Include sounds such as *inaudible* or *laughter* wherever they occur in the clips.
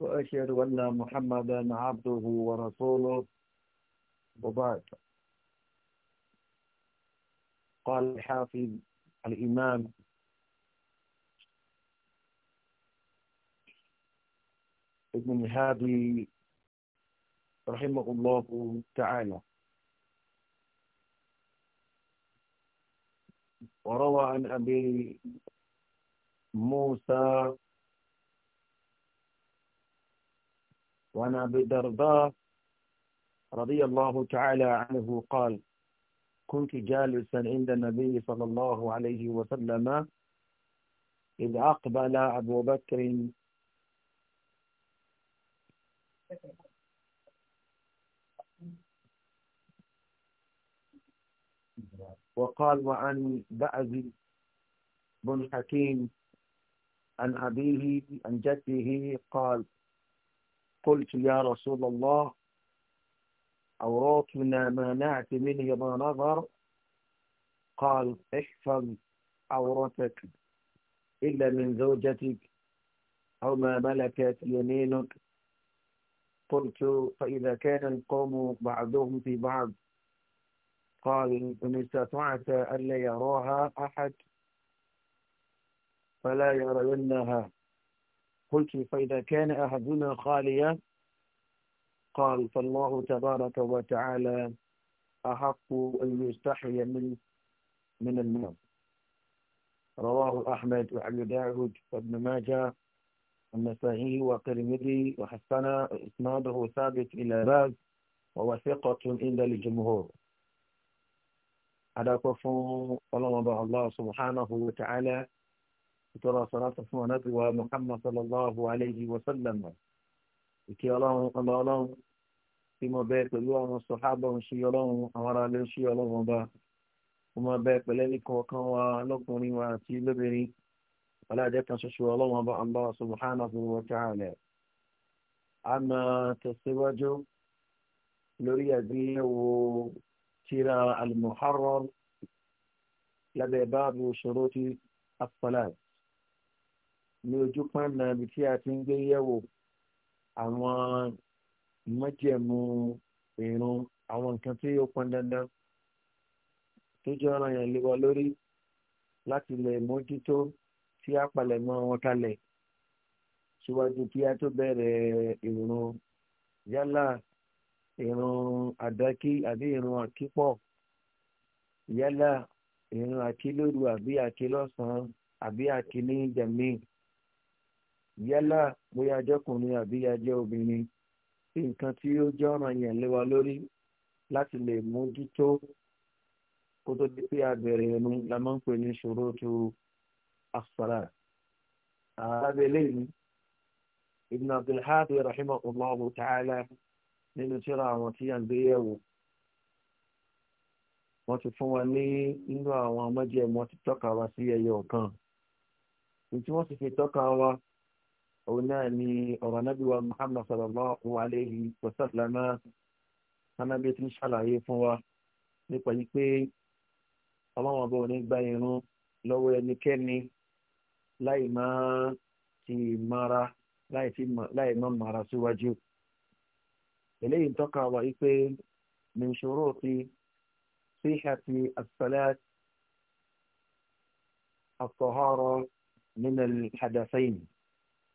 وأشهد أن محمدا عبده ورسوله وبعد قال الحافظ الإمام ابن الهادي رحمه الله تعالى وروى عن أبي موسى وعن أبي رضي الله تعالى عنه قال كنت جالسا عند النبي صلى الله عليه وسلم إذ أقبل أبو بكر وقال وعن بعز بن حكيم عن أبيه عن جده قال قلت يا رسول الله ما منعت منه ما نظر قال احفظ عورتك إلا من زوجتك أو ما ملكت يمينك قلت فإذا كان القوم بعضهم في بعض قال إن استطعت ألا يراها أحد فلا يرينها قلت فإذا كان أحدنا خاليا قال فالله تبارك وتعالى أحق أن يستحي من من النار رواه أحمد وعبد داود وابن ماجه النسائي والترمذي وحسن إسناده ثابت إلى باز ووثقة عند الجمهور على كفو الله سبحانه وتعالى ìtọ́rọ sọ́látọ̀ fún ọ̀nàbí wa muhammad sallallahu alayhi wa sallam ìkẹ́ ọlọ́run ọlọ́ ọlọ́run tí mo bẹ́ẹ̀ pẹ̀lú àwọn sọ̀hábà ń ṣe ọlọ́run àwọn ará lè ń ṣe ọlọ́run ọba mo máa bẹ́ẹ̀ pẹ̀lẹ́ nìkọ̀ọ̀kan wa lọ́kùnrin wa àti lóbìnrin ọlọ́dẹ kan ṣoṣo ọlọ́run ọba allah subhanahu wa ta'ala a máa tẹ̀síwájú lórí àgbéyẹ̀wò tíra al lábẹ́ báàbù ṣòro ti as ní ojú pọ́nà ibi tí a ti ń gbé yẹ̀wò àwọn ìmọ̀jẹ̀mú ìrun àwọn nǹkan tí ó pọn dandan tó jẹ́ ọ̀ràn yẹn lé wa lórí láti lè mójútó tí a palẹ̀mọ́ wọn kalẹ̀ síwájú kí a tó bẹ̀rẹ̀ ìrun yálà ìrun àdákí àbí ìrun àkípọ̀ yálà ìrun àkílóru àbí àkílọ́sàn àbí àkíní jẹ̀míì yálà bóyá ajọkùnrin àbí ajẹ obìnrin sí nǹkan tí ó jẹ́ ọ̀ràn yẹn lé wa lórí láti lè mójútó kó tó di pé a bẹ̀rẹ̀ ẹnu la máa ń pè ní ṣurutu as-salat. àbẹ̀lẹ̀ yìí ibn abdulhadi rahimahullahu ta'ala nínú tírà àwọn tí à ń gbé yẹ̀wò wọ́n ti fún wa ní nínú àwọn ọmọdé wọ́n ti tọ́ka wa sí ẹyọ kan. èyí wọ́n sì fi tọ́ka wa òun náà ni ọ̀rọ̀ nábì wa muhammad sallallahu alayhi wa sallam anábì tí ń ṣàlàyé fún wa nípa yìí pé ọlọ́wọ́n bá òní gba irun lọ́wọ́ ẹnikẹ́ni láì má ti mara láì má mara síwájú eléyìí ń tọ́ka wa yìí pé min shuruti sihhati as-salat at-tahara min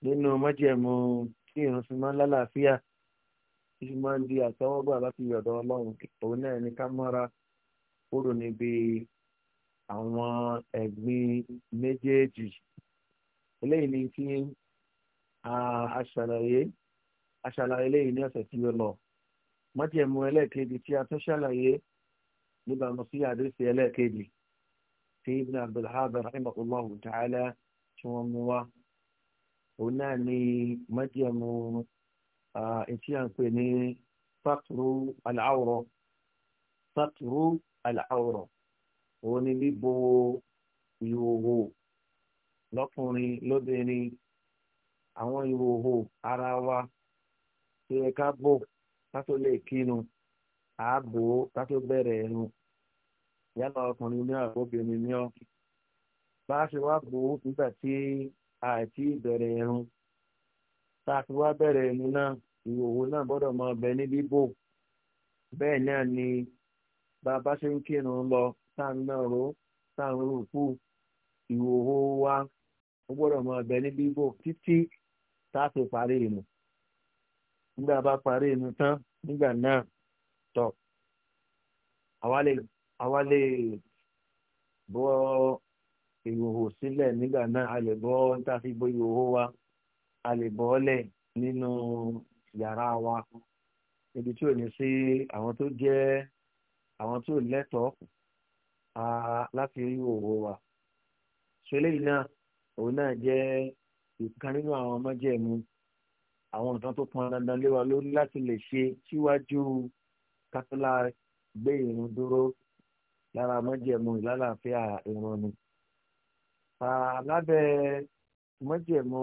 nínú májẹ̀mú tí ìrun fi máa ń lálàáfíà tí fi máa ń di àtọwọ́gbà láti yọ̀dọ̀ ọlọ́run òun náà ní ká mọ́ra kúrò níbi àwọn ẹ̀gbin méjèèjì eléyìí ni tí aṣàlàyé aṣàlàyé eléyìí ní ọ̀sẹ̀ tí ó lọ ẹlẹ́ẹ̀kejì tí a tún ṣàlàyé sí àdéhùn ẹlẹ́ẹ̀kejì tí ibn ta'ala tí òun náà ni májẹ̀mú etí à ń pè ní sátúrú aláwòrán sátúrú aláwòrán òun ni bíbo ìhòòhò lọ́kùnrin lóbìnrin àwọn ìhòòhò ara wa tó yẹ ká bò ká tó lè kínu ààbò ká bẹ̀rẹ̀ ẹ̀rùn yálà ọkùnrin ní àbóbìnrin ní ọ bá a ṣe wá bò nígbà tí àti ìbẹ̀rẹ̀ ẹ̀rùn tá a fi wá bẹ̀rẹ̀ ẹ̀rùn náà ìhòòhò náà gbọ́dọ̀ máa bẹ ní bíbò bẹ́ẹ̀ náà ni bàbá ṣe ń kírun lọ tá ń ìhòòhò wa ó gbọ́dọ̀ máa bẹ ní bíbò títí tá a fi parí ìrun nígbà bá parí ìrun tán nígbà náà tọ̀ àwa lè àwa lè ìhòhò sílẹ̀ nígbà náà a lè bọ́ tá a fi bo ìhòhò wa a lè bọ́ ọ́lẹ̀ nínú yàrá wa ibi tí ò ní sí àwọn tó jẹ́ àwọn tó lẹ́tọ̀ọ́ láti rí ìhòhò wa ṣẹlẹ̀ yìí náà òun náà jẹ́ ìkan nínú àwọn ọmọjẹ̀mú àwọn nǹkan tó pọn dandan lé wa lórí láti lè ṣe síwájú kátólà gbé ìrun dúró lára mọ́jẹ̀mú ìlàlàáfíà ìrun ni lábẹ́ mọ́jẹ̀mú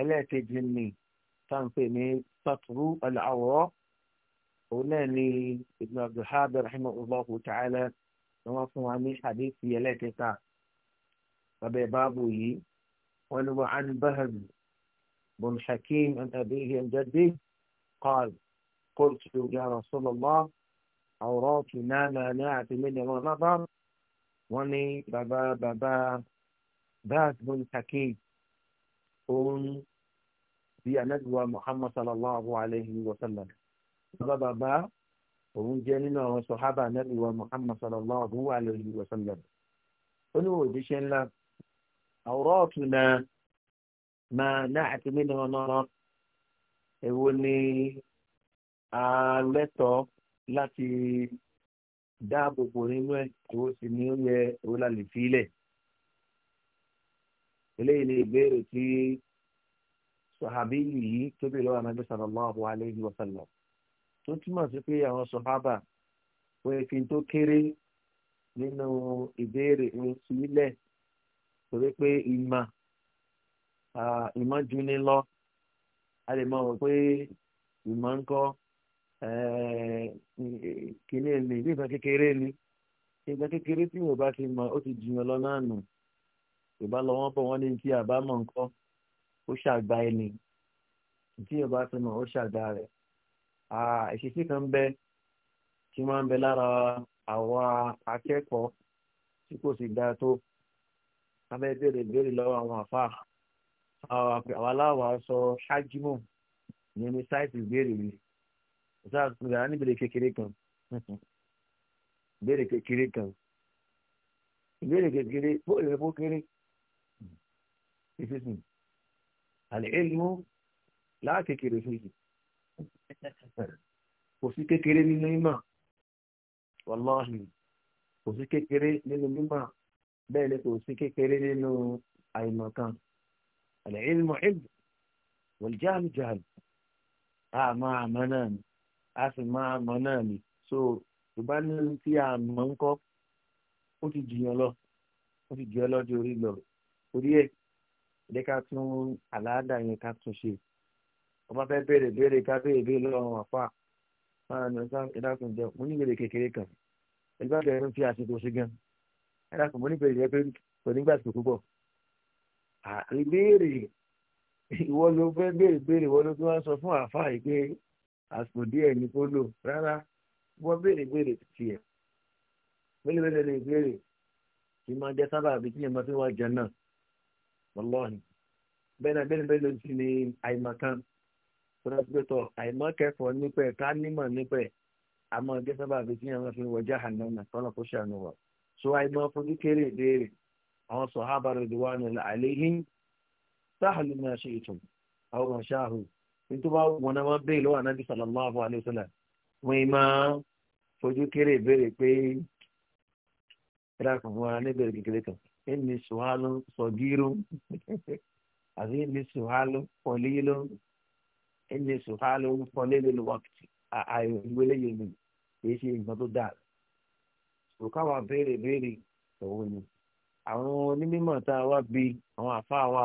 ẹlẹ́ẹ̀kejì ni táǹpẹ̀ ní pàtàkì aláwọ̀ òun náà ni ibn abdulhab rahimahullahu ta'ala ni wọ́n fún wa ní hadithi ẹlẹ́ẹ̀kẹta lábẹ́ báàbù yìí wọ́n ní wọ́n á ní báhàmù بن حكيم عن أبيه عن جده قال قلت يا رسول الله عوراتنا ما نعت من ونظر وني بابا بابا báàt bọ́n takei òun bí anabiwa muhammad sallallahu alayhi wa sallam bàbá bàbá òun jẹ́ nínú àwọn sọ̀hábà anabiwa muhammad sallallahu alayhi wa sallam ó ní òjíṣẹ́ ńlá àwòrán ọ̀tún náà máa náà àti mí ni wọn náà èwo ni a lẹ́tọ̀ọ́ láti dáàbò bò nínú ẹ̀ èwo sì ni ó yẹ èwo la lè fi lẹ̀. eléyìí ni ìbéèrè tí sọ̀hábí yìí tó bèèrè lọ́wọ́ na sallallahu alayhi wa tó túmọ̀ sí pé àwọn sọ̀hábà wọ́n fi tó kéré nínú ìbéèrè ìsílẹ̀ torí pé ìmọ̀ ìmọ̀ juni lọ a lè mọ̀ pé ìmọ̀ ń kọ́ ni ìgbà kékeré ni ìgbà kékeré tí mo ìbá lọ wọ́n bọ̀ wọ́n ní tí àbámọ̀ nǹkan ó ṣàgbá ẹni tí ọba ti mọ̀ ó ṣàgbá rẹ̀ ìṣesí kan ń bẹ tí máa ń bẹ lára àwa akẹ́kọ̀ọ́ tí kò sì dáa tó abẹ́ béèrè béèrè lọ́wọ́ àwọn àfa àwa aláwa sọ ṣáájúmọ ní ní sáìtì béèrè mi ìsáàtúndà ní béèrè kékeré kan *laughs* béèrè kékeré kan béèrè kékeré bó èrè kéré ìfisùn àlẹ́ẹ̀lmú láàkékeré fèsì kò sí kékeré nínú ìmọ̀ wàláhì kò sí kékeré nínú mímọ̀ bẹ́ẹ̀ ni kò sí kékeré nínú àìmọ̀kan àlẹ́ẹ̀lmú ẹ̀lmú wọ̀lìjáàlù jáàlù a máa mọ̀ náà ni a sì máa mọ̀ náà ni so ìbánirú tí a mọ̀ ń kọ́ ó ti jìyàn lọ ó ti jìyàn lọ di orí lọ orí ẹ̀ jẹ́ ká tún àlàáda yẹn ká tún ṣe ọba fẹ́ béèrè béèrè ká béèrè béèrè lọ́wọ́ àpá máa ní ọ̀sán ìdákùn jẹ mo ní ìbéèrè kékeré kan ìgbàgbọ́ ẹ̀rọ fi àsìkò sí gan ìdákùn mo ní ìbéèrè yẹn pé kò ní gbàsìkò púpọ̀ àìbéèrè ìwọ ló fẹ́ béèrè béèrè ìwọ ló fi wá sọ fún àfa yìí pé àsìkò díẹ̀ ni kó lò rárá wọ́n béèrè béèrè tiẹ̀ béèrè béèrè ni ìbéèrè kì máa jẹ́ sábà àbí kí ni mo fi wá jẹ náà wọlọ́ọ̀hìn bẹ́ẹ̀ náà bẹ́ẹ̀ bẹ́ẹ̀ ló ti ní àìmọ̀kan pẹ̀lẹ́pẹ̀tọ̀ àìmọ̀kẹ́kọ̀ọ́ nípa ẹ̀ ká nímọ̀ nípa ẹ̀ àmọ́ ẹgbẹ́ sábà bíi tí wọ́n fi ń wọjá ànáńnà kọ́nà kó ṣàánú wa so àìmọ̀ fojú kéré ìbéèrè àwọn sọ̀hábà rẹ̀ ló wà nílẹ̀ àléhìn sáhàlù máa ṣe ìtàn àwọn ọmọ ṣáàhù ní tó bá wọn náà wọ́n bẹ́ẹ̀ lọ́wọ́ anábì sallallahu alaihi wasallam wọ́n máa fojú kéré ìbéèrè pé ẹ̀rọ àkànfọ́n wa níbẹ̀rẹ̀ kékeré kan ẹni sùhálù sọgírù àbí ẹni sùhálù pọlílù ẹni sùhálù pọlílù wákìtì àìwélé yẹn ni kìí ṣe nǹkan tó dáa òkàwà béèrè béèrè òun ni àwọn onímọ̀ tá a wá bí àwọn àfáà wa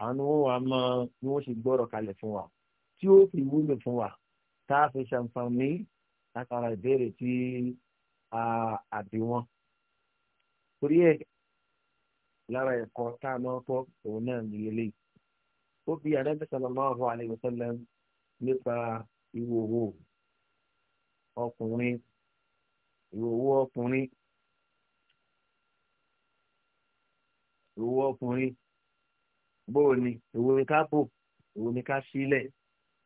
àwọn ni wọ́n e, wà mọ ni wọ́n sì gbọ́rọ̀ kalẹ̀ fún wa tí ó fi wúlò fún wa tá a fi ṣàǹfààní látara ìbéèrè tí àbí wọn torí lára ẹ̀kọ́ tá a máa ń fọ́ òun náà ní ilé ó fi ànábì sallallahu alaihi wasallam nípa ìwòwò ọkùnrin ìwòwò ọkùnrin ìwòwò ọkùnrin bóò ni ìwò ni ká bò ìwò ni ká sílẹ̀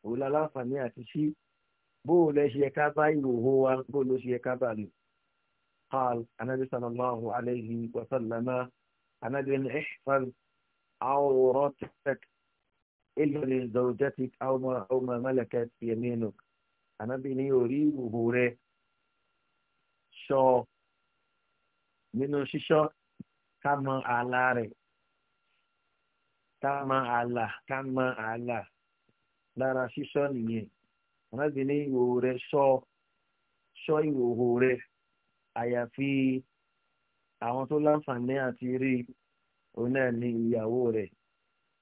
ìwò láláǹfààní àti sí bóò lẹ ṣe ká bá ìwòwò wa bóò ló ṣe ká bá lò. قال النبي صلى الله عليه وسلم anabi ni ihfaz awratak illa li zawjatik aw ma aw ma malakat yaminuk anabi ni orí ìhòhò rẹ sọ nínú ṣíṣọ ká mọ ààlà rẹ ká mọ ààlà ká mọ ààlà lára ṣíṣọ nìyẹn anabi ni ìhòhò rẹ sọ sọ ìhòhò rẹ àyàfi àwọn tó láǹfààní àti rí òun náà ní ìyàwó rẹ̀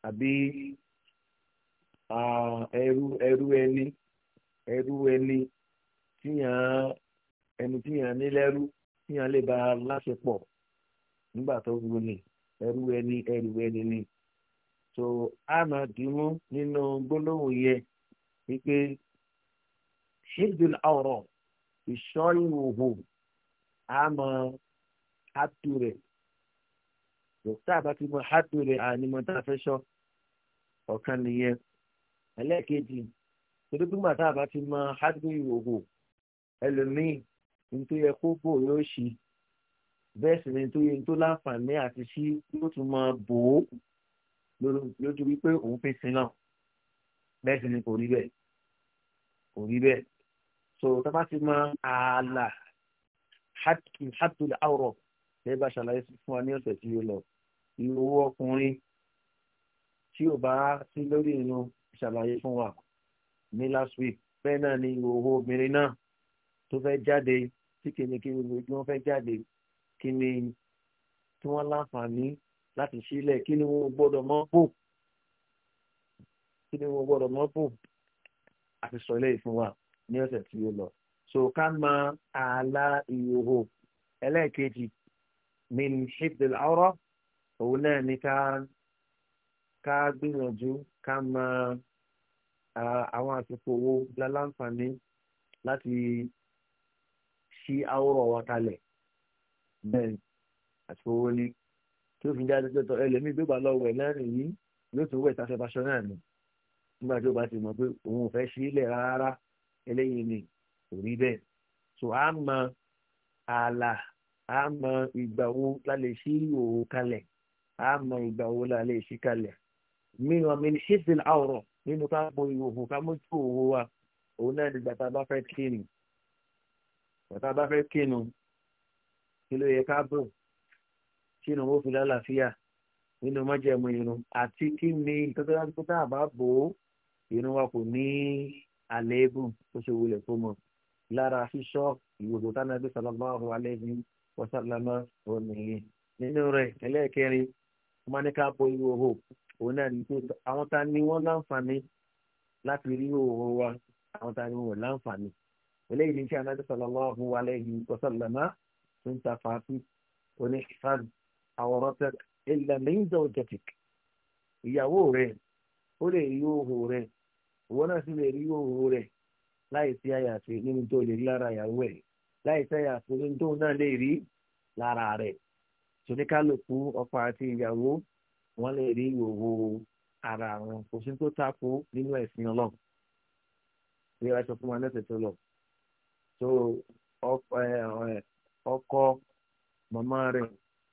àbí ẹrú ẹrú ẹni ẹrú ẹni tíyàn ẹni tíyàn nílẹ́rú tíyàn lè bá a nígbà tó wù ní ẹrú ẹni ẹrú ẹni ni so a máa dìímú nínú gbólóhùn yẹn wípé ṣíbdùn àwòrán ìṣọ́ ìwòhò a hátù rẹ̀ tá a bá ti mọ hátù rẹ̀ ànímọ̀ tá a fẹ́ sọ ọ̀kan nìyẹn ẹlẹ́ẹ̀kejì torí pé màtá a bá ti mọ hátù ìhòòhò ẹlòmíì nítorí yẹ kó bò yóò ṣì bẹ́ẹ̀ sì ni nítorí yẹ tó láǹfààní àti ṣí yóò tún máa bò ó lójú wípé òun fi sin náà bẹ́ẹ̀ sì ni kò rí bẹ́ẹ̀ kò rí bẹ́ẹ̀ so tá a bá ti mọ ààlà hátù àwòrán ẹ bá ṣàlàyé fún wa ní ọ̀sẹ̀ tí ó lọ ìwọ ọkùnrin tí ò bá sí lórí inú ṣàlàyé fún wa ní last week bẹ́ẹ̀ náà ni ìwòwò obìnrin náà tó fẹ́ jáde tí kìíní kí gbogbo tí wọ́n fẹ́ jáde kí ni tí wọ́n láǹfààní láti sílẹ̀ kí ni wọ́n gbọ́dọ̀ mọ́ bò kí ni wọ́n gbọ́dọ̀ mọ́ bò àti sọ ilé ìfún wa ní ọ̀sẹ̀ tí ó lọ so ká máa ààlà ìhòhò ẹlẹ́ẹ̀kejì min hibdil awra òun náà ni ká ká gbìyànjú ká mọ àwọn àsìkò owó láláǹfààní láti ṣí àwòrán wa kalẹ̀ bẹ́ẹ̀ àsìkò owó ni tí ó fi jáde pé tọ ẹlẹ́mí gbégbá lọ wẹ̀ lẹ́rìn yìí yóò tún wẹ̀ táṣẹ báṣọ náà ni nígbà tí ó bá ti mọ̀ pé òun ò fẹ́ ṣí ilẹ̀ rárá eléyìí ni kò rí bẹ́ẹ̀ so a mọ ààlà a mọ ìgbà wo la lè ṣí òwò kalẹ̀ a mọ ìgbà wo la lè ṣí kalẹ̀ mìíràn mi ní ṣíṣìn àwòrán nínú ká mọ ìhòòhò ká mójú òwò wa òun náà nígbà tá a bá fẹ́ kínu ìgbà tá a bá fẹ́ kínu kí ló yẹ ká bò kí ni wọ́n fi lálàáfíà nínú májẹ̀mú irun àti kí ni ìtọ́jú bá bò ó irun wa kò ní àléébù tó ṣe wulẹ̀ fún mọ́ lára sísọ ìwòsàn tánàbí sallallahu alaihi wọ́sàlámà ònìyí nínú rẹ̀ ẹlẹ́ẹ̀kẹrin mọ́níkà bo ìhòòhò òun náà ní pé àwọn ta ni wọ́n láǹfààní láti rí ìhòòhò wa àwọn ta ni wọ́n láǹfààní eléyìí ní tí anájú sallallahu alayhi wa sallama tó ń ta fàáfi oníṣàn awratak illa min zawjatik ìyàwó rẹ̀ ó lè rí ìhòòhò rẹ̀ òun náà sì lè rí ìhòòhò rẹ̀ láì sí àyàfi nínú tó lè rí lára ìyàwó ẹ̀ láì sẹ́yà àtúntò tó náà lè rí lára rẹ̀ soníkálùkù ọkọ àti ìyàwó wọn lè rí ìwòwò ara wọn kò sí tó tako nínú ẹ̀sìn ọlọ́run bí wàá sọ fún wa lọ́sẹ̀ tó lọ so ọkọ màmá rẹ̀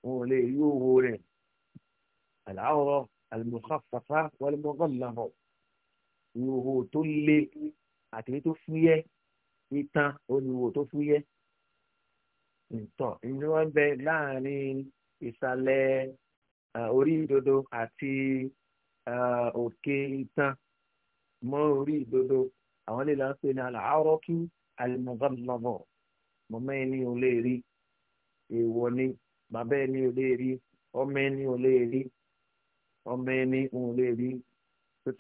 wọn ò lè rí òwò rẹ̀ àláwọ̀ àlùmọ́kàfàfà wọlé mọ́kànláhọ̀ ìwòwò tó le àti tó fúyẹ́ ìtàn oníwò tó fúyẹ́ nǹtọ̀ ìdí wọ́n bẹ láàrin ìsàlẹ̀ orí ìdodo àti òkè itan mọ́ orí ìdodo àwọn lè lọ́ọ́ pé ní àlàárọ́kí àlùmọ́gàlọ́bọ̀ mọ́mọ́ ẹni ò lè rí èèwọ̀ ni bàbá ẹni ò lè rí ọmọ ẹni ò lè rí ọmọ ẹni ò lè rí tó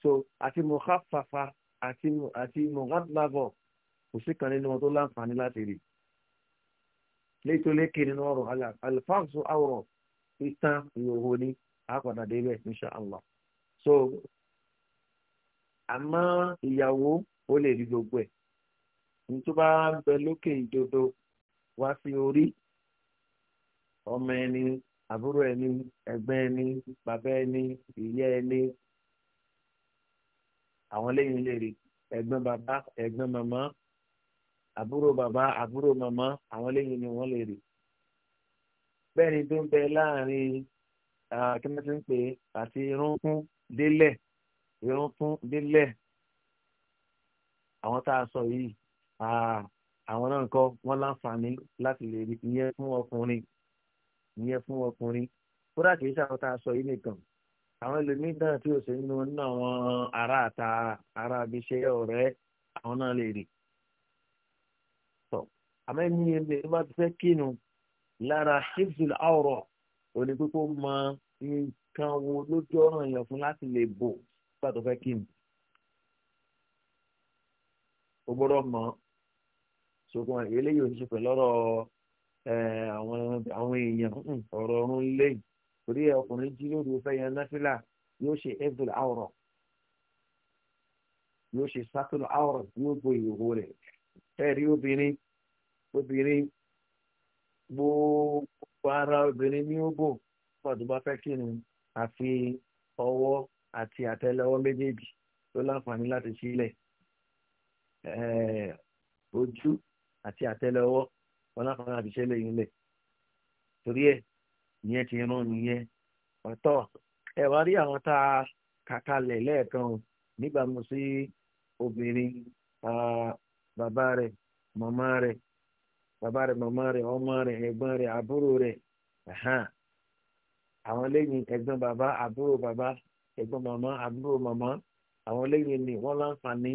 so àti mọ̀káfàfà àti mọ̀gàlọ́bọ̀ kò sí kan nínú wọn tó láǹfààní láti rí létòlékè nínú ọ̀rọ̀ alifáàsù àwòrán ìtàn ìhòòhò ni àpàdà débẹ̀ insha allah so àmọ́ ìyàwó ó lè rí gbogbo ẹ̀ ní tó bá ń bẹ lókè ìdodo wá sí orí ọmọ ẹni àbúrò ẹni ẹgbẹ́ ẹni bàbá ẹni ìyá ẹni àwọn lẹ́yìn lè rí ẹ̀gbọ́n bàbá ẹ̀gbọ́n màmá àbúrò bàbá àbúrò màmá àwọn eléyìí ni wọ́n lè rí bẹ́ẹ̀ ni tó ń bẹ láàrin kí wọ́n ti ń pè àti irunkun délẹ̀ irunkun délẹ̀ àwọn tá a sọ yìí àwọn náà kọ́ wọ́n láǹfààní láti lè rí ìyẹn fún ọkùnrin ìyẹn fún ọkùnrin kódà kìí ṣe àwọn tá a sọ yìí nìkan àwọn ẹlòmíín náà tí ò sí nínú àwọn ará àta ará abiṣẹ́ ọ̀rẹ́ àwọn náà lè rí àmọ́ ẹni ẹni bá ti fẹ́ kínu lára hifzul awrọ òní pípọ́ mọ nǹkan wo lójú ọ̀ràn èèyàn fún láti lè bò nígbà tó fẹ́ kínu. o gbọ́dọ̀ mọ̀ ṣùgbọ́n eléyìí ò ní ṣe pẹ̀lú ọ̀rọ̀ àwọn èèyàn ọ̀rọ̀ ọ̀run lẹ́yìn torí ọkùnrin jí lóru fẹ́ yan náfìlà yóò ṣe hifzul awrọ yóò ṣe sátúlù awrọ yóò bo ìhòòhò rẹ̀ ẹ̀rí obìnrin obìnrin gbogbo ara obìnrin ní ògùn fún ọdún bá fẹ́ kírun àfi ọwọ́ àti àtẹ́lẹwọ́ méjèèjì tó láǹfààní láti sílẹ̀ ojú àti àtẹ́lẹwọ́ wọn láǹfààní láti sílẹ̀ yìí lẹ̀ torí ẹ̀ ìyẹn ti rán nìyẹn ọ̀tọ̀ ẹ wá rí àwọn tá a kàkalẹ̀ lẹ́ẹ̀kan níbàámu sí obìnrin bàbá rẹ̀ màmá rẹ̀ bàbá rẹ̀ màmá rẹ̀ ọmọ rẹ̀ ẹ̀gbọ́n rẹ̀ àbúrò rẹ̀ àwọn lẹ́yìn ẹ̀gbọ́n bàbá àbúrò bàbá ẹ̀gbọ́n màmá àbúrò màmá àwọn lẹ́yìn ni wọ́n láǹfààní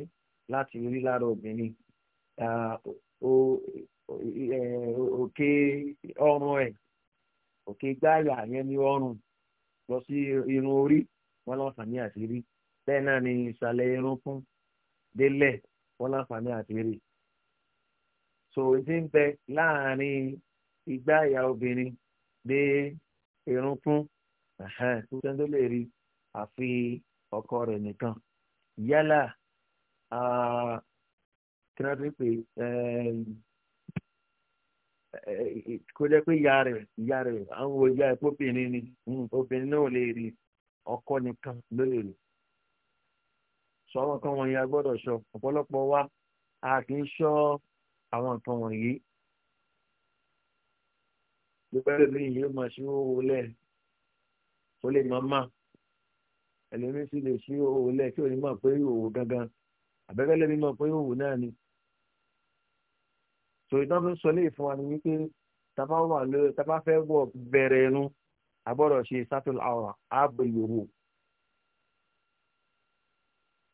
láti rí lára obìnrin òkè ọrùn ẹ̀ òkè gbáyà yẹn ní ọrùn lọ sí irun orí wọ́n láǹfààní àti rí bẹ́ẹ̀ náà ni ìsàlẹ̀ irun fún délẹ̀ wọ́n láǹfààní àti rí so ti ń bẹ láàrin igbá ìyá obìnrin dé irunkun kò sẹ́ni tó lè rí àfi ọkọ rẹ̀ nìkan yálà kí wọ́n ti pè kó jẹ́ pé ìyá rẹ̀ ìyá rẹ̀ àwọn wo ìyá epo obìnrin ni hmm, obìnrin náà lè rí ọkọ nìkan ló lè rí sọ̀rọ̀ kan wọ̀nyí a gbọ́dọ̀ sọ ọ̀pọ̀lọpọ̀ wa a kì í sọ àwọn nǹkan wọ̀nyí gbogbo mi yìí máa ṣí owó lẹ̀ ó lè máa mà ẹlòmíín sì lè ṣí owó lẹ̀ kí òní máa pé òwò gangan àbẹ́rẹ́ lẹ́mí máa pé òwò náà ni tòun náà fi sọ lé ìfún wa ni wípé tábà wà lórí tábà fẹ́ wọ̀ bẹ̀rẹ̀ ẹnu àbọ̀rọ̀ ṣe sátọ̀ àwọ̀ ààbò yòówù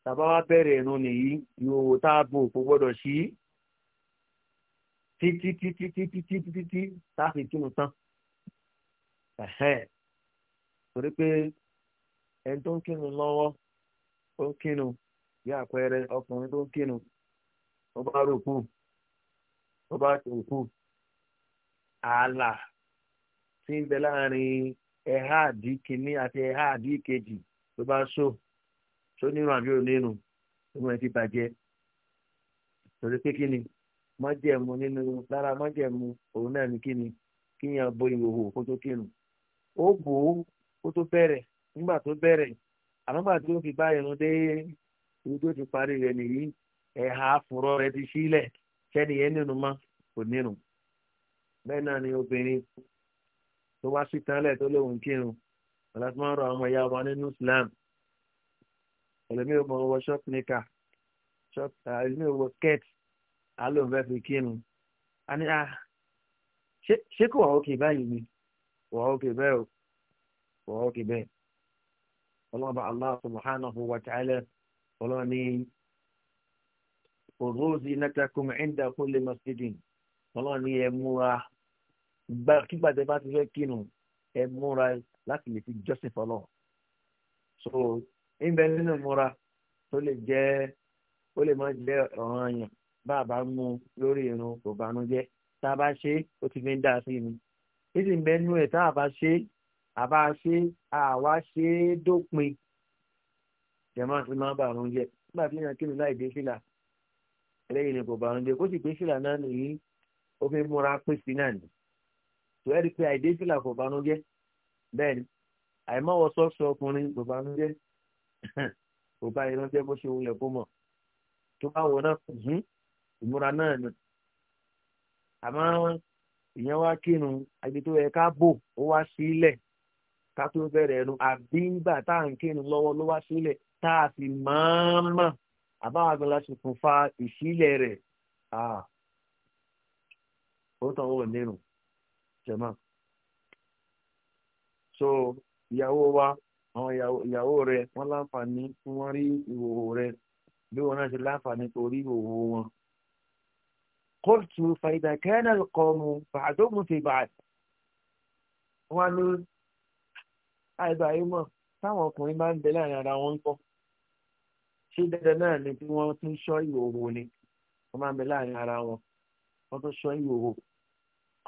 tábà wà bẹ̀rẹ̀ ẹnu nìyí yòówù tá a bò kò gbọ́dọ̀ ṣí títí títí títí títí títí táàfin kírun tan torí pé ẹni tó ń kírun lọ́wọ́ ó ń kírun bí àpẹẹrẹ ọkùnrin tó ń kírun ó bá rògbò ó bá rògbò ààlà tí ń bẹ láàrin ẹ̀há àdí kìíní àti ẹ̀há àdí kejì tó bá so tó nínú àbí onínú tó mọ̀ ẹ́ ti bàjẹ́ torí pé kí ni. májẹ̀mú nínú lára májẹ̀mú òun náà ní kíni kíyàn bo ìhòhò kó tó kírun ó bò ó kó tó bẹ̀rẹ̀ nígbà tó bẹ̀rẹ̀ tí ó fi bá irun dé ibi tó ti parí rẹ̀ nìyí ẹ̀ha fúnrọ́ rẹ̀ ti sílẹ̀ sẹ́ni yẹn nínú mọ́ kò bẹ́ẹ̀ náà ni obìnrin tó wá sí tánlẹ̀ tó lóun kírun ọ̀làtí wọ́n rọ àwọn ẹ̀yà ọba nínú Islam mọ̀ ṣọ́ọ̀tì níkà ṣọ́ọ̀tì skẹ́ẹ̀tì alóòfẹ́ fi kírun a ní ah ṣé kò wà òkè báyìí ni wà òkè bẹ́ẹ̀ o wà òkè bẹ́ẹ̀ ọlọ́ba Allah subhanahu wa ta'ala ọlọ́ni òróòzì nàkàkùn ẹ̀ńdà kulli masjidin ọlọ́ni ẹ̀ múra kígbà tẹ bá ti fẹ́ kírun ẹ̀ múra láti lè fi jọ́sìn fọlọ́ so ìbẹ̀ nínú múra tó lè jẹ́ ó lè má jẹ́ ọ̀ràn yẹn bá a bá mú un lórí irun kò banújẹ́ tá a bá ṣe é ó ti fi ń dà sí mi títí ń bẹnu tá a bá ṣe é àbá ṣe àwa ṣe é dópin jẹ̀mọ́ àti máa bá nígbà tí yàn kínní láì dé fìlà ẹlẹ́yìn ni kò bá àrùn jẹ kó sì gbé fìlà náà nìyí ó fi múra pín sí náà nì tó ẹ́ rí pé àìdé fìlà kò bá àrùn jẹ bẹ́ẹ̀ ni àìmọ́wọ sọ́ọ̀sì ọkùnrin kò bá *laughs* kò bá irun jẹ bó ṣe wulẹ̀ kó mọ̀ tó bá wọ náà ìmúra náà ni àmọ́ ìyẹn wá kírun ibi tó yẹ ká bò ó wá sílẹ̀ ká tó bẹ̀rẹ̀ ẹnu àbí ńgbà tá à ń kírun lọ́wọ́ ló wá sílẹ̀ tá a sì mọ̀ọ́mọ̀ àbáwọn agbára ṣokùnfà ìsílẹ̀ rẹ̀ ó tàn ó nínú jẹ̀mọ́. so ìyàwó wa àwọn ìyàwó rẹ̀ wọ́n láǹfààní tí wọ́n rí ìhòòhò rẹ̀ bí wọ́n náà ṣe láǹfààní torí ìhòòhò wọn. قلت فإذا كان القوم بعدهم في بعد wọ́n ní àìbáyé mọ̀ táwọn ọkùnrin máa ń bẹ láàrin ara wọn ń kọ́ ṣé dandan náà ni tí wọ́n tún ṣọ́ ìhòòhò ni wọ́n máa ń bẹ láàrin ara wọn wọ́n tún ṣọ́ ìhòòhò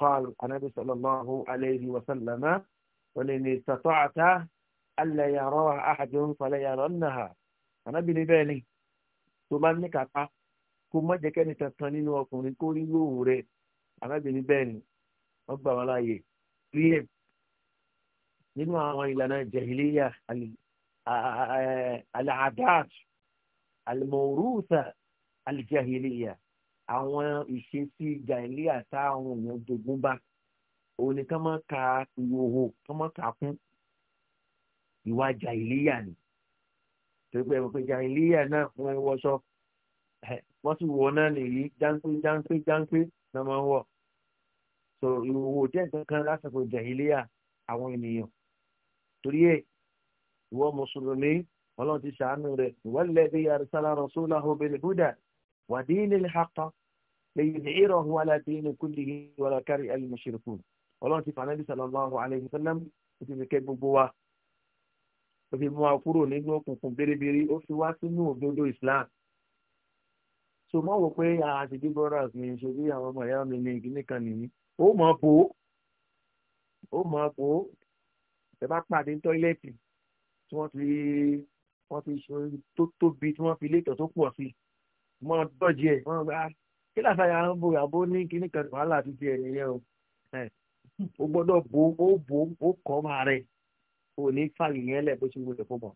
قال النبي صلى الله عليه وسلم وإن استطعت ألا يراها أحد فلا يرنها Ànábì ní bẹ́ẹ̀ ni tó bá ní kápá kó má jẹ́ kẹ́ni kankan nínú ọkùnrin kó rí lóhùn rẹ̀ arábìnrin bẹ́ẹ̀ ni wọ́n gbà wọ́n láàyè rí ẹ̀ nínú àwọn ìlànà jahiliya al-adat al-mawrutha al-jahiliya àwọn ìṣesí jahiliya táwọn èèyàn jogún bá òun ni ká má ka ìhòhò ká má kà kún ìwà jahiliya ni torí pé pé jahiliya náà wọ́n wọṣọ wọ́n sì wọ náà nìyí jáńpé jáńpé jáńpé náà máa ń wọ̀ so ìwòwò jẹ́ nǹkan kan lásìkò jẹ̀hìlíyà àwọn ènìyàn torí ẹ̀ ìwọ mùsùlùmí ọlọ́run ti ṣàánú rẹ̀ walladhi arsala rasulahu bil huda wa dinil haqq liyudhhirahu ala dini kullihi wala kariha al mushrikun ọlọ́run ti fànàbí sallallahu alayhi wa sallam ó ti fi kẹ́ gbogbo wa ó fi mú wa kúrò nínú òkùnkùn bèrèbèrè ó fi wá sínú òdodo islam so mọ̀ wò pé ah, àṣìbí brothers ni ṣòbí àwọn ọmọ ìyá mi ní ìgbìmí kan nìyí ó mọ̀ pò ó ó mọ̀ pò ó ẹ bá pàdé ní tọ́ílẹ̀tì tí wọ́n ti wọ́n ti ṣe tó tóbi tí wọ́n fi létọ̀ tó pọ̀ sí mọ́ dọ́jì ẹ̀ wọ́n gba kí lásàyà ń bo àbó ní kíní kan wàhálà ti di ẹ̀nìyẹn o ó gbọ́dọ̀ bo ó bo ó kọ́ máa rẹ̀ ò ní fàyè yẹn lẹ̀ bó ṣe wọlé fún mọ̀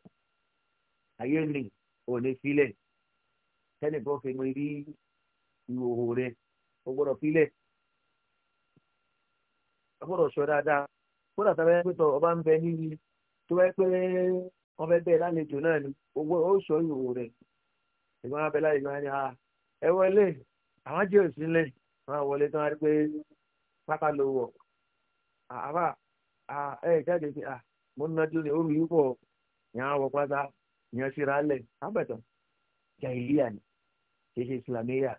ayé ni ò ní filẹ̀ kẹ́nìkan fi mọ irí ìhòòhò rẹ̀ o gbọ́dọ̀ filẹ̀ o gbọ́dọ̀ sọ dáadáa tọ ọba ń bẹ níbi tó bá pé wọn fẹ́ bẹ́ẹ̀ lálejò náà ni ó sọ ìhòòhò rẹ̀ ìgbọ́n abẹ́ láyé máa ní a ẹ wọlé àwọn jẹ́ wọlé tán pé pápá ló wọ̀ àbá ẹ jáde mo dúró ní orí yìí pọ̀ pátá lẹ̀ jẹ́ ìlíyà ni. kìí ṣe islamiyà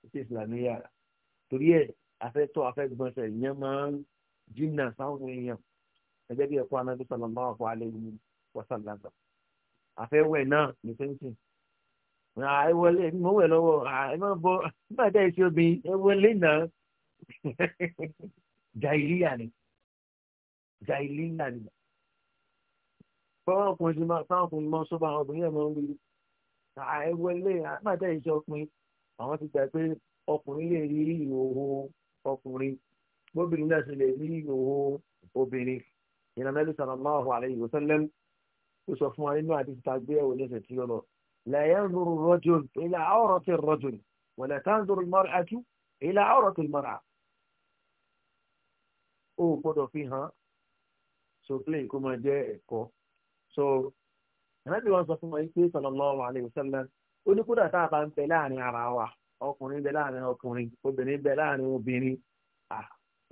kìí ṣe islamiyà torí ẹ afẹ́tọ́ afẹ́gbọ́nsẹ̀ ìyẹn máa ń jìnnà sáwọn èèyàn ẹgbẹ́ bí ẹ̀kọ́ anábì sallallahu alaihi wasallam afẹ́wẹ̀ náà ní sẹ́ńtì ẹ wọlé ẹ mọ̀ wẹ̀ lọ́wọ́ ẹ má bọ́ nígbà tá ẹ ṣe obìnrin ẹ wọlé náà *laughs* jàìlíyà ni jàìlíyà fọwọ́ ọkùnrin ti máa fáwọn ọkùnrin mọ́ sọ́ba àwọn obìnrin ẹ̀ máa ń wí àìwọlé àmàdá ìṣe ọkùnrin àwọn ti gbà pé ọkùnrin lè rí ìhòòhò ọkùnrin bóbìnrin náà sì lè rí ìhòòhò obìnrin ìlànà ẹlẹ́sìn sallallahu alayhi wa sallam ó sọ fún wa nínú àti ìtàgbé ẹ̀wò lẹ́sẹ̀ tí ó lọ la yanzuru rajul ila awrati rajul wala tanzuru al-mar'atu ila awrati al-mar'a ó gbọ́dọ̀ fi hàn sókè kó máa jẹ́ ẹ̀kọ́ so ànábì wọn sọ fún wọn pé sallallahu alaihi wasallam ó ní kódà tá a bá ń bẹ láàrin ara wa ọkùnrin bẹ láàrin ọkùnrin obìnrin bẹ láàrin obìnrin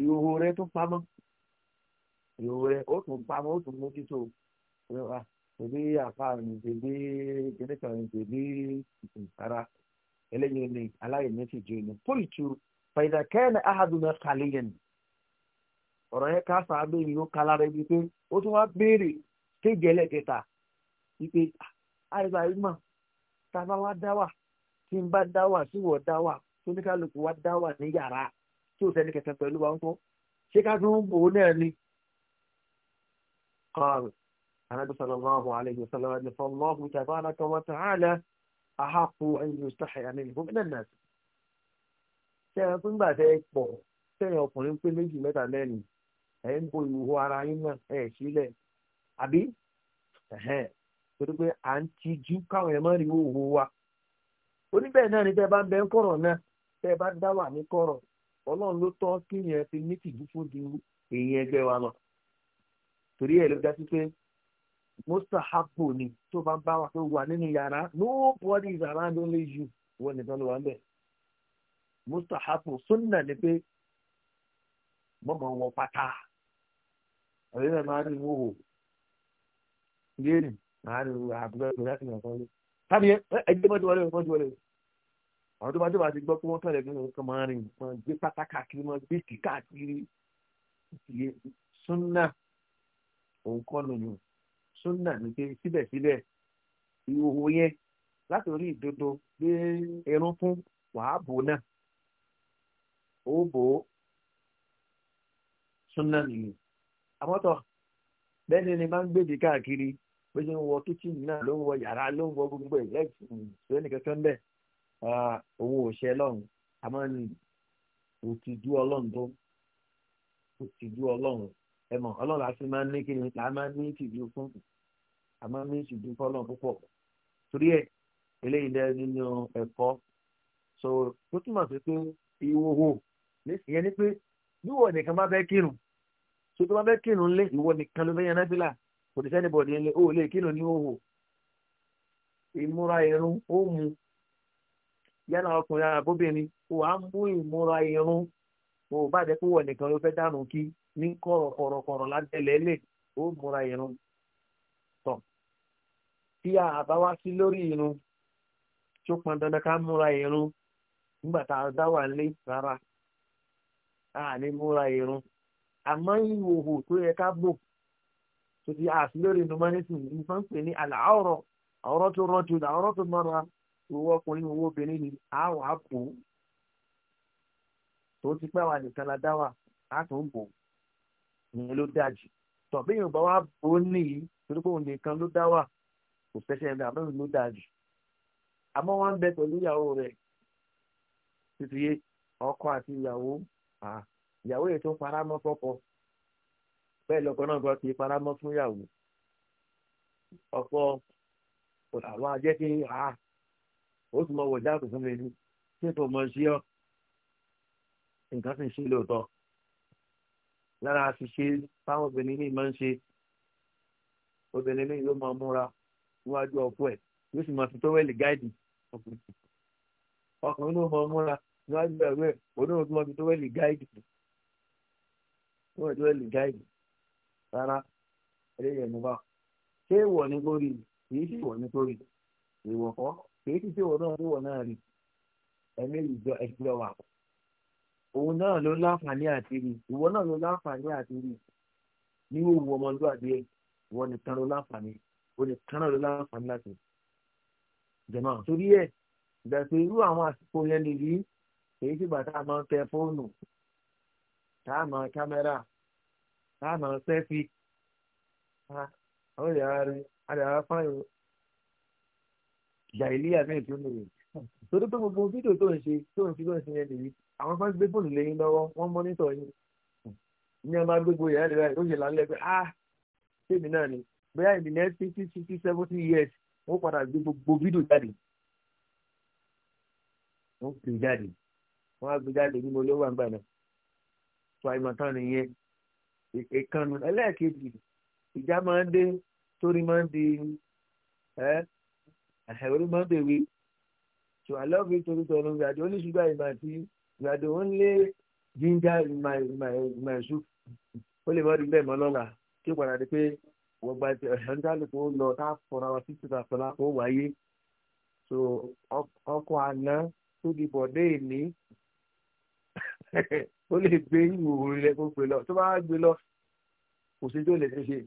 ìhòòhò rẹ tún pamọ́ ìhòòhò rẹ ó tún pamọ́ ó tún mójútó àfààní kéde ẹlẹ́kẹta wípé àìsàn ah, àìmọ̀ tá a bá wá dá wà tí n bá dá wà tí wọ́n dá wà tó ní kálukú wá dá wà ní yàrá tí ò sẹ́ni kẹsàn pẹ̀lú wa ń kọ́ ṣé ká tún bò ó náà ni. قال النبي صلى الله عليه وسلم فالله تبارك وتعالى أحق أن يستحي منه من الناس sẹ́yìn gbà tẹ́ pọ̀ sẹ́yìn ọkùnrin pé méjì mẹ́ta lẹ́nu ẹ̀ ń bo ìwò ara yín náà ẹ̀ sílẹ̀ àbí torí pé à ń tijú káwọn èèyàn ma rí owó wa oníbẹ̀ náà ni tẹ́ bá ń bẹ ń kọ̀rọ̀ náà bá dá wà ní kọ̀rọ̀ ọlọ́run ló tọ́ kí yẹn fi ní tìjú fún ju èyí ẹgbẹ́ wa lọ torí ẹ̀ ló dá sí pé ni tó bá ń bá wa tó wà nínú yàrá nobody is around only you wọ́n nìkan ló wà ń bẹ̀ ni pé géèrè màá lu àbúrò ìgbà láti nà kan lé tàbí ẹgbẹ́ mọ́tò wọlé mọ́tò wọlé àwọn tó bá tó bá ti gbọ́ pé wọ́n fẹ́rẹ̀ nínú nǹkan máa rìn mọ́ gbé pátá káàkiri mọ́ gbé kí káàkiri ìyẹ súnà òun kọ́ lóyún súnà ní pé síbẹ̀síbẹ̀ ìhòòhò yẹn láti orí ìdodo gbé irun fún wàá bò náà ó bò ó súnà nìyí àmọ́tọ̀ bẹ́ẹ̀ ni máa ń gbèdè káàkiri bó ṣe ń wọ kíchìnì náà ló ń wọ yàrá ló ń wọ gbogbo ẹ̀ lẹ́sìn ìṣẹ́ni kankan bẹ́ẹ̀ òun ò ṣe lọ́run àmọ́ ni òtìjú ọlọ́run tó òtìjú ọlọ́run ẹ mọ̀ ọlọ́run àti máa ń ní kíni là á máa ń ní ìtìjú fún à máa ń ní ìtìjú fọlọ́run púpọ̀ torí ẹ̀ eléyìí lẹ nínú ẹ̀kọ́ so tó túmọ̀ sí pé ìhòhò ìyẹn ni pé bí wọ́n nìkan bá fẹ́ kírun tó tó bá fẹ́ kírun lé ìwọ nìkan ló fẹ́ yan náfìlà kò ní sẹ́ni bọ̀dì ilé ó lè kírun ní òwò ìmúra irun ó mu Ya ọkùnrin àbóbìnrin ó wàá mú ìmúra irun ó bá jẹ́ pé wọ́n nìkan ló fẹ́ dànù kí ní kọ̀rọ̀kọ̀rọ̀kọ̀rọ̀ ládẹ́lẹ́lẹ̀ ó múra irun tọ̀ tí a bá wá sí lórí irun tí ó pọn dandan ká múra irun nígbà tá a dá wà lé rárá a ní múra irun àmọ́ ìhòhò tó yẹ ká tó ti àti lórí numanism nǹkan pè ní àlàáwọ̀rọ̀ àwọ̀rọ̀ tó rọ́jò àwọ̀rọ̀ tó mọ́ra owó ọkùnrin owó obìnrin ni àwọ̀ àpò tó ti pẹ́ wà nìkan la dá wà á tó ń bò ìyẹn ló dáa jù tọ̀bí yorùbá wa bò ó nìyí torí pé òun nìkan ló dá wà kò fẹsẹ̀ ẹ̀ àmọ́ ló dáa jù àmọ́ wọ́n ń bẹ pẹ̀lú ìyàwó rẹ̀ títí ọkọ àti ìyàwó ìyàwó yẹn tó fara mọ́ fọ́pọ̀ bẹ́ẹ̀ lọ́kọ náà gbọ́ kí faramọ́ fún ìyàwó ọ̀pọ̀ àwọn ajẹ́ pé a ó sì mọ wọ̀já kò fún mi ní ṣé kò mọ sí ọ nǹkan sì ń ṣe lóòótọ́ lára àṣìṣe táwọn obìnrin ní máa ń ṣe obìnrin ní yóò máa múra níwájú ọkọ ẹ̀ yóò sì máa fi tówẹ́lì gáìdì ọkùnrin ló máa múra níwájú ẹ̀rọ ẹ̀ òun tó máa fi tówẹ́lì gáìdì gáìdì rárá eléyìí ẹnu bá ṣé ìwọ ni kó rí kì í sì ìwọ ni kó rí ìwọ kọ kì í sì sí ìwọ náà ìwọ náà rí ẹmí ìjọ ẹgbẹ wa òun náà ló láǹfààní àti rí ìwọ náà ló láǹfààní àti rí ní òwú ọmọlúwàbí ẹ ìwọ nìkan ló láǹfààní ó nìkan náà ló láǹfààní láti jẹmọ torí ẹ ìdàpọ̀ irú àwọn àsìkò yẹn nìyí èyí sì bàtà máa ń tẹ fóònù tá máa kámẹ́rà láàmà sẹ́fì àwọn èèyàn rí àdàrà fáyọ̀ ìjà ilé àmì ìtúnú rẹ̀ torí pé gbogbo fídíò tó ń ṣe tó ń fi lọ́ọ̀ ṣe yẹn nìyí àwọn fáwọn gbé fóònù lẹ́yìn lọ́wọ́ wọ́n mọ́nítọ̀ yín ní ọmọ gbogbo ìyá rẹ̀ ó yẹ lálẹ́ pé ah sèmi náà ni bóyá in the next fifty sixty seventy years wọ́n padà gbé gbogbo fídíò jáde wọ́n gbé jáde wọ́n á gbé jáde ní mo lówó àgbà náà tó àìmọ̀tán nìyẹn ìkànnù ẹlẹ́ẹ̀kejì ìjà máa ń dé torí máa ń di ẹ̀hẹ̀rú máa ń bèwé so i love you torí tọrọ we are the only sugar in my tea we are the only ginger in my my my soup ó lè mọ́ di bẹ́ẹ̀ mọ́ lọ́la kí ó padà di pé wọ́n gba ẹ̀hẹ́n dálùkù ó lọ tá a fọ̀nà wọn títí tá a fọ̀nà ó wáyé so ọkọ̀ àná tó di bọ̀dé ìní ó lè gbé ìwòrò rẹ kó gbé lọ tó bá gbé lọ kò sí tó lè fi ṣe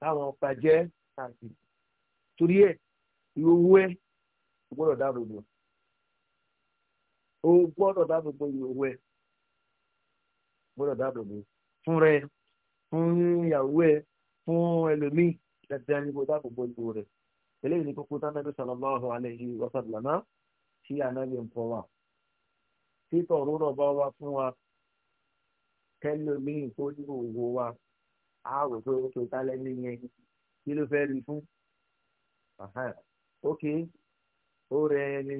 táwọn ọ̀pá jẹ́ àti torí ẹ̀ ìhòòhò ẹ̀ o gbọ́dọ̀ dáàbò bò o gbọ́dọ̀ dáàbò bò ìhòòhò ẹ̀ gbọ́dọ̀ dáàbò bò fún rẹ fún ìyàwó ẹ fún ẹlòmíì dáadáa ní kó dáàbò bò ìhòòhò rẹ eléyìí ni kókó tánàbí sallallahu alaihi wa sallama tí ànábì ń fọwọ́ títọ̀ rúrọ̀ bá wá fún wa tẹ́lómìn tó ní òwò wa àárò tó tó tálẹ́ ní yẹn kí ló fẹ́ rí fún. ókè ó rẹ ẹni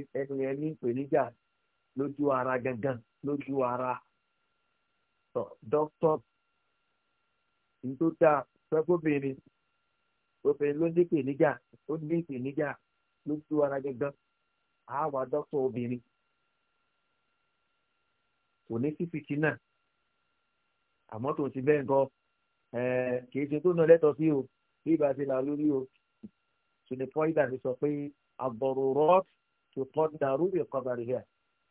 ẹni ìpèníjà lójú ara gangan lójú ara dókítà ní tó dáa fẹ́kọ́bìnrin obìnrin ló ní ìpèníjà ó ní ìpèníjà lójú ara gangan àá wá dókítà obìnrin kò ní sí fìtínà àmọ́ tó ti bẹ́ẹ̀ gan kì í ṣe tó ná lẹ́tọ̀ọ́ sí o bí ìbá ṣe là lórí o ṣùnì pọ́ńdà ti sọ pé àbọ̀rọ̀rọ̀ tó pọ́n dàrú lè kọ́ bàrẹ̀ yà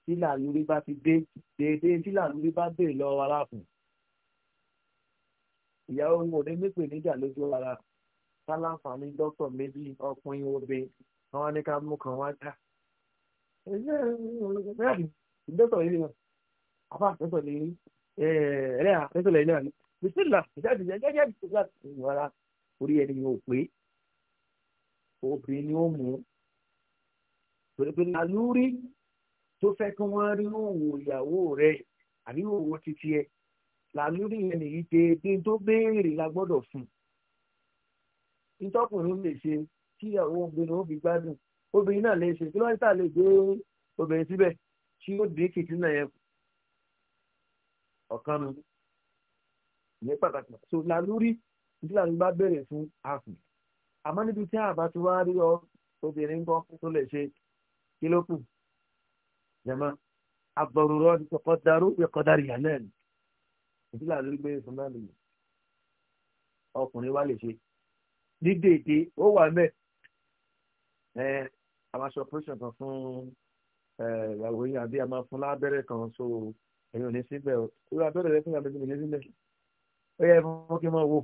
tí là lórí bá ti dé déédéé tí là lórí bá dé lọ́wọ́ aláàfin ìyàwó wọn ò ní mí pè níjà lójú ara sáláǹfààní dókítà méjì ọkùnrin obe wọn wá ní ká mú kan wá dá. dókítà yìí ni wọn àbá àtẹ́tọ̀ ní ẹ̀rẹ́ àtẹ́tọ̀ lẹ́yìn náà ni bisimilá ìjáde jẹjẹrẹ bisimilá ìwara orí ẹni yóò ni ó mú pẹ̀lú alúrí tó fẹ́ kí wọ́n rí òwò ìyàwó rẹ̀ àbí òwò títí ẹ̀ làlúrí yẹn ni déédé tó béèrè la gbọ́dọ̀ fún itu lè ṣe kí ìyàwó obìnrin ó fi gbádùn orang náà lè ṣe kí lọ́yìn tà lè gbé obìnrin síbẹ̀ tí ọ̀kan nu ìyẹn pàtàkì so làlúrí tí làlúrí bá bẹ̀rẹ̀ fún àfùn àmọ́ níbi tí àbá ti wá rí ọ obìnrin kan tó lè ṣe kí ló kù jẹ̀mọ́ àbọ̀rùrọ̀ ni kò kọ́ darú ẹ̀kọ́ darí yà náà ni ìdí làlúrí gbé fún náà nìyẹn ọkùnrin wa lè ṣe ní déédéé ó wà mẹ́ ẹ àwọn aṣọ operation kan fún ẹ ìyàwó yín àbí àmọ́ fún lábẹ́rẹ́ kan so ẹ̀yin ò ní síbẹ̀ o ìwúrà tó lè fún àbẹ̀tẹ̀ lè síbẹ̀ ó yẹ fún kí wọ́n wò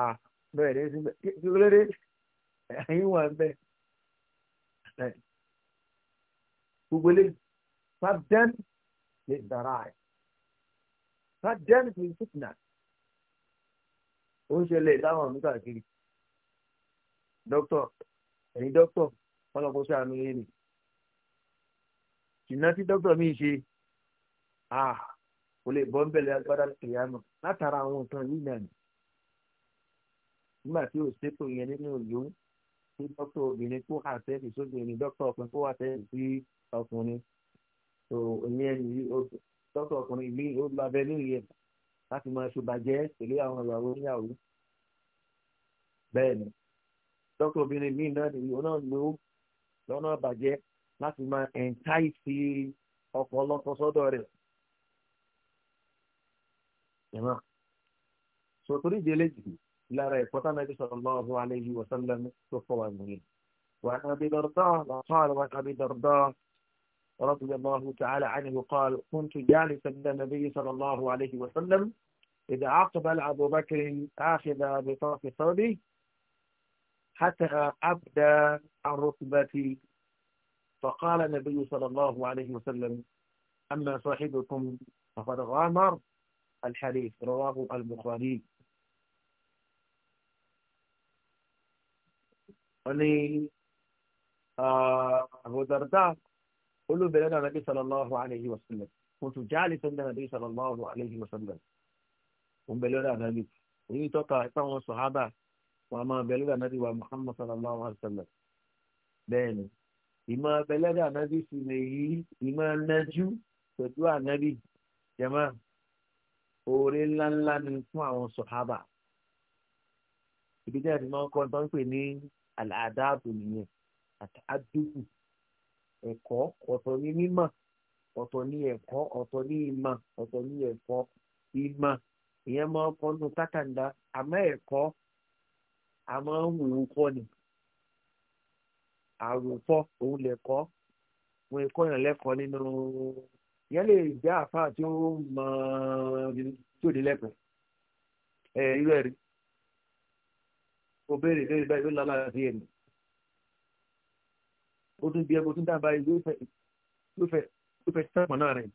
à bẹ́ẹ̀ lè síbẹ̀ kí ló dé ẹ̀yin wà bẹ́ẹ̀ gbogbo eléyìí sábẹ́n lè dára ẹ̀ sábẹ́n lè fìtìnà ó ń ṣẹlẹ̀ láwọn ọ̀nù káàkiri dókítọ̀ ẹ̀yin dókítọ̀ ọlọ́kọ̀ọ́sọ àmì yẹn ni ṣìnà tí dókítọ̀ mi ṣe a ah, kò lè bọ́ nbẹ̀lẹ̀ agbára kìlíàmù látara àwọn nǹkan yìí náà ni nígbà tí o ṣètò yẹn nínú ìlú tí dókítà obìnrin kó àtẹ́ẹ̀sì sóbìnrin dókítà ọkùnrin kó àtẹ́ẹ̀sì sí ọkùnrin tó ìyẹn ní dókítà ọkùnrin mi ó labẹ́ lórí ẹ̀ láti máa ṣùbàjẹ́ pẹ̀lú àwọn ìyàwó níyàwó bẹ́ẹ̀ ni dókítà obìnrin mi náà nìyí ó náà lò ó lọ́nà bàjẹ́ láti máa ẹ̀ńtáìsì ọkọ̀ ọlọ́kọ̀ sọ́dọ̀ rẹ̀ jẹ̀mọ́ so torí ìdí eléyìí lára ẹ̀kọ́ tá nàbí sallallahu alayhi wa sallam tó fọ́ wa nìyẹn wà á nàbí dọ̀rọ̀dọ̀ رضي الله تعالى عنه قال كنت جالسا عند النبي صلى الله عليه وسلم إذا أقبل أبو بكر آخذ بطرف ثوبه حتى أبدى عن رتبتي فقال النبي صلى الله عليه وسلم أما صاحبكم فقد غامر الحديث رواه البخاري أني آه، أبو درداء قل بلنا النبي صلى الله عليه وسلم كنت جالسا عند النبي صلى الله عليه وسلم هم بلنا النبي وإن توقع إطعام الصحابة وما بلنا النبي ومحمد صلى الله عليه وسلم بين إما بلنا النبي سنيه إما نجو فتوى النبي جماعة oore ńláńlá ni fún àwọn sọ̀hábà ìbílẹ̀ ni wọ́n kọ́ tó ń pè ní àdáàbò nìyẹn àti àdúgbò ẹ̀kọ́ ọ̀tọ̀ ní mímọ̀ ọ̀tọ̀ ní ẹ̀kọ́ ọ̀tọ̀ ní ìmọ̀ ọ̀tọ̀ ní ẹ̀kọ́ ìmọ̀ ìyẹn máa ń kọ́ nù kátàndá àmọ́ ẹ̀kọ́ àmọ́ ń wò ó kọ́ ni àròkọ́ òun lẹ̀kọ́ wọn ẹ̀kọ́ yàn nínú ìyẹn lè jẹ́ àfáà tí ó mọ tí ò ní lẹ́pẹ̀ ẹ̀ irú ẹ̀rí o béèrè lórí bẹ́ẹ̀ ló lọ́la sí ẹ̀mí o tún bí ẹ o tún dábàá yìí yóò fẹ́ yóò fẹ́ yóò náà rẹ̀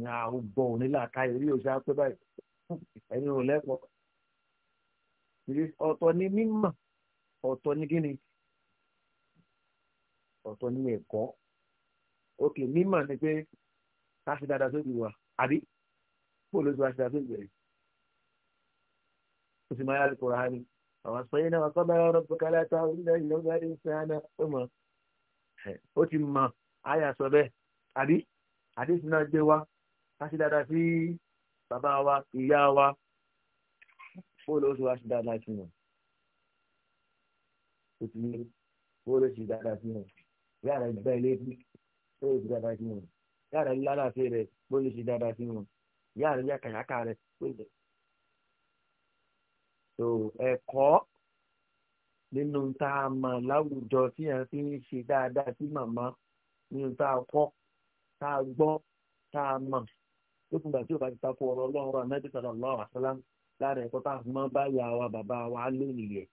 ní àwọn bọ̀ òní làákà ìrí òṣà pé báyìí ẹni ò lẹ́pọ̀ ọ̀tọ̀ ni mímọ̀ ọ̀tọ̀ ni kíni ọ̀tọ̀ ni ẹ̀kọ́ òkè mímọ̀ ni pé ká ṣe dáadáa sóbì wa àbí bóòlù tó wá ṣe dáadáa sóbì rẹ̀ ó sì máa yára kóra ha ni àwọn sọyìn náà wọ́n sábà rọ bùkálà tá a wílẹ̀ ìlú bá rí sáánà ó mọ̀ ó ti mọ̀ àyà sọ bẹ́ẹ̀ àbí àdéhùn náà gbé wa ká ṣe dáadáa sí bàbá wa ìyá wa bóòlù ó sì ṣe dáadáa sí wọn ó ti ní bóòlù ó sì dáadáa sí wọn ìyá rẹ̀ gbẹ́ ilé bí ó sì dáadáa sí wọn yára ní lálàáfíà rẹ̀ bó lè ṣe dáadáa sí wọn yára ní yàkàyàkà rẹ̀ bó lè. so ẹ̀kọ́ nínú tá a mọ̀ láwùjọ tí a fi ń ṣe dáadáa sí màmá nínú tá a kọ́ tá a gbọ́ tá a mọ̀ lókun gbà tí o bá ti takò ọ̀rọ̀ ọlọ́run anábì sallallahu alaihi wasallam lára ẹ̀kọ́ tá a fi máa bá wa bàbá wa lónìí yẹn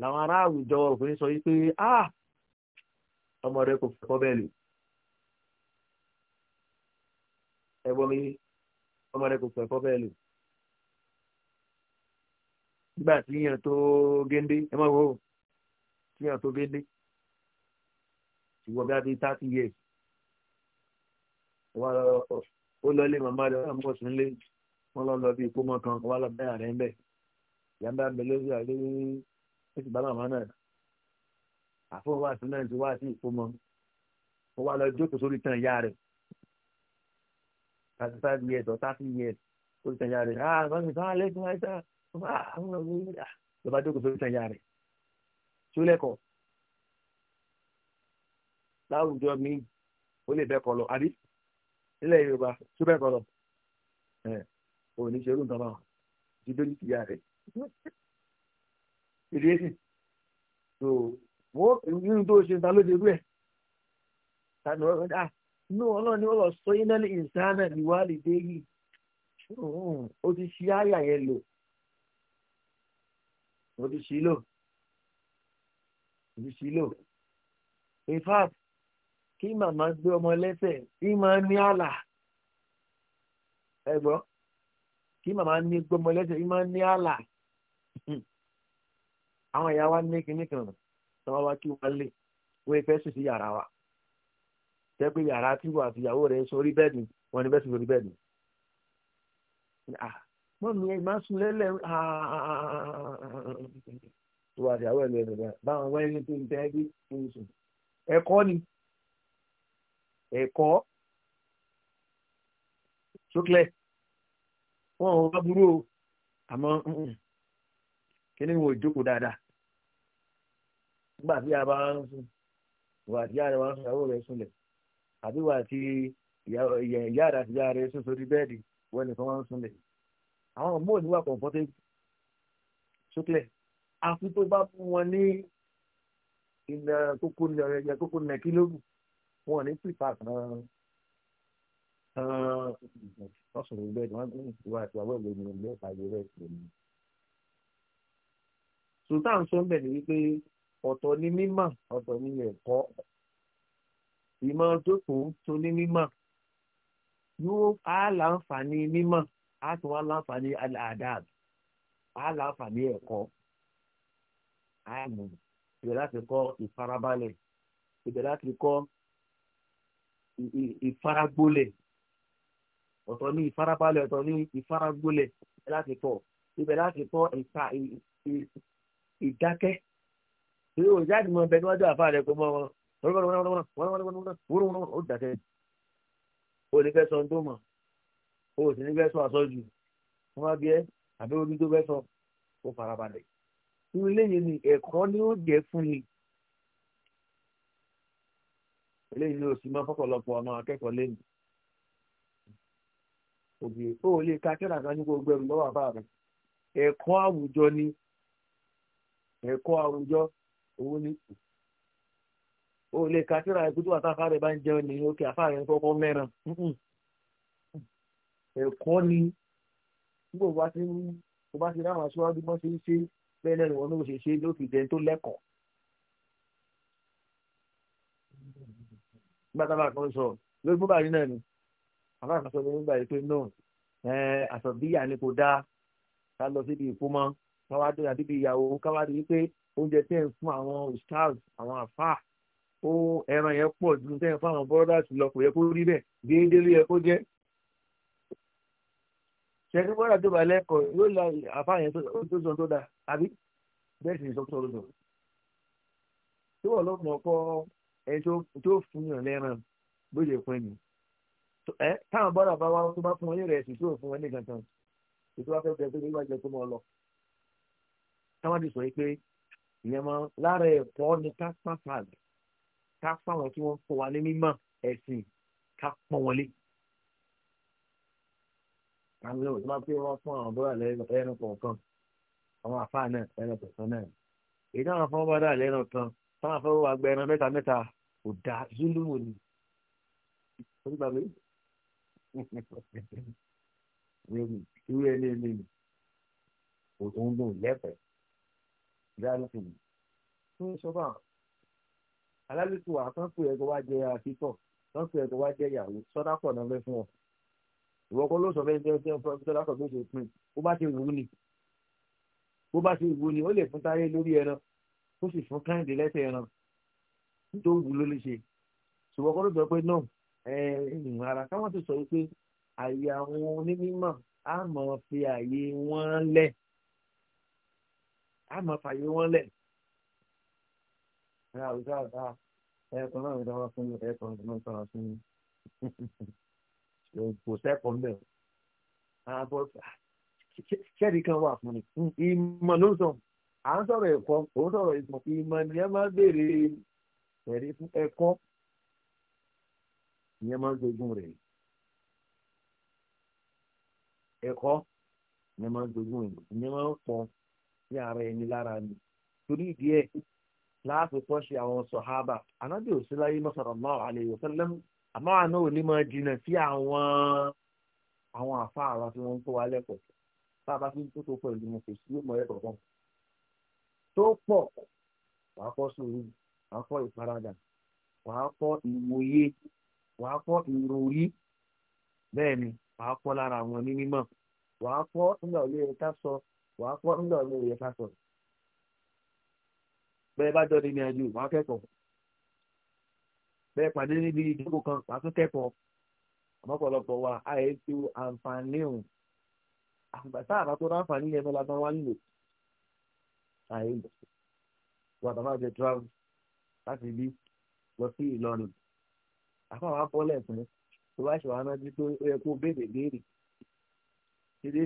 làwọn ará àwùjọ òfin ah ọmọ rẹ ẹ̀gbọ́n mi ọmọ rẹ kò pẹ fọ bẹ́ẹ̀ lò nígbà tí yàn tó géńdé ẹ má wò ó tí yàn tó géńdé ìwọ bí a ti thirty years wà lọ ó lọ ilé màmá rẹ wà mọ̀ sí nílé wọn lọ lọ bí ìkómọ kan wà lọ bẹ́ẹ̀ rẹ ń bẹ̀ ìyá ń bá ń bẹ lórí àlẹ́ ó sì bá màmá náà àfọwọ́ wà sí náà ti wá sí ìkómọ wọn wà lọ jókòó sórí tán ìyá rẹ̀ thirty five years or thirty years olùtẹ̀yà rẹ̀ ah, ah, ah. bá mi sọ alẹ́ Ah, aku àwọn ọmọ mi rà lọ́ba jókòó sórí ìtẹ̀yà rẹ̀ tí ó lẹ́kọ̀ọ́ láwùjọ mi ó lè bẹ́ẹ̀ kọ́ lọ àbí nílẹ̀ Yorùbá tó bẹ́ẹ̀ kọ́ lọ ẹ̀ ò ní ṣerú nǹkan náà ti dójú ti yá rẹ̀ ìdí èsì tó wọ́n ah ní ọlọ́run ni wọ́n lọ sọ iná ní ìsáná ìwádìí yìí ó ti ṣí àyà yẹn lò ó ti ṣí lò ó ti ṣí lò in fact kí màmá gbé ọmọ lẹ́sẹ̀ kí màá ní àlà ẹ gbọ́ kí màmá ní gbé ọmọ lẹ́sẹ̀ kí màá ní àlà àwọn ìyá wa ní kinní kan tí wọ́n wá kí wọ́n lè wọ́n fẹ́ sùn sí yàrá wa jẹ́ pé yàrá tí wọ́n àti ìyàwó rẹ̀ sórí bẹ́ẹ̀dì wọn ni bẹ́ẹ̀ sì ah, bẹ́ẹ̀dì. mọ́mí ẹ̀ máa sùn lẹ́lẹ̀ tó wà àti ìyàwó ẹ̀ lẹ́nu rẹ̀ báwọn wẹ́ẹ́lì tó ń tẹ́ẹ́ bí tó ń sùn. ẹ̀kọ́ ni ẹ̀kọ́ sókè wọn ò bá burú o àmọ́ kí ni wọn ò jókòó dáadáa nígbà tí a bá ń sùn ìwà tí a bá ń sùn ìyàwó rẹ̀ sùn lẹ̀ àbíwá àti ìyá rẹ àti ìyá rẹ sún sórí bẹ́ẹ̀dì wọ́n nìkan wọ́n ń sunlẹ̀ àwọn ọmọ òní wà comfortable sókè àfi tó bá fún wọn ní ìnà kókó ìyá kókó ìnà kílógù wọn ò ní pípa kan wọ́n sọ̀rọ̀ bẹ́ẹ̀dì wọ́n ní ìwà àti àwọn ìwé ìgbìmọ̀ ìgbẹ́ ìpàdé rẹ̀ sí i. sultan sọ ń wípé ọ̀tọ̀ ni mímọ̀ ọ̀tọ̀ ni ẹ̀kọ́ ìmọ̀ jókòó tó ní mímọ̀ yóò á láǹfààní mímọ̀ á tún wá láǹfààní àdáàb á láǹfààní ẹ̀kọ́ á mú ibẹ̀ láti kọ́ ìfarabalẹ̀ ibẹ̀ láti kọ́ ìfaragbólẹ̀ ọ̀tọ̀ ní ìfarabalẹ̀ ọ̀tọ̀ ní ìfaragbólẹ̀ láti kọ́ ibẹ̀ láti kọ́ ìta ìdákẹ́ ìwé òjáde mọ́ bẹ́ẹ̀ ni wọ́n dé àfa rẹ̀ pé mọ́ wọn wọ́n wọ́n wọ́n wọ́n wọ́n wọ́n wọ́n wọ́n wọ́n ó dàtẹ́ o ní fẹ́ sọ ohun tó mọ̀ o sì ní fẹ́ sọ àsọjù wọ́n wá bí ẹ́ àbí orí tó fẹ́ sọ ó farabalẹ̀ irú eléyìí ni ẹ̀kọ́ ni ó jẹ́ fún ni eléyìí ni òsì máa fọ́pọ̀lọpọ̀ ọmọ akẹ́kọ̀ọ́ lẹ́nu òbí ẹ̀kọ́ àwùjọ ni ẹ̀kọ́ àwùjọ òun ni o lè ka síra ẹ̀kú tó wà táfà rẹ̀ bá ń jẹun ní òkè àfà rẹ̀ kọ́kọ́ mẹ́ran ẹ̀kọ́ ni nígbà wo bá ti ń wo bá ti rí àwọn aṣáájú mọ́ ṣe ń ṣe bẹ́ẹ̀ náà ni wọn ló ṣe ṣe ló fi dẹni tó lẹ́kọ̀ọ́. nígbà táwọn kan sọ lórí bó báyìí náà ni àwọn àkànṣe ló ń yìí pé náà àṣọ̀bíyà ni kò dáa ká lọ síbi ìkómọ káwá dé àbíbi ìyàwó káwá rí i oúnjẹ tẹ́ ń fún àwọn stars àwọn àfáà ó ẹran yẹn pọ̀ ju tẹ́yìn fáwọn brothers lọ kò yẹ kó rí bẹ́ẹ̀ déédéé ló yẹ kó jẹ́ ṣẹ́ni bọ́dà tó bá lẹ́kọ̀ọ́ yóò la àfáàyàn tó sọ tó dáa àbí bẹ́ẹ̀ sì ni sọ́kọ́ lọ́dọ̀ tí wọ́n lọ́ mọ̀ kọ́ ẹ tó fún yàn lẹ́ràn bó ṣe fún ẹni ẹ táwọn bọ́dà bá wá tó bá fún wọn ní rẹ̀sì tó fún wọn ní gangan ètò afẹ́fẹ́ tó wá jẹ tó mọ́ lọ táwọn ti sọ yìí pé ká fáwọn tí wọ́n fọ wa ní mímọ̀ ẹ̀sìn ká pọ́n wọn lé. àwọn èèyàn tó máa pé wọ́n fún àwọn bọ́dà lẹ́nu kọ̀ọ̀kan àwọn àfáà náà lẹ́nu kọ̀ọ̀kan náà èyí táwọn fún bọ́dà lẹ́nu kan táwọn fún wa gba ẹran mẹ́ta mẹ́ta kò dá zulumu ni. irú ẹni ẹni òun ló lẹ́fẹ̀ẹ́ ìdá ló fi mí. fún ìṣọ́bà alálùkù wà kán pè ẹ̀kọ́ wá jẹ àfitọ̀ kán pè ẹ̀kọ́ wá jẹ ìyàwó sọ́dá pọ̀ náà fẹ́ fún ọ ìwọ kọ́ ló sọ fẹ́ jẹ́ fún ọ sọ́dá pọ̀ tó ṣe pin bó bá ṣe wù ú ni bó bá ṣe wù ú ni ó lè fún táyé lórí ẹran ó sì fún káyìndé lẹ́sẹ̀ ẹran tó wù ló lè ṣe ṣùgbọ́n kọ́ ló sọ pé náà ẹ̀ẹ́n ara káwọn ti sọ pé àyè àwọn onímọ̀ á mọ̀ fi àyè wọn lẹ̀ á mọ̀ fàyè wọn lẹ̀ ní àwùjọ àgbà ẹ̀kọ́ náà ní dáwọ́ fún ẹ̀kọ́ ní dáwọ́ sọ̀rọ̀ fún kò sẹ́kọ̀ọ́ mbẹ́ àbọ̀ kẹ́ẹ̀dì kan wà fún mi ìmọ̀ ló ń sọ à ń sọ̀rọ̀ ẹ̀kọ́ òun sọ̀rọ̀ ìmọ̀ ìmọ̀ ni ẹ máa béèrè ẹ̀rí fún ẹ̀kọ́ ìyẹn máa ń dogun rẹ̀ ẹ̀kọ́ ìyẹn máa ń dogun rẹ̀ ìyẹn máa ń pọ̀ sí ara ẹni lára ni torí ìdí ẹ̀ láàfin pọ́ṣẹ àwọn sọ̀hábà anábì òsínláyé sallallahu alayhi wa sallam àmọ́ àná ò ní máa jìnnà sí àwọn àwọn àfa àwa tí wọ́n ń kó wa lẹ́kọ̀ọ́ tá a bá fi ń tótó pẹ̀lú wọn kò sí ìmọ̀ ẹ̀kọ́ kan tó pọ̀ wàá kọ́ sùúrù wàá kọ́ ìfaradà wàá kọ́ ìwòye wàá kọ́ ìròrí bẹ́ẹ̀ ni wàá kọ́ lára àwọn ní mímọ̀ wàá kọ́ nígbà olóyè ká sọ wàá kọ́ nígbà olóyè ká sọ̀rọ̀ bẹ́ẹ̀ bá jọ ní ìrìn àjò wàá kẹ́kọ̀ọ́ bẹ́ẹ̀ pàdé níbi ìdókò kan wàá tún kẹ́kọ̀ọ́ àmọ́pọ̀lọpọ̀ wa àyè tó àǹfààní òun àgbàtà àbátó ráǹfààní yẹn mọ́lá tán wá ń àyè lọ wà bàbá jẹ travel láti bí lọ sí Ìlọrin àfàwọn afọlẹ̀ fún tó bá ṣe wàá nájú pé ó yẹ kó béèrè béèrè ṣe dé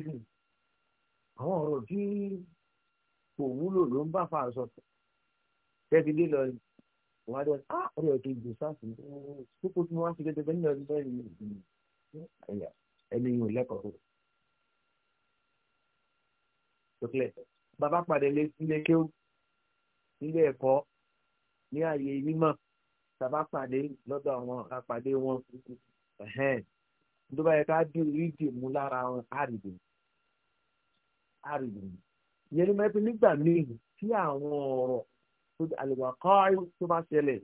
àwọn ọ̀rọ̀ tí kò wúlò ló ń bá fa àṣọ tẹ́tí dé lọ ni wọ́n á dọ̀ ah ọ̀rẹ́ ọ̀kẹ́ ìgbò sáàsì púpọ̀ tí wọ́n á ti gẹ́gẹ́ bẹ́ẹ̀ nílò ọdún báyìí ẹ̀yà ẹni yóò lẹ́kọ̀ọ́ rẹ̀. tókìlẹ̀ bàbá pàdé lé kéwù nílé ẹ̀kọ́ ní ààyè mímọ̀ bàbá pàdé lọ́dọ̀ àwọn apàdé wọn tó bá yẹ ká dé rídìí mú lára wọn àrìbì àrìbì yẹn ni mo ẹ pé nígbà míì tí àwọn ọ̀rọ̀ àlùwàkọ́ tó bá ṣẹlẹ̀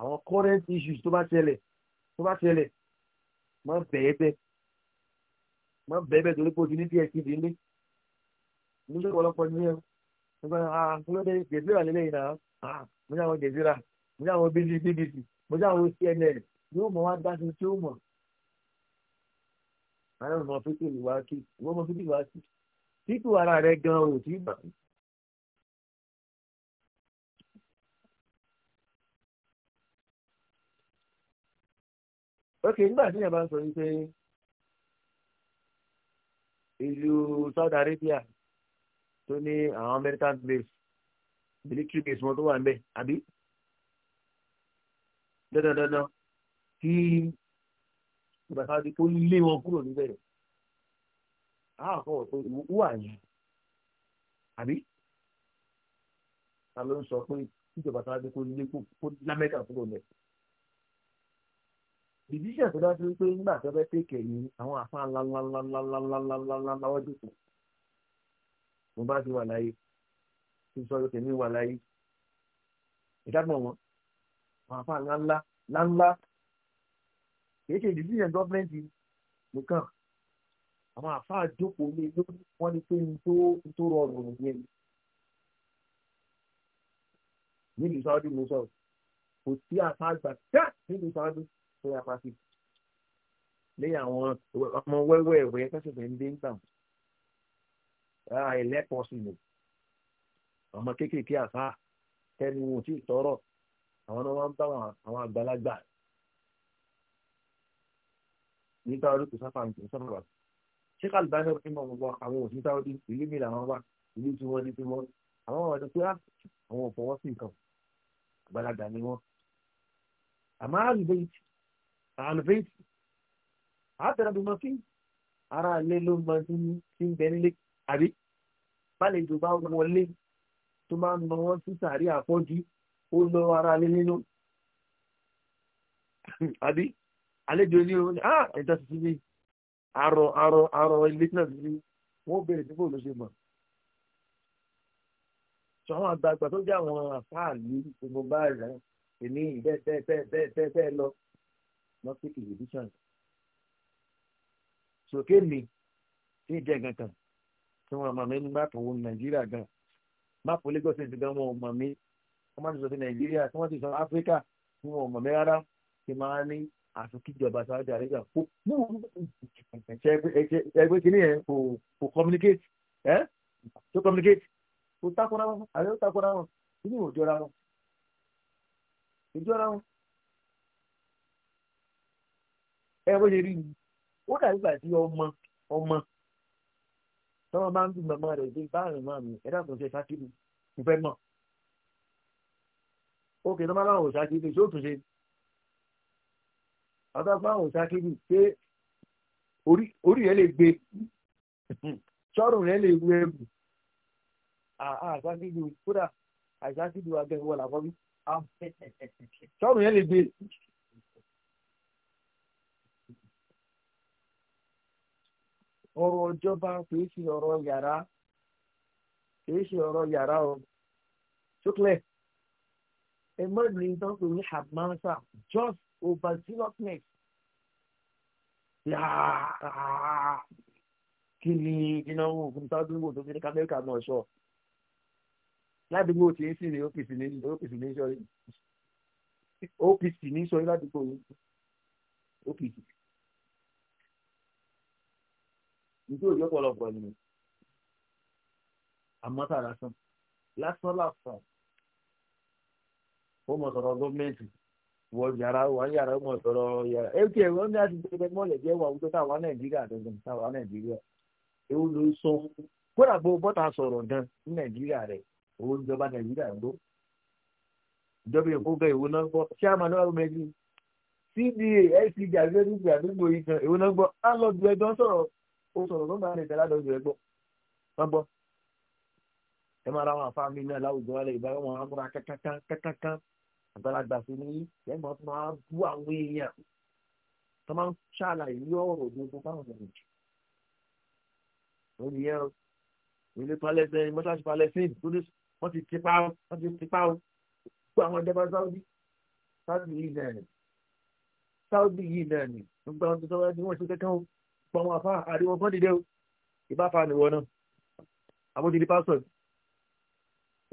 àwọn current issues tó bá ṣẹlẹ̀ tó bá ṣẹlẹ̀ mọ bẹ́ẹ̀bẹ́ mọ bẹ́ẹ̀bẹ́ torí pé o ti ní psd ní nílé ọ̀pọ̀lọpọ̀ ní ẹ nígbà náà ah lóde jẹ̀síra lélẹ́yìn náà ah mo ní àwọn jẹ̀síra mo ní àwọn bbc bbc mo ní àwọn cnn yóò mọ wá dá sí tí ó mọ̀ àwọn ọmọ fífi ìwà kí ìwọ ọmọ fífi ìwà kí títù ara rẹ gan-an ò bà ok nígbà tí yàrá bá ń sọ yìí pé ìlú Saudi Arabia tó ní àwọn American base military base wọn tó wà níbẹ̀ àbí dandandandan kí ìgbà Saudi tó lé wọn kúrò níbẹ̀ rẹ̀ àwọn kan wọ̀ pé wúwà yẹn àbí ta ló ń sọ pé ìjọba Saudi kó lé kó lámẹ́kà kúrò níbẹ̀ decision tó dájú pé nígbà tó fẹ́ tèkè ní àwọn àfa ńláńláńláńláńláńláńláńlá wọ́n dùkú mo bá ti wà láyé tí sọ́dọ̀ tèmi wà láyé ìdágbọ̀n wọn àwọn àfa ńláńlá ńláńlá kìí ṣe decision gọ́ọ̀mẹ́ntì nìkan àwọn àfa àjókòó lé lórí wọn ni pé n tó rọrùn yẹn níbi sáwọ́dì mo sọ̀rọ̀ kò sí àfa àgbà ká níbi sáwọ́dì prayer practice lẹ́yìn àwọn ọmọ wẹ́wẹ́ẹ̀wẹ́ pẹ́sẹ̀fẹ́ ń dé ń tàn àìlẹ́pọ̀ sí ni ọmọ kéékèèké àfa tẹnu wọn tí tọrọ àwọn náà wọn bá àwọn àgbàlagbà nígbà orí kò sáfà nìkan sábà wà ṣé kàlùbá náà fi mọ wọn àwọn òsì táwọn di ìlú mi làwọn wà ìlú tí wọn di tí wọn àwọn ọmọ ẹni pé ah, àwọn ò fọwọ́ sí nǹkan àgbàlagbà ni wọn àmọ́ àlùbẹ́yìí àánú fèsì àtẹ̀rẹ̀ bí mo ara lé ló mọ sí ti ń bẹ nílé àbí bálejò bá wọlé tó máa ń nà wọ́n sí sàárì àfọ́jú ó lọ ara lé nínú àbí àlejò ní òun ni ah ẹ̀dá tuntun ni arọ arọ arọ ilé náà ni wọ́n bèrè sí bóòlù ṣe mọ̀ sọ àwọn àgbààgbà tó jẹ́ àwọn àfáà ní gbogbo báyìí èmi bẹ́ẹ̀ bẹ́ẹ̀ bẹ́ẹ̀ bẹ́ẹ̀ bẹ́ẹ̀ lọ not take inhibition sòkè mi tí ì jẹ́ gankan tí wọ́n mọ̀ mí ní máàpù wo nàìjíríà gan máàpù Lagos ti gan wọn mọ̀ mí wọ́n máa ti sọ sí nàìjíríà tí wọ́n ti sọ áfíríkà tí wọ́n mọ̀ mí rárá ti máa ní àfikíjọba sáájú àríjà kó ẹgbẹ́ kìíní yẹn kò kò communicate ẹ́ tó communicate kò takora wọn àbẹ́ ó takora wọn kí ni ò jọra wọn ìjọra wọn. ẹ wọ́n ṣe rí ni ó dàbí gbà sí ọmọ ọmọ tọ́wọ́ máa ń bí màmá rẹ̀ dé báàrin máa mi ẹ̀dá tó ń ṣe sákìlì kò fẹ́ mọ̀ òkè tó máa ń wò sákìlì ṣé ó tún ṣe ọ̀dọ́ máa ń wò sákìlì pé orí rẹ̀ lè gbé sọ́rùn rẹ̀ lè wú ẹ̀bù àṣàkìlì kódà àṣàkìlì wa làkọ́bí sọ́rùn rẹ̀ lè gbé. ọ̀rọ̀ ìjọba kìí ṣe ọ̀rọ̀ yàrá kìí ṣe ọ̀rọ̀ yàrá o ṣókèlè ẹ mọ ní tó ń pè ní hamasa just over zealousness yàrá kí ni iná òògùn táwọn tó ń wò tó fi ní kámẹ́ríkà náà ṣọ ládùúgbò tí ń sì ní OPC ní OPC ní sọrí OPC ní sọrí ládùúgbò yìí OPC. nítorí òjò ọ̀pọ̀lọpọ̀ ni àmọ́tà lásán lásán lásán ó mọ̀ sọ̀rọ̀ gọọmenti wọ yàrá wà yàrá ó mọ̀ sọ̀rọ̀ yàrá èkì ẹ̀rọ ní àti gbẹgbẹ wà nàìjíríà dandan nàìjíríà ewu ló sọ kódà bó bọ́tà sọ̀rọ̀ gan ní nàìjíríà owó nàìjíríà gbó ìjọba èkó gan náà gbọ́ chairman mẹ́rin scg àti àdúgbò yìí kan náà gbọ́ ó sọ̀rọ̀ lọ́gbà rẹ̀ tẹ́lá lọ́jọ́ ẹ̀ gbọ́ wọ́n gbọ́ ẹ máa ra àwọn àfa mi náà láwùjọ alẹ́ ìbára wọn amúra kankan kankan àgbàlagbà sí ni ẹgbọn tó máa bú àwọn èèyàn tó máa ń ṣàlàyé ọ̀rọ̀ gbogbo fáwọn èèyàn jù lórí yẹn ilé palẹ́sẹ̀ mọ́ṣáláṣí palẹ́sẹ̀ lórí wọ́n ti tipa wọ́n ti tipa o gbogbo àwọn ìjọba sáwọ́dí sáwọ́dí yìí náà ni sáwọ́dí yìí náà ni gbogbo àwọn ìjọba sáwọ́dí wọ́n ti kẹ́kẹ́ o ọ̀pọ̀ àwọn afá àríwọ̀n fún dídẹ́ ìbáfà nìwọ̀n náà àbójútì pásọ̀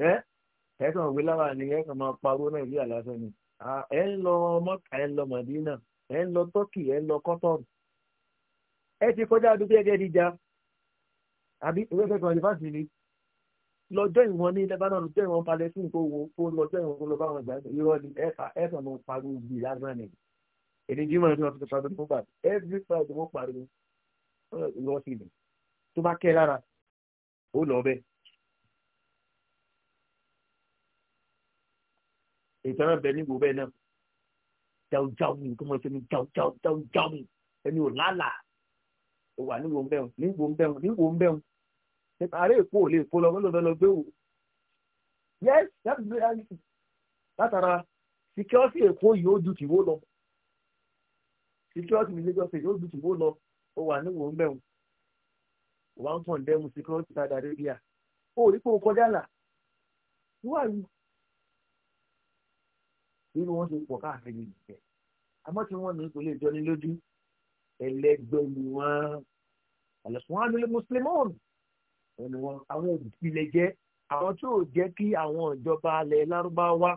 ẹ́ ẹ̀ẹ́sàn òwe lára ni ẹ̀ẹ́sàn máa parọ́ nàìjíríà lásán ni ẹ̀ ń lọ mọ́kà ẹ̀ ń lọ mọ̀dínà ẹ̀ ń lọ tọ́kì ẹ̀ ń lọ kọ́tọ́ọ̀rù ẹ ti kọjá dúpẹ́ ẹgẹ́ díjà àbí ìwé fẹ́ kan yunifásitì ni lọ́jọ́ ìwọ̀n ní lebanon lọ́jọ́ ìwọ̀n palestine kó wo kó lọ́jọ́ ìwọ̀n kó lọ bá wọn gbà irọ́ ni ẹ̀ka ẹ̀sán ló ń pariwo bíi lásán ni èdè jimoh ni wọ́n ti sọ pé fún bàtà every friday wọ́n pariwo lọ sí ibẹ̀ tó bá kẹ́ lára ó lọ bẹ́ẹ̀. ìtàn náà bẹ níbo bẹ́ẹ̀ náà jáwó jáwó mi kó mọ̀ ṣe mi jáwó jáwó jáwó jáwó mi ẹni ò lálàá ó wà níbo ń bẹ̀rù níbo ń bẹ̀rù níbo ń bẹ̀rù nípa àárẹ̀ èkó ò lè kó lọ lọ́dọ̀ lọ gbé wò. yes that is reality látara security èkó yìí ó ju tìwó lọ security ní Lagos state ó ju tìwó lọ ó wà níwò ń bẹ̀wò wà ń kàn dẹ́mu security padà rẹ́bíà ó rí pé o kọjá là wíwà yìí nínú wọn ti pọ̀ káàkiri ìgbẹ́ àmọ́ tí wọ́n ní ìpínlẹ̀ ìjọ ní lójú ẹlẹ́gbẹ́ ni wọ́n àlọ́sùn wọn nílé mùsùlùmọ́ọ̀n ẹni wọn àwọn ìpìlẹ̀ jẹ́ àwọn tí ò jẹ́ kí àwọn ìjọba alẹ́ lárúbáwá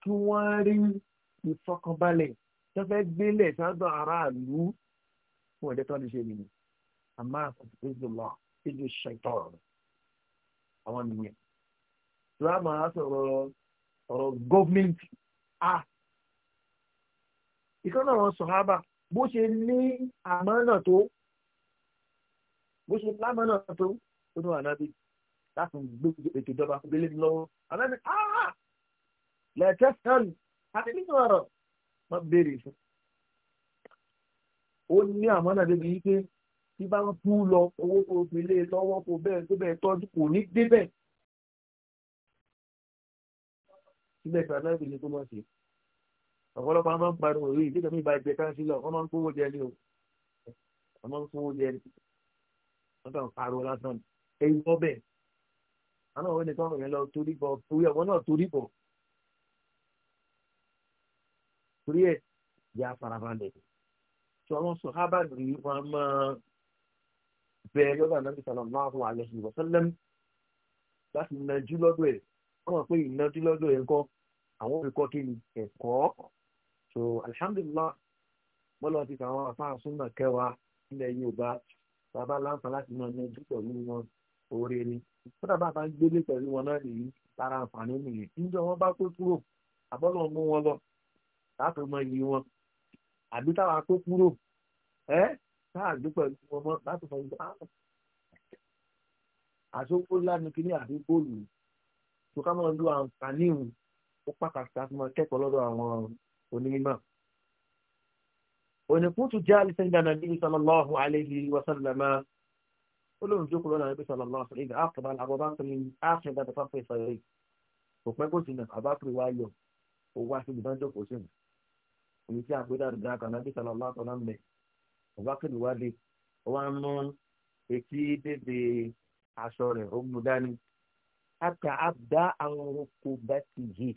kí wọ́n rí ìfọkànbalẹ̀ tó fẹ́ gbélé sádọ̀ aráàlú fún ọjọ́ tó ń ṣe nìyẹn àmọ́ àkọsílẹ̀ lọ síbi ṣètò àwọn nìyẹn tí wọ́n máa sọ̀rọ̀ ọ̀rọ̀ gọ́ọ̀mẹ̀ntì a ìkan náà sọ̀hábà bó ṣe ní àmọ́nà tó bó ṣe lámọ́nà tó ó ní ànábì láti gbé ètò ìjọba gbélé lọ́wọ́ ànábì lẹ́tẹ̀sán àti nínú ọ̀rọ̀ wọ́n béèrè fún ó ní àmọ́nà débi wípé tí bá ń kú lọ owó kò fi lé e lọ́wọ́ kò bẹ́ẹ̀ tó bẹ́ẹ̀ tọ́jú kò ní débẹ̀. síbẹ̀ tí aláìsí ni kó mọ̀ sí ọ̀pọ̀lọpọ̀ a máa ń pariwo yìí tí kàmí ìbá ìgbẹ́ káńsílọ̀ wọ́n máa ń kówó jẹ ní o wọ́n máa ń kówó jẹ ní wọ́n kàn pariwo lásán ẹ̀yìn bọ́ bẹ́ẹ̀ àwọn òwe nìkan ọ̀rẹ́ lọ torí bọ̀ torí ọ̀wọ́ náà torí bọ̀ torí ẹ̀ yà farabalẹ̀ tí àwọn sọ̀hábà rí wọn máa bẹ lọ́dọ̀ ànábì sallallahu alaihi wa sallam láti nàjú lọ́dọ̀ ẹ̀ wọ́n mọ̀ pé ìnájú lọ́dọ̀ ẹ̀ ńkọ́ àwọn olùkọ́ kí ni ẹ̀kọ́ so alhamdulillah bọ́lá ti tàwọn afáà súnmọ̀ kẹwàá ilẹ̀ Yorùbá bàbá láǹfà láti mọ ẹnẹjú pẹ̀lú wọn oore ni kódà bàbá ń gbélé pẹ̀lú wọn náà nìyí lára àǹfààní nìyí níjọ wọn bá tó kúrò àbọ́lọ̀ mú wọn lọ láti mọ iyì wọn àbí táwa tó kúrò ẹ́ táà gbé pẹ̀lú ọmọ láti fọ ìgbà ah, àsopọ̀ lánàá kí ní àbí bóòlù tó ká máa lo àǹfààní òun ó pàtàkì láti máa kẹ́kọ̀ọ́ lọ́dọ̀ àwọn onímọ̀. ònìkútù jẹ́ àlìsẹ́ńdà nàbí sallallahu alayhi wa sallam olóhùn jókòó lọ́nà nàbí sallallahu alayhi wa sallam àkàbà àbọ̀bákiri àṣẹ̀dá tó fáfẹ́ sọ̀rọ̀ kò pẹ́ kó sì nà àbákiri wá yọ òwò àṣẹjù bá ń jókòó sí mi omi tí àgbẹ̀dá rẹ̀ dáa kan àbíkà lọ́la àtọ́lá mẹ́ ọ̀bákẹ́lì wálé wọ́n mú etí bèbè aṣọ rẹ̀ ó mú dání. àtà àbdá àwọn oko bá ti yé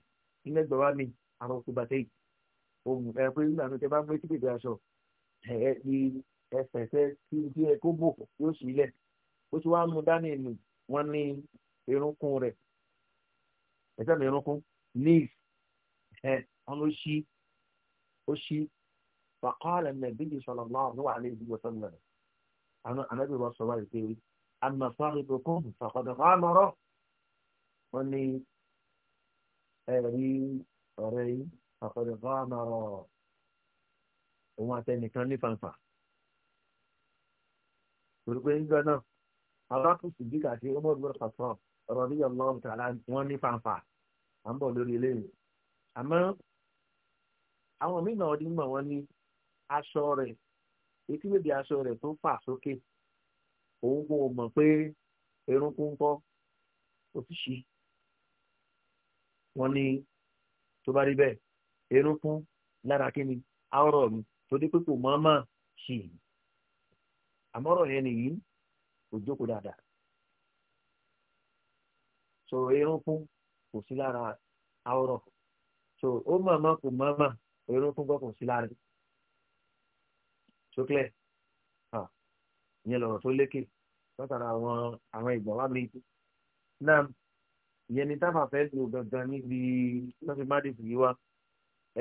ilé gbọ̀wá mi àwọn oko bá tẹ̀ yìí ohun ẹ pé nígbà tó tẹ bá mú etí bèbè aṣọ ẹ ní ẹsẹ̀ fẹ́ kí n díẹ̀ kó bò yóò sí ilẹ̀ ó ti wá mú dání nù wọ́n ní irunkun rẹ̀ ẹ̀sẹ̀ mi irunkun ní ẹ̀ wọ́n ló ṣí ó ṣí fàkọ́ọ̀lẹ̀ nàbíyí sallallahu alayhi wa sallam anábì wa sọ̀rọ̀ ìpè amasọ́rọ̀ ìdókò fàkọ́dọ̀ ọ̀nọ́rọ̀ wọn ni ẹ̀rí ọ̀rẹ́ yìí fàkọ́dọ̀ ọ̀nọ́rọ̀ òun àtẹnìkan ní fanfa torí pé nígbà náà alákùsù bí kàṣe ọmọ ìgbà kàtọ́ ọ̀rọ̀ bí yọ̀ tààlà wọn ní fanfa à ń bọ̀ lórí eléyìí àwọn míì náà ọdún mọ̀ wọ́n ní aṣọ rẹ̀ etí bèbè aṣọ rẹ̀ tó fà sókè òun kò mọ̀ pé erunkun kọ́ òṣìṣì wọ́n ní tó bá rí bẹ́ẹ̀ erunkun lára kí ni àwòrán mi tó dé pé kò mọ́ mọ́ sí i àmọ́rọ̀ yẹn nìyí kò jókòó dáadáa sọ̀rọ̀ erunkun kò sí lára àwòrán so ó mọ̀ mọ́ kò mọ́ mọ́ olóró tún gbọ́kàn sí láàrin sókè ìyẹn lọ̀rọ̀ tó lékè látara àwọn àwọn ìgbà wa mi náà ìyẹn ni táwọn afẹ́ lò gangan níbi lọ́sí mádìsì yìí wá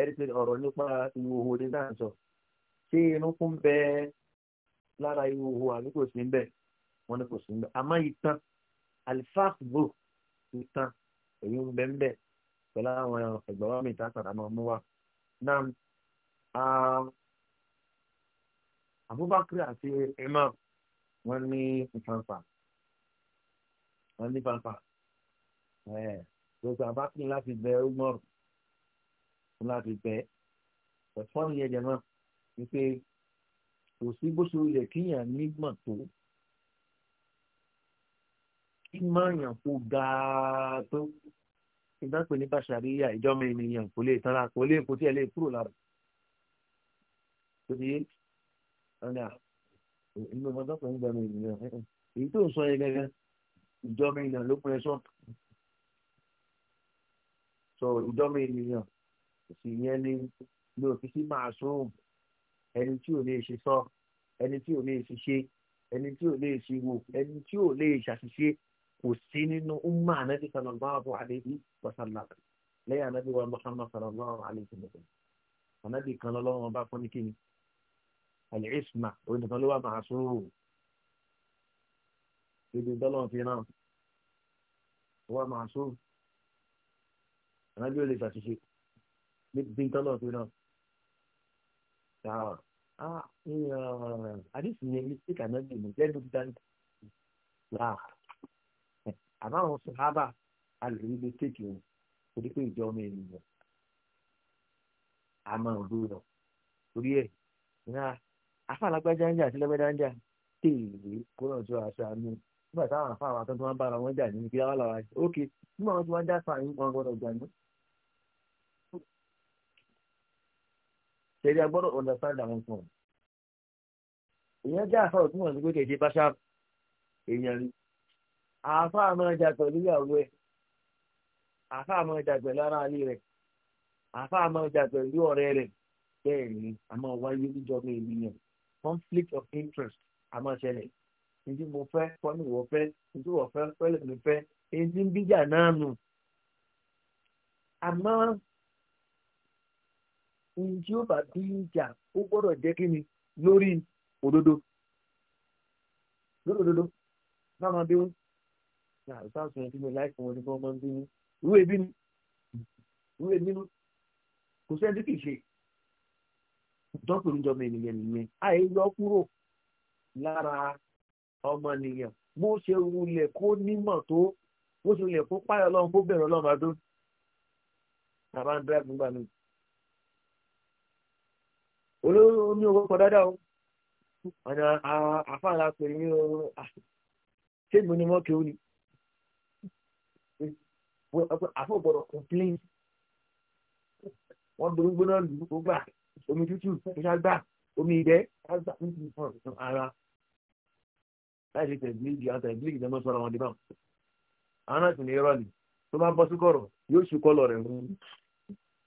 ẹ̀rí pé ọ̀rọ̀ nípa ìwòho ní náà sọ ṣé inú kún bẹ lára ìwòho àbí kò sí ń bẹ wọn ni kò sí ń bẹ àmọ́ ìtàn alifásbò ìtàn èyí ń bẹ ń bẹ pẹ̀lú àwọn ẹ̀gbọ́n wa mi ìta àtàrà máa wa náà ah, Abubakar àti Imam wọ́n ní ìfànfà wọ́n ní ìfànfà gbogbo Abubakar láti bẹ Umar láti bẹ ẹ̀fọ́n yẹn jẹ náà wípé kò sí bó ṣe yẹ kíyàn nígbà tó kí máa yàn kó dáa tó ìdánpẹ̀ ní bàṣàríyà ìjọba ènìyàn kò lè tanra kò lè kò tí ẹ lè kúrò lára tó ti yé ọ̀nà inú ọdọ́pọ̀ ń gbọ́n ènìyàn èyí tó ń sọ yẹn gẹ́gẹ́ ìjọba ènìyàn ló pín ẹṣọ́ sọ ìjọba ènìyàn sì yẹn ni ní òfìsí máa sún ẹni tí ò lè ṣe sọ ẹni tí ò lè ṣiṣẹ́ ẹni tí ò lè ṣiwò ẹni tí ò lè ṣàṣìṣe kò sí nínú umma anabi sallallahu alayhi wa sallam lẹ́yìn anabi wa muhammad sallallahu alayhi wa sallam anabi kan lọ́wọ́ bá fún ní kíni alìsma onìkan ló wà máa sóró ibi tọ́lọ́wọ́ fi náà wà máa sóró anabi ò lè ṣàṣìṣe níbi tọ́lọ́wọ́ fi náà àdìsí yẹn ní síkà náà lè mú jẹ́ dúdú dáńtì láà àmọ́ àwọn sàhábà alùpùpù ló tètè wọn torí pé ìjọ ọmọ ènìyàn àmọ́ òdo rọ torí ẹ̀ náà afáàlágbájá ń jà sí lọ́gbẹ́dá ń jà téèwé kó náà tó aṣọ àánú nígbà táwọn afáàwọn atọ́ tó máa ń bára wọn jà nínú kíláwá làwọn àṣẹ ókè nígbà wọn tó máa ń já sáà yín wọn gbọ́dọ̀ jà ní. ṣèlú agbọ́dọ̀ understand àwọn kan èèyàn já àfáà òtún wọn ní pé kèké bá èèyàn rí àáfà máa jà pẹ̀lú ìyàwó ẹ̀ àáfà máa jà pẹ̀lú ara alẹ́ rẹ̀ àáfà máa jà pẹ̀lú ọ̀rẹ́ rẹ̀ bẹ́ẹ̀ ni a máa wáyé níjọba ènìyàn conflict of interest a máa ṣẹlẹ̀ ìdí mo fẹ́ kọ́ni ìwọ fẹ́ ìdí ìwọ fẹ́ pẹ́lẹ̀ mi fẹ́ èyí ń bíjà náà nù àmọ́ ohun ó bá bí ìjà ó gbọ́dọ̀ jẹ́ kí ni lórí òdodo lórí òdodo náà bí wọn náà ìsáàsùn yẹn tí mo láì fún wọn ní kí wọ́n máa ń bínú ìwé bínú ìwé bínú kò sẹ́ni kì í ṣe dọ́kùnrin jọmọ ènìyàn nìyẹn àì yọ kúrò lára ọmọnìyàn bó ṣe wulẹ̀ kó nímọ̀ tó bó ṣe wulẹ̀ kó páyọ̀ ọlọ́run kó bẹ̀rẹ̀ ọlọ́run bá tó tàbá ń dá gbígbà mi. olóró ní owó kọ dáadáa o ọ̀nà àfáàlà pè ní ah, ṣé mo ni wọ́n kéwòn ni àfọ̀ gbọ́dọ̀ complain wọ́n dorí gbóná lù ú gbà omi tútù ìṣàgbà omi ìdẹ́ àgbà ń fi hàn nínú ara láì ṣe tẹ̀lé ìdí àti ẹ̀gbẹ́ ìdí ọmọ sọ̀rọ̀ wọn dé báwọn. àwọn náà sì ní irọ́ ni tó bá ń bọ́ sí kọ̀rọ̀ yóò ṣe kọ́lọ̀ rẹ̀ mú.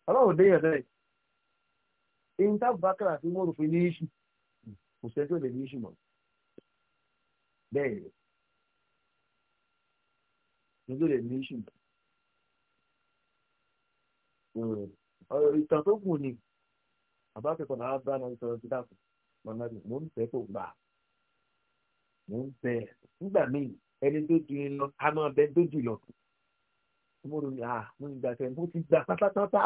ọlọ́run dé yẹn bẹ́ẹ̀ ìyìn tá bàkàrà sí wọ́n fi ní iṣu kò sẹ́ni tó lè ní iṣu mọ́ bẹ́ẹ̀ ni tó lè ní iṣu mọ́. Hmm. ìtàn tó gùn ni àbá kẹ́kọ̀ọ́ náà bá náà sọ̀rọ̀ sí dàpọ̀ mọ̀nà rẹ̀ mò ń tẹ́ kò gbà mò ń tẹ́ nígbà míì ẹni tó ju lọ a máa bẹ tó jù lọ mo rò yà mo ní gbàgbẹ́ mo ti gbà pátápátá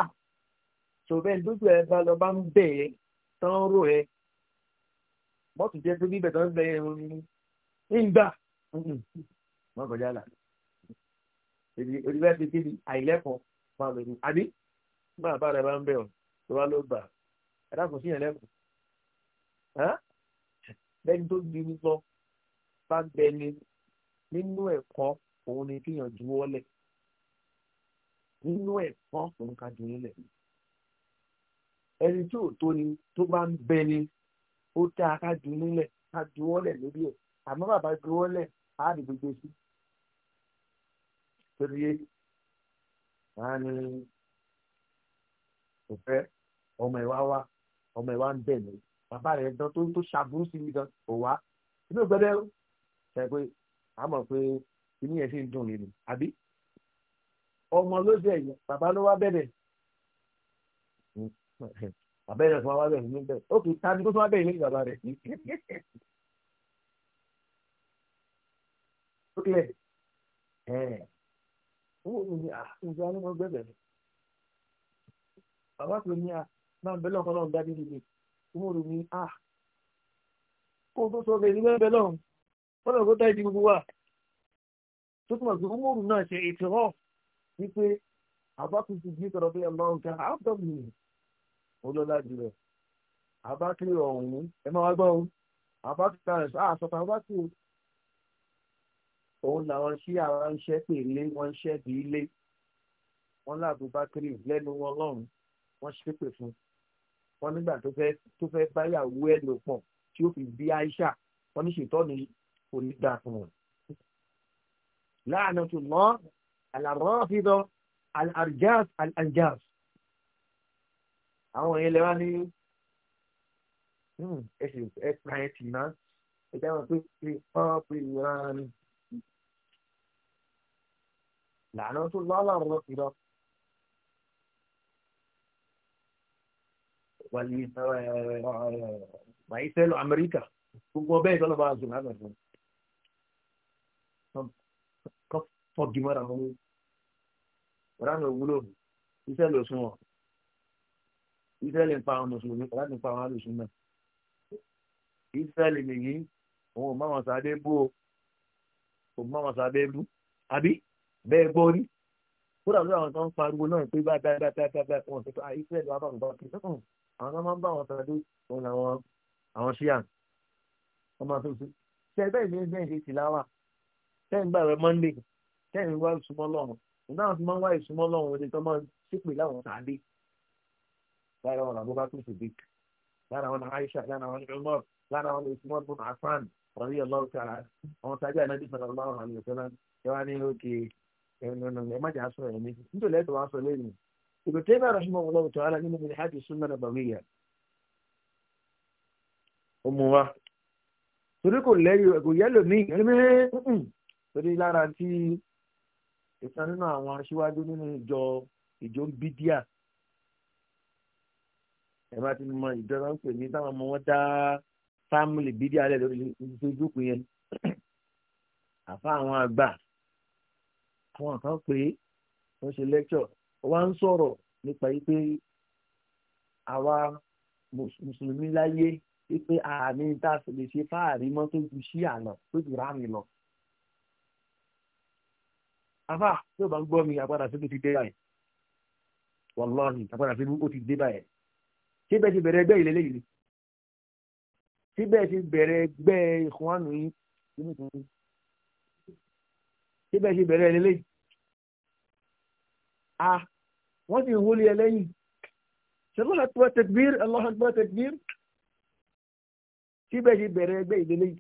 ṣòbẹ́ dójú ẹ bá lọ bá ń bẹ̀ ẹ́ tán rò ẹ́ bọ́ọ̀tù jẹ́ pé bíbẹ̀ tán bẹ̀ ẹ́ ń gbà wọ́n kọjá là èdè orí bẹ́ẹ̀ ti kéde àìlẹ́kọ̀ọ́ máa lọ ní àbí bá àbá rẹ bá ń bẹ̀ ọ́ tó bá ló gbà ẹ dákun sí yẹn lẹ́kùn lẹ́ni tó di lọ bá bẹ ni nínú ẹ̀kọ́ òun ni kéèyàn juwọ́ lẹ̀ nínú ẹ̀kọ́ òun ká juwọ́ lẹ̀ ẹni tí ò tó ni tó bá ń bẹ ni ó tá a ká ju nílẹ̀ ká juwọ́ lẹ̀ lórí ẹ̀ àmọ́ bàbá juwọ́ lẹ̀ á rí gbogbo sí. torí ẹ máa ní kò ọmọ ẹ̀ wá wá ọmọ ẹ̀ wá ń bẹ̀ mí bàbá rẹ̀ dán tó tó sí mi gan kò wá inú ṣe pé a mọ̀ pé inú yẹn sì ń dùn nínú àbí ọmọ ló jẹ bàbá ló wá bẹ̀rẹ̀ bàbá yẹn fún wa wá bẹ̀rẹ̀ ó kì í kó wá bẹ̀rẹ̀ bàbá rẹ̀ ó ẹ̀ ń bàbá tó ní à máa bẹ́ẹ̀ lọ́kọ́ náà dá dídì umaru ní à kó tó sọ bẹ́ẹ̀ ní bẹ́ẹ̀ bẹ́ẹ̀ lọ́hùn wọ́n lọ́kọ́ tá ìdí gbogbo wa tó túmọ̀ sí umaru náà ṣe ètò rọ̀ wípé àbá tó ti di sọ̀rọ̀ bẹ́ẹ̀ lọ́hùn ká àbọ̀ mi ò lọ́lá jùlọ àbá kiri ọ̀hún ẹ máa wá gbọ́ ohun àbá tó ta ẹ̀sọ́ àsọ̀tà àbá tó òun làwọn ṣí àwọn iṣẹ́ pè lé wọn iṣẹ́ bí lé wọn láàbù bá kiri lẹ́nu wọn lọ́rùn wọ́n ṣépè fún wọn nígbà tó fẹ́ tó fẹ́ báyàwó ẹ̀ lò pọ̀ tí ó fi bí Aisha wọn ní ṣètọ́ ni kò ní dáa fún wọn. láàánú tó mọ́ alàrọ́fíìdọ́ alàrjáàs alàjáàs àwọn èèyàn lẹ́wà ní ẹ̀sìn ẹ̀ka ẹ̀ náà ẹ̀jẹ̀ wọn pé pé wọ́n pè wọ́n ní. láàánú tó lọ́ alàrọ́fíìdọ́. wàyí sẹ́lọ̀ amẹ́ríkà gbogbo ọbẹ̀ ìtọ́lọ̀ bá zùn lánàá fún un kọ́ fọ́ọ̀gì mọ́ra mọ́ ọ̀rá mi ò wúlò iṣẹ́ lè sún wọn iṣẹ́ lè pa àwọn mùsùlùmí ọ̀rá mi pa àwọn alùsùn náà iṣẹ́ lè nìyí òun ò má wọn sáré bú o kò má wọn sáré bú àbí bẹ́ẹ̀ gbọ́ rí kódà lórí àwọn tó ń pariwo náà pé bá dáadáa dáadáa wọn ti pa iṣẹ́ lè bá wọn bá wọn kì í sọ́kàn àwọn náà máa ń bá àwọn tàdé òun làwọn àwọn ṣíà wọn máa tó sí ṣe bẹ́ẹ̀ ni bẹ́ẹ̀ ṣe ti láwà tẹ́ẹ̀ ń gbà rẹ mọ́ndé tẹ́ẹ̀ ń wá ìsúmọ́ lọ́run òun náà ti máa ń wá ìsúmọ́ lọ́run òde tó máa ń ṣépè láwọn tàdé lára wọn làbọ́ bá tó sì bíkì lára wọn Aisha lára wọn Umar lára wọn ìsúmọ́ bùn Afan ọ̀rí ọlọ́run kára àwọn tàdé ànábì ابن تيمية رحمه الله تعالى من من حاج السنة النبوية ọmọ wa torí kò lẹ́yìn ẹ̀kọ́ yẹ́lò ní ẹ̀mẹ́ torí lára tí ìtàn nínú àwọn aṣíwájú nínú ìjọ ìjọ bídíà ẹ bá ti mọ ìjọba ń pè ní táwọn ọmọ wọn dá fámìlì bídíà lẹ lórí ìṣojúkú yẹn àfa àwọn àgbà àwọn kan pé wọ́n ṣe lẹ́kṣọ̀ wá ń sọ̀rọ̀ nípa yìí pé àwa mùsùlùmí láyé pé àmì tá a sì lè ṣe fáàrí mọ́ tó ju sí àná tó ju ráàmì lọ. afá tí ó bá ń gbọ́ mi àpàdà síbi ti dé báyìí wàláhì àpàdà síbi ó ti dé báyìí ṣé bẹ́ẹ̀ ti bẹ̀rẹ̀ ẹgbẹ́ ìlẹ́lẹ́ yìí ṣé bẹ́ẹ̀ ti bẹ̀rẹ̀ ẹgbẹ́ ìkùnwánu yìí ṣé bẹ́ẹ̀ ti bẹ̀rẹ̀ ẹlẹ́lẹ́ yìí. Ah, wọ́n sì ń wọlé ẹlẹ́yìn ṣẹlọ́lá tó tẹ̀gbìr Allahu Akbar tẹ̀gbìr síbẹ̀ ṣe bẹ̀rẹ̀ ẹgbẹ́ ìdílé yìí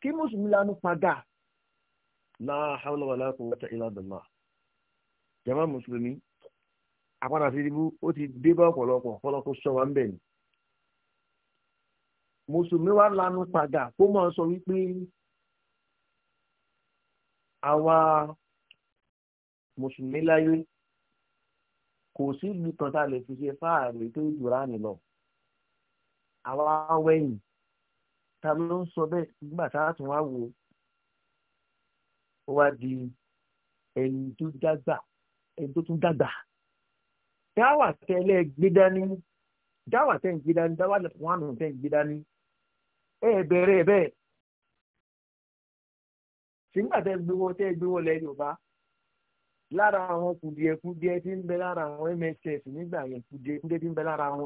kí mùsùlùmí lanu padà la hawla wala quwwata illa billah jama mùsùlùmí àpàdà sí ibú ó ti dé bá ọ̀pọ̀lọpọ̀ ọ̀pọ̀lọpọ̀ sọ wa ń bẹ̀ ni mùsùlùmí wa lanu padà kó máa sọ wípé àwa mùsùlùmí láyé kò sí ìlú kan tá a lè fi ṣe fáàrí tó jùlá nìlọ àwa wẹ̀yìn ta ló ń sọ bẹ́ẹ̀ nígbà tá a tún wá wo ó wá di ẹni tó dàgbà ẹni tó tún dàgbà dáwà tẹ́lẹ̀ gbé dání dáwà tẹ́ ń gbé dání dáwà wọn àná tẹ́ ń gbé dání ẹ bẹ̀rẹ̀ bẹ́ẹ̀ sígbà tẹ́ gbé wọn tẹ́ gbé wọn lẹ́yìn Yorùbá lára àwọn kùdìẹ̀kùdìẹ tí ń bẹ lára àwọn mss nígbà yẹn kùdìẹ̀kùdìẹ tí ń bẹ lára wọn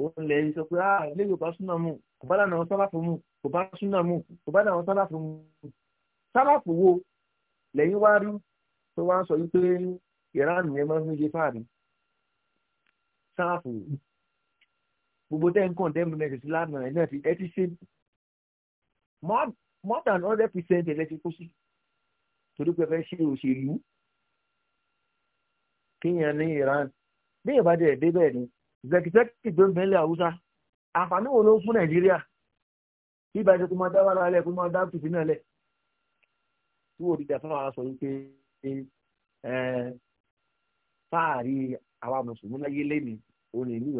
òun lè sọ pé ah ilé yorùbá súnà mu kò bá dànù àwọn sálàfù mu kò bá súnà mu kò bá dànù àwọn sálàfù mu sálàfù wo lẹ́yìn wá rí tó wá ń sọ wípé ìran yẹn máa ń ṣe fáàrí sálàfù gbogbo tẹ́ ń kàn dẹ́mu mẹ́rin sí lánàá ẹ̀ náà ẹ ti ṣe more than hundred percent ẹ̀ lẹ́sìn kó sí. torí pé fẹ́ ṣe òṣèlú kíyàn ní Iran bí ìbàdí ẹ̀ débẹ̀ ni zẹkìtẹ́kì tó ń ní Haúsá àǹfààní fún Nàìjíríà bí ìbàdí kó máa dá wàhálà lẹ̀ kó máa dá tùtù tí wò dídà fún àwọn ní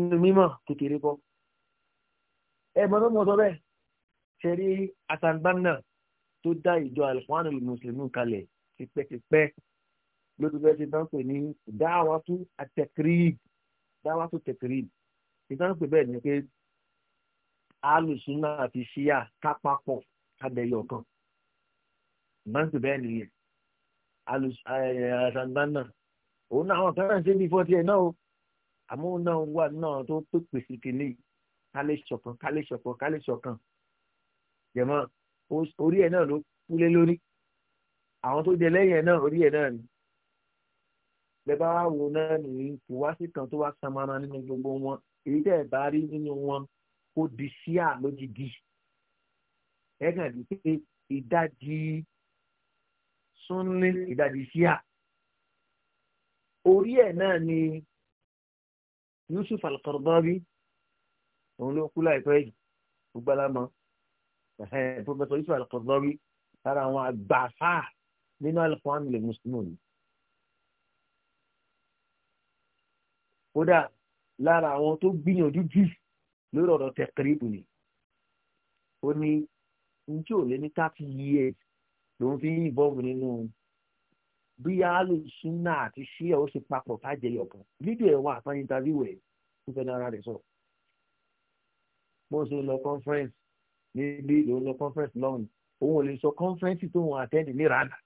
Iran kọ́. ẹ̀mọ́ ló mọ̀ sọ bẹ́ẹ̀ ṣe rí asanbanna tó dá ìjọ alquranul muslimun kalẹ̀ tipẹ́tipẹ́ lótúbẹ́ ti tán pè ní dáwàtú àtẹkírìb dáwàtú tẹkírìb ti tán pè bẹ́ẹ̀ ni pé alùsùnà àti ṣíà kápápọ̀ kábẹ́yọ̀ kan ìmọ̀ pè bẹ́ẹ̀ nìyẹn asanbanna òun náà àwọn kan náà ṣe bí fọ́tí ẹ̀ náà o àmọ́ òun náà wà náà tó pèpè sí kálẹ̀ ṣọ̀kan kálẹ̀ ṣọ̀kan kálẹ̀ ṣọ̀kan jẹ̀mọ́ orí ẹ̀ náà ló kúlé lórí àwọn tó jẹ lẹ́yìn ẹ̀ náà orí ẹ̀ náà ni bẹ́ẹ̀ bá wá wo náà nìyí kò wá sí kan tó wá san mara nínú gbogbo wọn èyí tẹ́ ẹ̀ bá rí nínú wọn kó di síà lójijì ẹ kàn rí pé ìdajì súnlé ìdajì síà orí ẹ̀ náà ni Yusuf al òun ló kú láìpẹ́ yìí gbogbo alámọ pọfẹsọ yusuf alikọdọri lára àwọn àgbàfà nínú alikọ́ni lè mùsùlùmí kódà lára àwọn tó gbìyànjú jù lórí ọ̀rọ̀ tẹ̀kìrìbù ni ó ní njẹ́ ò lé ní thirty years lòun fi ń bọ́ọ̀bù nínú bí alùsùnà àti ṣíà ó ṣe papọ̀ fàjẹyọ̀ kan fídíò ẹ̀ wà àtàyìn tàbí wẹ̀ ń fẹ́ nára rẹ̀ sọ̀rọ̀ bó ṣe lọ conference níbí ló lọ conference lọ́hùn òun ò lè sọ conference tó ń attend ní rana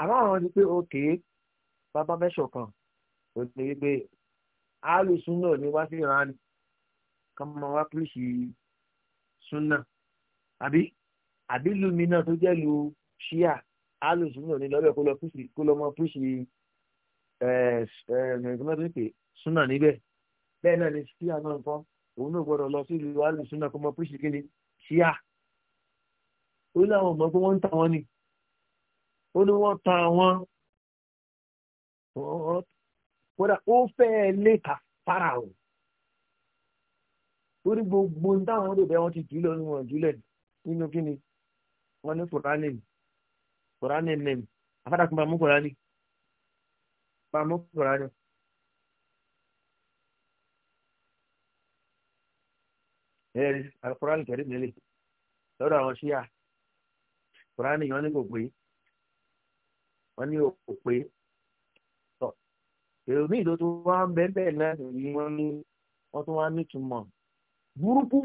àmọ́ àwọn ti pé òkè bàbá mẹ́sọ̀ kan ò ní pé alùsùn náà ní wá sí rana kọ́ máa wá píríṣì súnà àbí àbí lumi náà tó jẹ́ lu ṣíà alùsùn náà ní lọ́bẹ̀ kó lọ píríṣì kó lọ mọ píríṣì ẹ̀ ẹ̀ ẹ̀ súnà níbẹ̀ bẹ́ẹ̀ náà ni ṣíà náà ń fọ́n òun náà gbọ́dọ̀ lọ sí ìlú alùsùnà kó mọ píríṣì kéde ṣíà ó láwọn ọmọ pé wọ́n ń ta wọn ni ó ní wọ́n ta wọn kódà ó fẹ́ẹ́ lè kà fara o lórí gbogbo ní táwọn ọdọ bẹ wọn ti jùlọ ní wọn jùlẹ nínú kíni wọn ní kùránì kùránì nẹm afádàkùn bá mú kùránì bá mú kùránì. ẹ̀rí alukurani kẹrin nílẹ̀ lọ́dọ̀ àwọn ṣíà kurani wọn ní kò pé wọn ní kò pé tọ èrò míì tó tún wá ń bẹ́ẹ̀ bẹ́ẹ̀ náà ní wọn ní wọn tún wá nítumọ̀ burúkú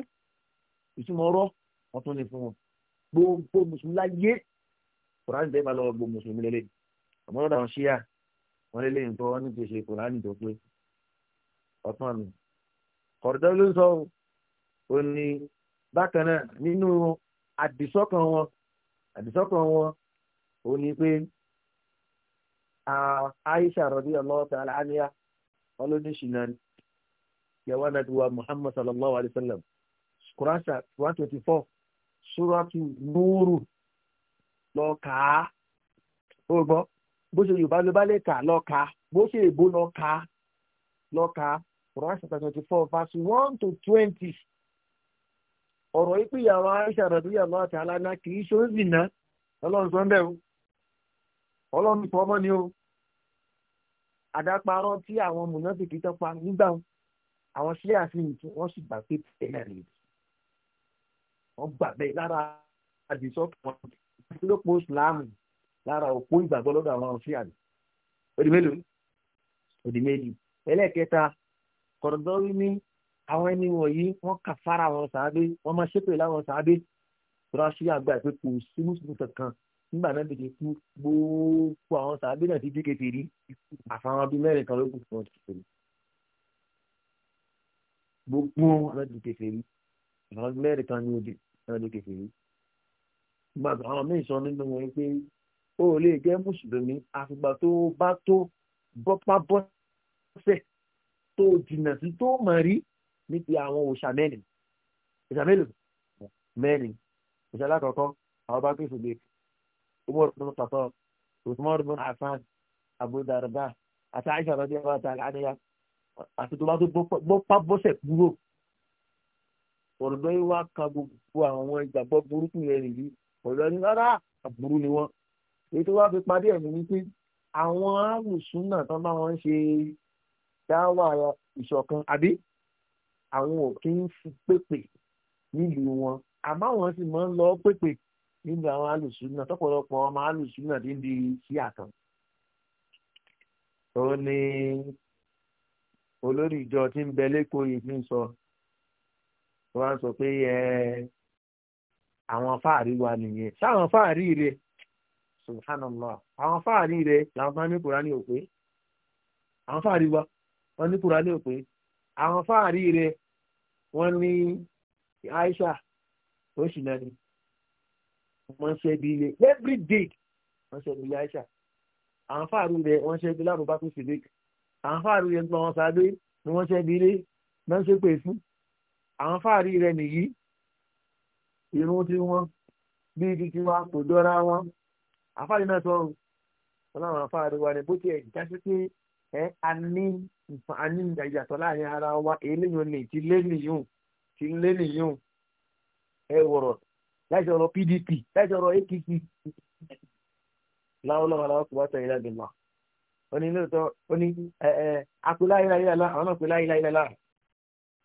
ìtumọ̀ ọ̀rọ̀ wọn tún ní fún wọn gbogbo mùsùlùmí láyé kurani bẹ́ẹ̀ bá lọ gbogbo mùsùlùmí lélẹ̀ àmọ́ lọ́dọ̀ àwọn ṣíà wọn lélẹ̀ nǹkan wọn ní kì ṣe kurani tó pé ọ̀tún àmì kọ̀dọ̀ ló ń sọ ọ́. ó ní bákan náà nínú àdìsọ́kàn wọn àdìsọ́kàn wọn ó ní pé ta'ala ọlọ́dúnṣìnà Muhammad sallallahu alayhi wa sallam suratu ó gbọ́ bó ṣe yorùbá ló bá lè kà lọ kà bó ṣe èbó lọ kà lọ ọ̀rọ̀ yìí pé ìyàwó aisha rẹ̀dúyà lọ́wọ́ àti aláná kì í ṣe ó zìnà ọlọ́run sọ ń bẹ̀rù ọlọ́run fọ ọmọ ni o àdáparọ́ tí àwọn mùnàfíkì tọ́pa nígbà àwọn sílẹ̀ àfihàn wọ́n sì gbà pé tẹ̀lé rẹ̀ wọ́n gbà bẹ́ẹ̀ lára àdìsọ́kù wọn lópo islam lára òpó ìgbàgbọ́ lọ́dọ̀ àwọn sílẹ̀ àdì òdì ẹlẹ́ẹ̀kẹta kọ̀dọ̀dọ́rí ní àwọn ẹni wọ̀nyí wọ́n kà fara wọn sàábé wọ́n máa ṣépè láwọn sàábé rọ́ṣí àgbà pé kò sí mùsùlùmí kankan nígbà náà bèèrè kú gbogbo àwọn sàábé náà ti dí kékeré àfàwọn ọdún mẹ́rin kan ló kù fún ọdún kékeré gbogbo ọlọ́dún kékeré àwọn ọdún mẹ́rin kan ní òde ọlọ́dún kékeré nígbà tó àwọn míì sọ nínú wọn pé ó lè jẹ́ mùsùlùmí àfìgbà tó bá tó bọ́pá bọ́sẹ̀ tó jìnnà sí tó mọ̀ rí níbi àwọn òòṣà mẹ́rin òòṣà mélòó mẹ́rin òòṣà alákọ̀ọ́kọ́ àwọn bá pèsè lè umar bin khattab usman bin affan abu darda àti aisha rọdí ọba àti àlàyé àti tó bá tó gbọ́pá bọ́sẹ̀ kúrò ọ̀dọ́ yìí wá ka gbogbo àwọn ìgbàgbọ́ burúkú yẹn nìyí ọ̀dọ́ ni rárá àbúrú ni wọ́n èyí tó wá fi parí ẹ̀mí ni pé àwọn alùsùn náà tán bá wọn ṣe dáwà ìṣọ̀kan àbí àwọn ò kí ń fi pépè nílùú wọn àmọ́ àwọn sì máa ń lọ pépè nílùú àwọn alùsùnà tọ́pọ̀lọpọ̀ ọmọ alùsùnà ti ń di sí àtàn. ó ní olórí ìjọ tí ń bẹ lẹ́kọ̀ọ́ yìí fi ń sọ wọ́n á sọ pé ẹ àwọn fáàrí wa nìyẹn sáwọn fáàrí rẹ subhanallah àwọn fáàrí rẹ làwọn bá ní kúránì òpè àwọn fáàrí wa wọn ní kúránì òpè àwọn fáàrí rẹ wọ́n ní Aisha ó sì náà ni wọ́n ṣe bí ilé every day wọ́n ṣe bí ilé Aisha àǹfààrù rẹ̀ wọ́n ṣe bí lábùbá tó sì lé àǹfààrù rẹ̀ gbọ́n wọn sáadé ni wọ́n ṣe bí ilé náà ṣe pé fún àǹfààrí rẹ̀ nìyí irun tí wọ́n bí ibi tí wọ́n kò dọ́ra wọn àǹfààrí náà sọ̀rọ̀ wọn láwọn àǹfààrí wa ni bó tiẹ̀ jásí pé ẹ a ní nǹkan a ní ìyàtọ̀ láàrin ara wa eléyìí ni ti lé nìyún ti lé nìyún ẹ wọ̀rọ̀ láìsí ọ̀rọ̀ PDP láìsí ọ̀rọ̀ APC láwọlọ́wọ́ làwọn kò wá sọ ìlànà ìmọ̀ oní lóòótọ́ oní ẹ ẹ akúláyìláyìlá àwọn náà kúláyìláyìlá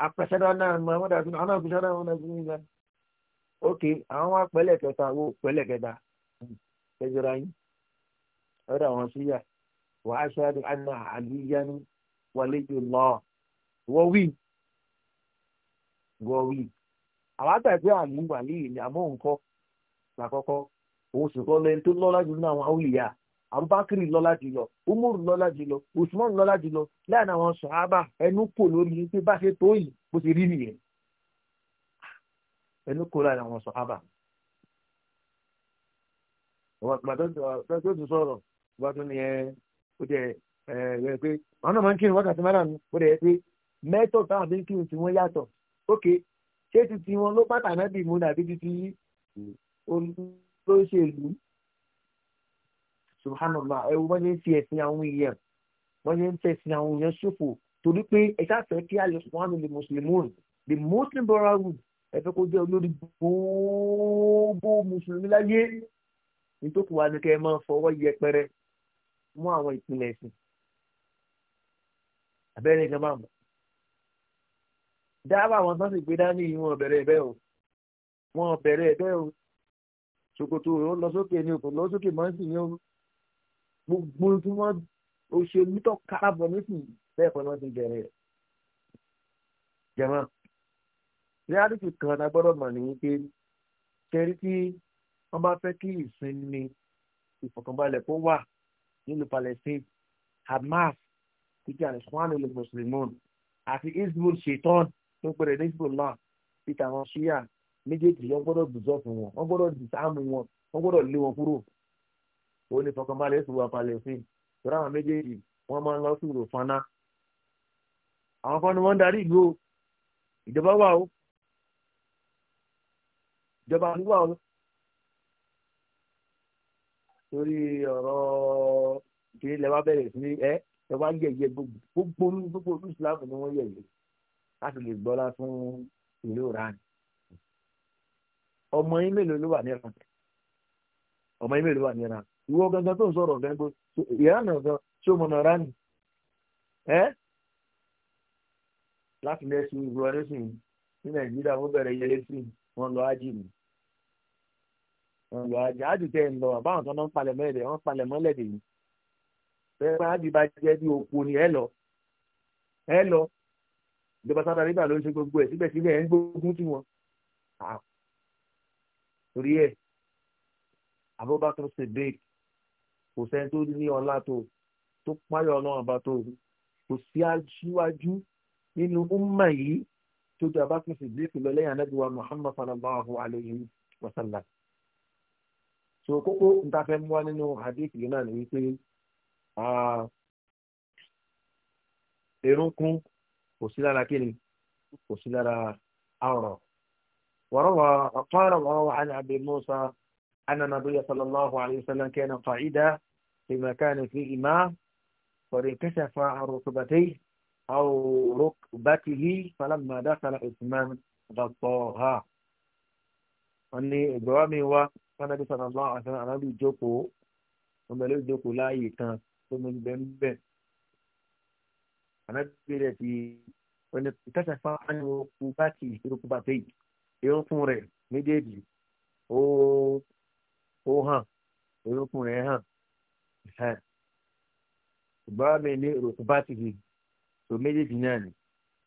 apẹ̀sẹ̀dá náà mọ̀ wọ́n dàbí àwọn náà kúláyìláyìlá àwọn náà kúláyìláyìlá ok àwọn wa pẹ̀lẹ́ kẹta wo pẹ̀lẹ́ kẹta ẹ̀jọ̀ra yín ọ̀dọ̀ àwọn síyà وأشهد أن عليا ولي الله ووي ووي àwọn àtàgbé àlù wà ní ìní àmóhunkọ làkọ́kọ́ òun sì kọ́ tó lọ́lá jù nínú àwọn àwòlìyà Abubakar lọ́lá jùlọ Umar lọ́lá jùlọ Usman lọ́lá jùlọ lẹ́yìn àwọn sàhábà ẹnu kò lórí pé bá ṣe tó yìí bó ti rí nìyẹn ẹnu kò àwọn tó sọ̀rọ̀ ó jẹ ẹ ẹ pé àwọn náà máa ń kírun wákàtí mẹ́rà ni ó dẹ̀ pé mẹ́tọ̀ táwọn àbí kírun tí wọ́n yàtọ̀ ókè ṣé ti ti wọn ló bàtà náà bì mú dàbí ti ti olóṣèlú subhanallah ẹ wo wọ́n ní fi ẹ̀sìn àwọn èèyàn wọ́n ní fẹ̀sìn àwọn èèyàn ṣòfò torí pé ẹ ṣàfẹ́ kí alẹ́ fún àwọn mùsùlùmí the muslim brotherhood ẹ̀fẹ́ kó jẹ́ olórí gbogbo mùsùlùmí láyé nítorí wà ní kẹ́ ẹ máa fọwọ́ yẹpẹrẹ mú àwọn ìpìlẹ̀ ẹ̀sìn abẹ́rẹ́ nǹkan máa mọ̀ dábàá àwọn tó sì gbé dání yìí wọn bẹ̀rẹ̀ ẹ̀bẹ̀ o wọn bẹ̀rẹ̀ ẹ̀bẹ̀ o ṣòkòtò ò lọ sókè ni òkò lọ sókè máa ń sì ní o gbogbo tí wọn òṣèlú tó kárábọ̀ nísìnyí bẹ́ẹ̀ kọ́ ni wọ́n ti bẹ̀rẹ̀ rẹ̀ jẹ̀mọ́ reality kan la gbọ́dọ̀ mọ̀ ní pé ṣẹ́rí tí wọ́n bá fẹ́ kí ìsinmi ìfọ̀kànbalẹ̀ kó wà nílùú Palestine Hamas títí àlẹ́sùnwánì lè mùsùlùmí àti Hezbollah ṣetán tó ń pèrè ní Hezbollah títí àwọn ṣíyà méjèèjì wọn gbọ́dọ̀ dùzọ́ fún wọn wọn gbọ́dọ̀ dùsáàmù wọn wọn gbọ́dọ̀ lé wọn kúrò òun ni fọkànbalẹ̀ ètò wa Palestine tó ráwọn méjèèjì wọn máa ń lọ sí ìrò fana àwọn kan ni wọ́n ń darí ìlú torí ọ̀rọ̀ ìdílé lẹ́wọ́ bẹ̀rẹ̀ sí ẹ́ ẹ wá yẹ̀yẹ́ gbogbo gbogbo Islam ni wọ́n yẹ̀yẹ́ láti lè gbọ́lá fún ìlú Iran ọmọ yín mélòó ló wà ní Iran ọmọ yín mélòó wà ní Iran ìwọ gangan tó ń sọ̀rọ̀ gẹ́gbó Iran gangan ṣé o mọ̀nà Iran ẹ́ láti lẹ́sìn ìgbọ́ ẹlẹ́sìn ní Nàìjíríà wọ́n bẹ̀rẹ̀ yẹlẹ́sìn wọn lọ ájì mi wọn lọ àjàdù tẹ ń lọ àbáwọn tó ń palẹ̀ mọ́lẹ̀ wọ́n palẹ̀ mọ́lẹ̀ dè ní. bẹ́ẹ̀ bá àjì bá jẹ́ bí oko ni ẹ lọ ẹ lọ ìjọba sábà nígbà ló ń ṣe gbogbo ẹ̀ síbẹ̀síbẹ̀ ẹ̀ ń gbógun tí wọn. torí ẹ̀ Abubakar Sidiq kò sẹ́ni tó ní ọlá tó tó páyọ̀ ọlọ́run ọba tó kò sí aṣíwájú nínú umma yìí tó jẹ́ Abubakar Sidiq lọ lẹ́yìn anábìwá Muhammad alayhi wa sallam so kókó níta fẹ́ mú wa nínú hadith yìí náà ni wípé erunkun kò sí lára kíni kò sí lára àwòrán. وروى قال وروى عن أبي موسى أن النبي صلى الله عليه وسلم كان قاعدا في مكان فيه ماء فانكشف عن ركبتيه أو ركبته فلما دخل عثمان غطاها. أني إبراهيم sanabi sanadọ́ àti anabi ìjókòó ọmọ ẹlẹ́yìn ìjókòó láàyè kan tó mú bẹ́ẹ̀ bẹ́ẹ̀ anabi rẹ̀ ti wọ́n ní kásàfà ánìwò kú bá ti ìṣòro kú bá péjì erékùn rẹ̀ méjèèjì ó ó hàn erékùn rẹ̀ hàn ṣùgbọ́n mi ní òkú bá ti di tó méjèèjì náà ni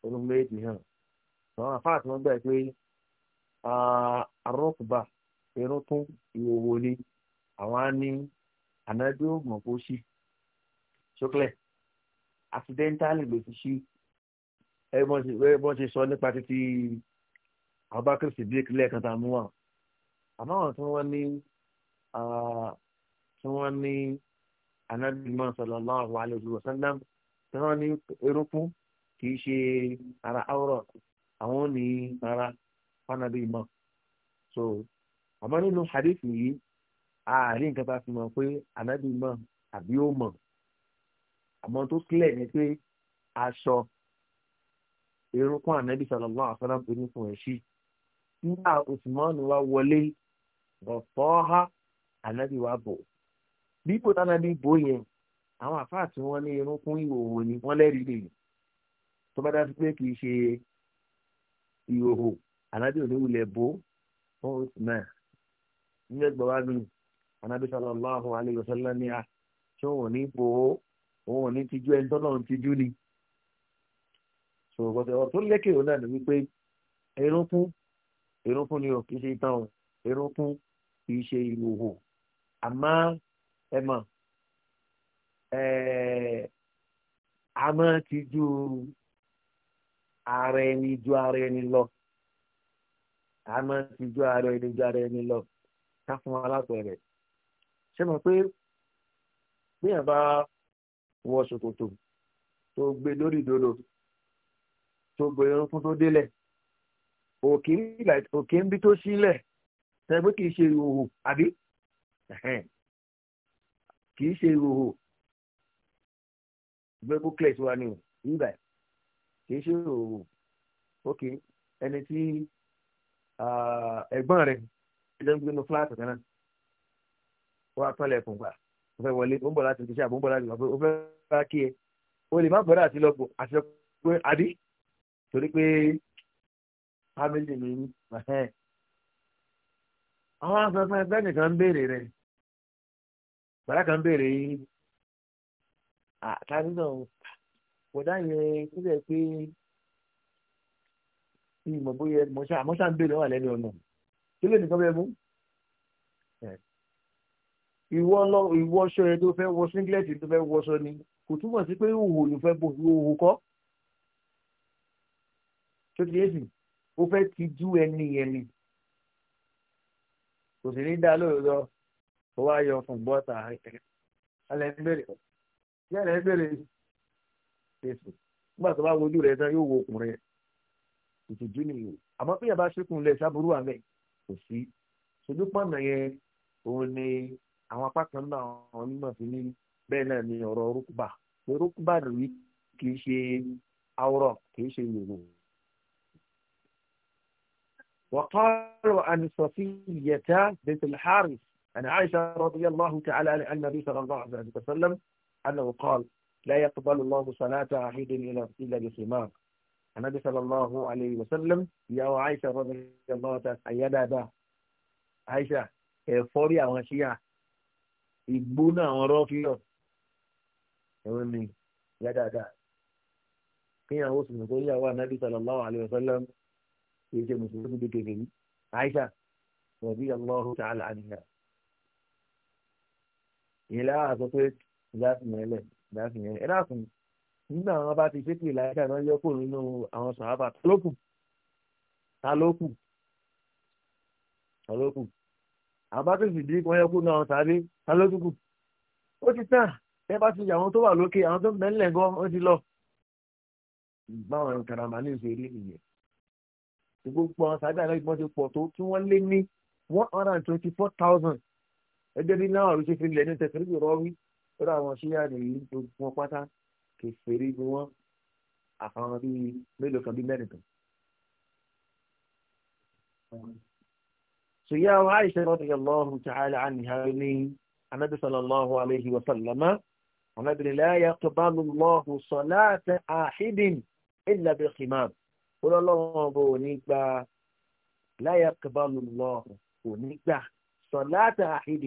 orí méjèèjì hàn àwọn afáàtì wọn gbà pé àrùn kù bá irun tún ìwòwò ni àwọn á ní anadu mọ̀ kó ṣí ṣókèlè accidentally ló ti ṣí ẹ bọ́n ṣe sọ nípa títí Abubakar Sidiq lẹ́ẹ̀kan tá a mú wọn àmọ́ àwọn tí wọ́n ní tí wọ́n ní anábìmọ̀ sallallahu alaihi wasallam tí wọ́n ní erékún kì í ṣe ara áwòrán àwọn ò ní ara fanabi mọ́ so àmọ́ nínú hadith yìí àárín nǹkan tá a fi mọ̀ pé ànábì mọ̀ àbí ó mọ̀ àmọ́ tó clear ni pé aṣọ erunkun ànábì sallallahu alaihi wasallam ní fún ẹ̀ sí nígbà Usman wa wọlé rọ̀fọ́há ànábì wa bò bí kò tánàbí bò yẹn àwọn àfáà tí wọ́n ní erunkun ìhòòhò ni wọ́n lẹ́rìí lè tó bá dájú pé kì í ṣe ìhòòhò ànábì ò ní wulẹ̀ bò fún Usman nígbà gbọ́ wá bí anábì sallallahu alayhi wa sallam ní a tí òun ní po òun ní tijú ẹni tọ́nà tijú ni so ọ̀rọ̀ tó lékè òun náà ni wípé erunkun erunkun ni o kì í ṣe ìtàn o erunkun kì í ṣe ìhòhò àmọ́ ẹ mọ̀ àmọ́ tijú ara ẹni ju ara ẹni lọ àmọ́ tijú ara ẹni ju ara ẹni lọ ká fún wa lápẹẹrẹ ṣé mo pé bíyàn bá wọ ṣòkòtò tó gbé lórí ìdodo tó gbé orúkún tó délẹ̀ òkè ń bí tó sílẹ̀ tẹ́gbẹ́ kìí ṣe ìhòhò àbí kìí ṣe ìhòhò gbé booklet wa ni ìgbà kìí ṣe ìhòhò ok ẹni tí ẹ̀gbọ́n rẹ̀ ẹjọ́ ń gbé inú fúláàtì kan náà wọ́n á tọ́lẹ̀ ẹ̀kùn gbà ó fẹ́ wọlé ó ń bọ̀ láti iṣẹ́ àbó ń bọ̀ láti ìgbà ó fẹ́ bá kí ẹ o lè má gbọ́dọ̀ àti lọ́gbọ̀ àti pé adé torí pé family mi ní àwọn afẹ́fẹ́ ẹgbẹ́ nìkan ń béèrè rẹ̀ bàrá kan ń béèrè yìí àtàrí náà kò dá yẹn síbẹ̀ pé ìmọ̀ bóyá mọ̀ṣá mọ̀ṣá ń béèrè wà lẹ́nu ọ̀nà kí lè nìkan bẹ́ẹ̀ mú ìwọ lọ ìwọ ọṣọ yẹn tó fẹ́ wọ singlet tó fẹ́ wọṣọ ni kò túmọ̀ sí pé òhò ló fẹ́ bò òhò kọ́ tó ti yé sì ó fẹ́ ti jú ẹni yẹn ni kò sì ní dá lóòótọ́ ó wá yọ fún bọ́tà alẹ́ ń bèrè yẹ́ alẹ́ ń bèrè ṣèṣù nígbà tó bá wojú rẹ̀ tán yóò wo okùn rẹ̀ ìtìjú nìyí àmọ́ bí yàrá bá ṣekùn lẹ̀ sábúrú àmẹ́ yìí kò sí ṣojú pọ̀nà yẹn òun ni àwọn apá kan náà àwọn onímọ̀ fi ní bẹ́ẹ̀ náà ni ọ̀rọ̀ rúkúbà pé rúkúbà nìyí kì í ṣe awrọ̀ kì í ṣe yòrò. وقالوا عن صفية بنت الحارث عن عائشة رضي الله تعالى عن النبي صلى الله عليه وسلم أنه قال لا يقبل الله صلاة عهد إلا بثمار النبي صلى الله عليه وسلم يا عائشه رضي الله تعالى عنها با عائشه افوري اوان شيا يغبونا اوان روفيو اوان مي يا دادا كيا اوس من يا النبي صلى الله عليه وسلم يجي مسلم بكيني عائشه رضي الله تعالى عنها يلا زوتيت ذات ميلاد ذات ميلاد nígbà wọn bá ti ṣépè láìka náà yọ kúrò nínú àwọn sàhábà ta ló kù ta ló kù ta ló kù àwọn bá tó sì di wọn yọ kúrò nínú àwọn sàhábà ta ló kù ó ti tàn ẹ bá ti yà àwọn tó wà lókè àwọn tó mẹ́lẹ̀ gan ó ti lọ báwọn karamani ṣe rí nìyẹn gbogbo àwọn sàhábà náà ìgbọ́n ti pọ̀ tó tí wọ́n lé ní one hundred and twenty four thousand ẹgbẹ́ bí náà àrùn ṣe fi lẹ̀ ní tẹ̀sán ìgbòrò lọ́dọ̀ àwọn ṣíyá nìyí gbogbo pátá kèfèrí ni wọ́n àfahàn bíi mélòó kan bíi mẹ́rin kan. سيا عائشة رضي الله تعالى عنها النبي صلى الله عليه وسلم النبي لا يقبل الله صلاة أحد إلا بخمار قل الله بونيكبا لا يقبل الله بونيكبا صلاة أحد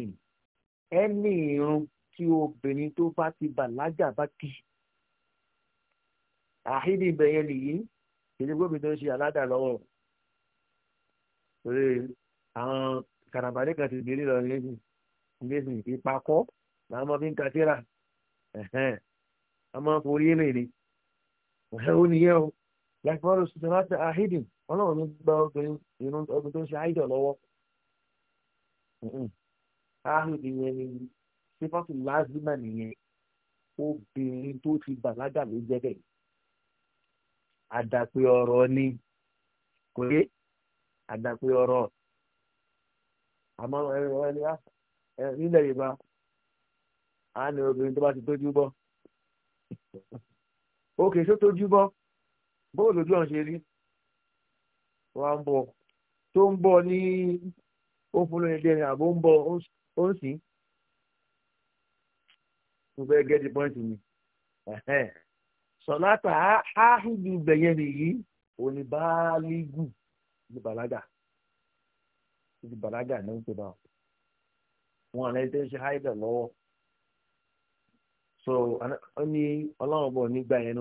ẹni irun tí obìnrin tó bá ti bàlágà bá kí àhídì ìbẹ̀yẹn nìyí ìdí gómìnà tó ń ṣe aládà lọ́wọ́ torí àwọn kàràbàdé kan ti gbélé lọ lẹ́sìn lẹ́sìn ìpakọ́ làwọn ọmọ fi ń katira ọmọ forí rìn ni ó nìyẹn o láìpẹ́ ọ̀rọ̀ ṣùgbọ́n láti àhídì ọlọ́run ló gba obìnrin irun ọdún tó ń ṣe àìdọ̀ lọ́wọ́ mm-hmm. àhídì yẹn ni sífọ́tù lázìmà nìyẹn obìnrin tó ti bàlágà ló jẹ́ bẹ́ẹ̀ àdàpè ọ̀rọ̀ ni kò yé àdàpè ọ̀rọ̀ àmọ́ nílẹ̀ yorùbá a ní obìnrin tó bá ti tójú bọ́ òkè *laughs* tó tójú bọ́ bóò lójú ọ̀hún ṣe rí wà ń bọ̀ tó ń bọ̀ ní ó fún lóyún àbó ń bọ̀ ó ń sìn. mo fẹ́ gẹ́tì pọ́ǹtì mi sọ̀látà áhùdù bẹ̀yẹn nìyí òní báálígù ní bàlágà ní bàlágà ní ń pè bá wọn àná ẹni tó ń ṣe háìdà lọ́wọ́ so ó ní ọlọ́run bọ̀ nígbà yẹn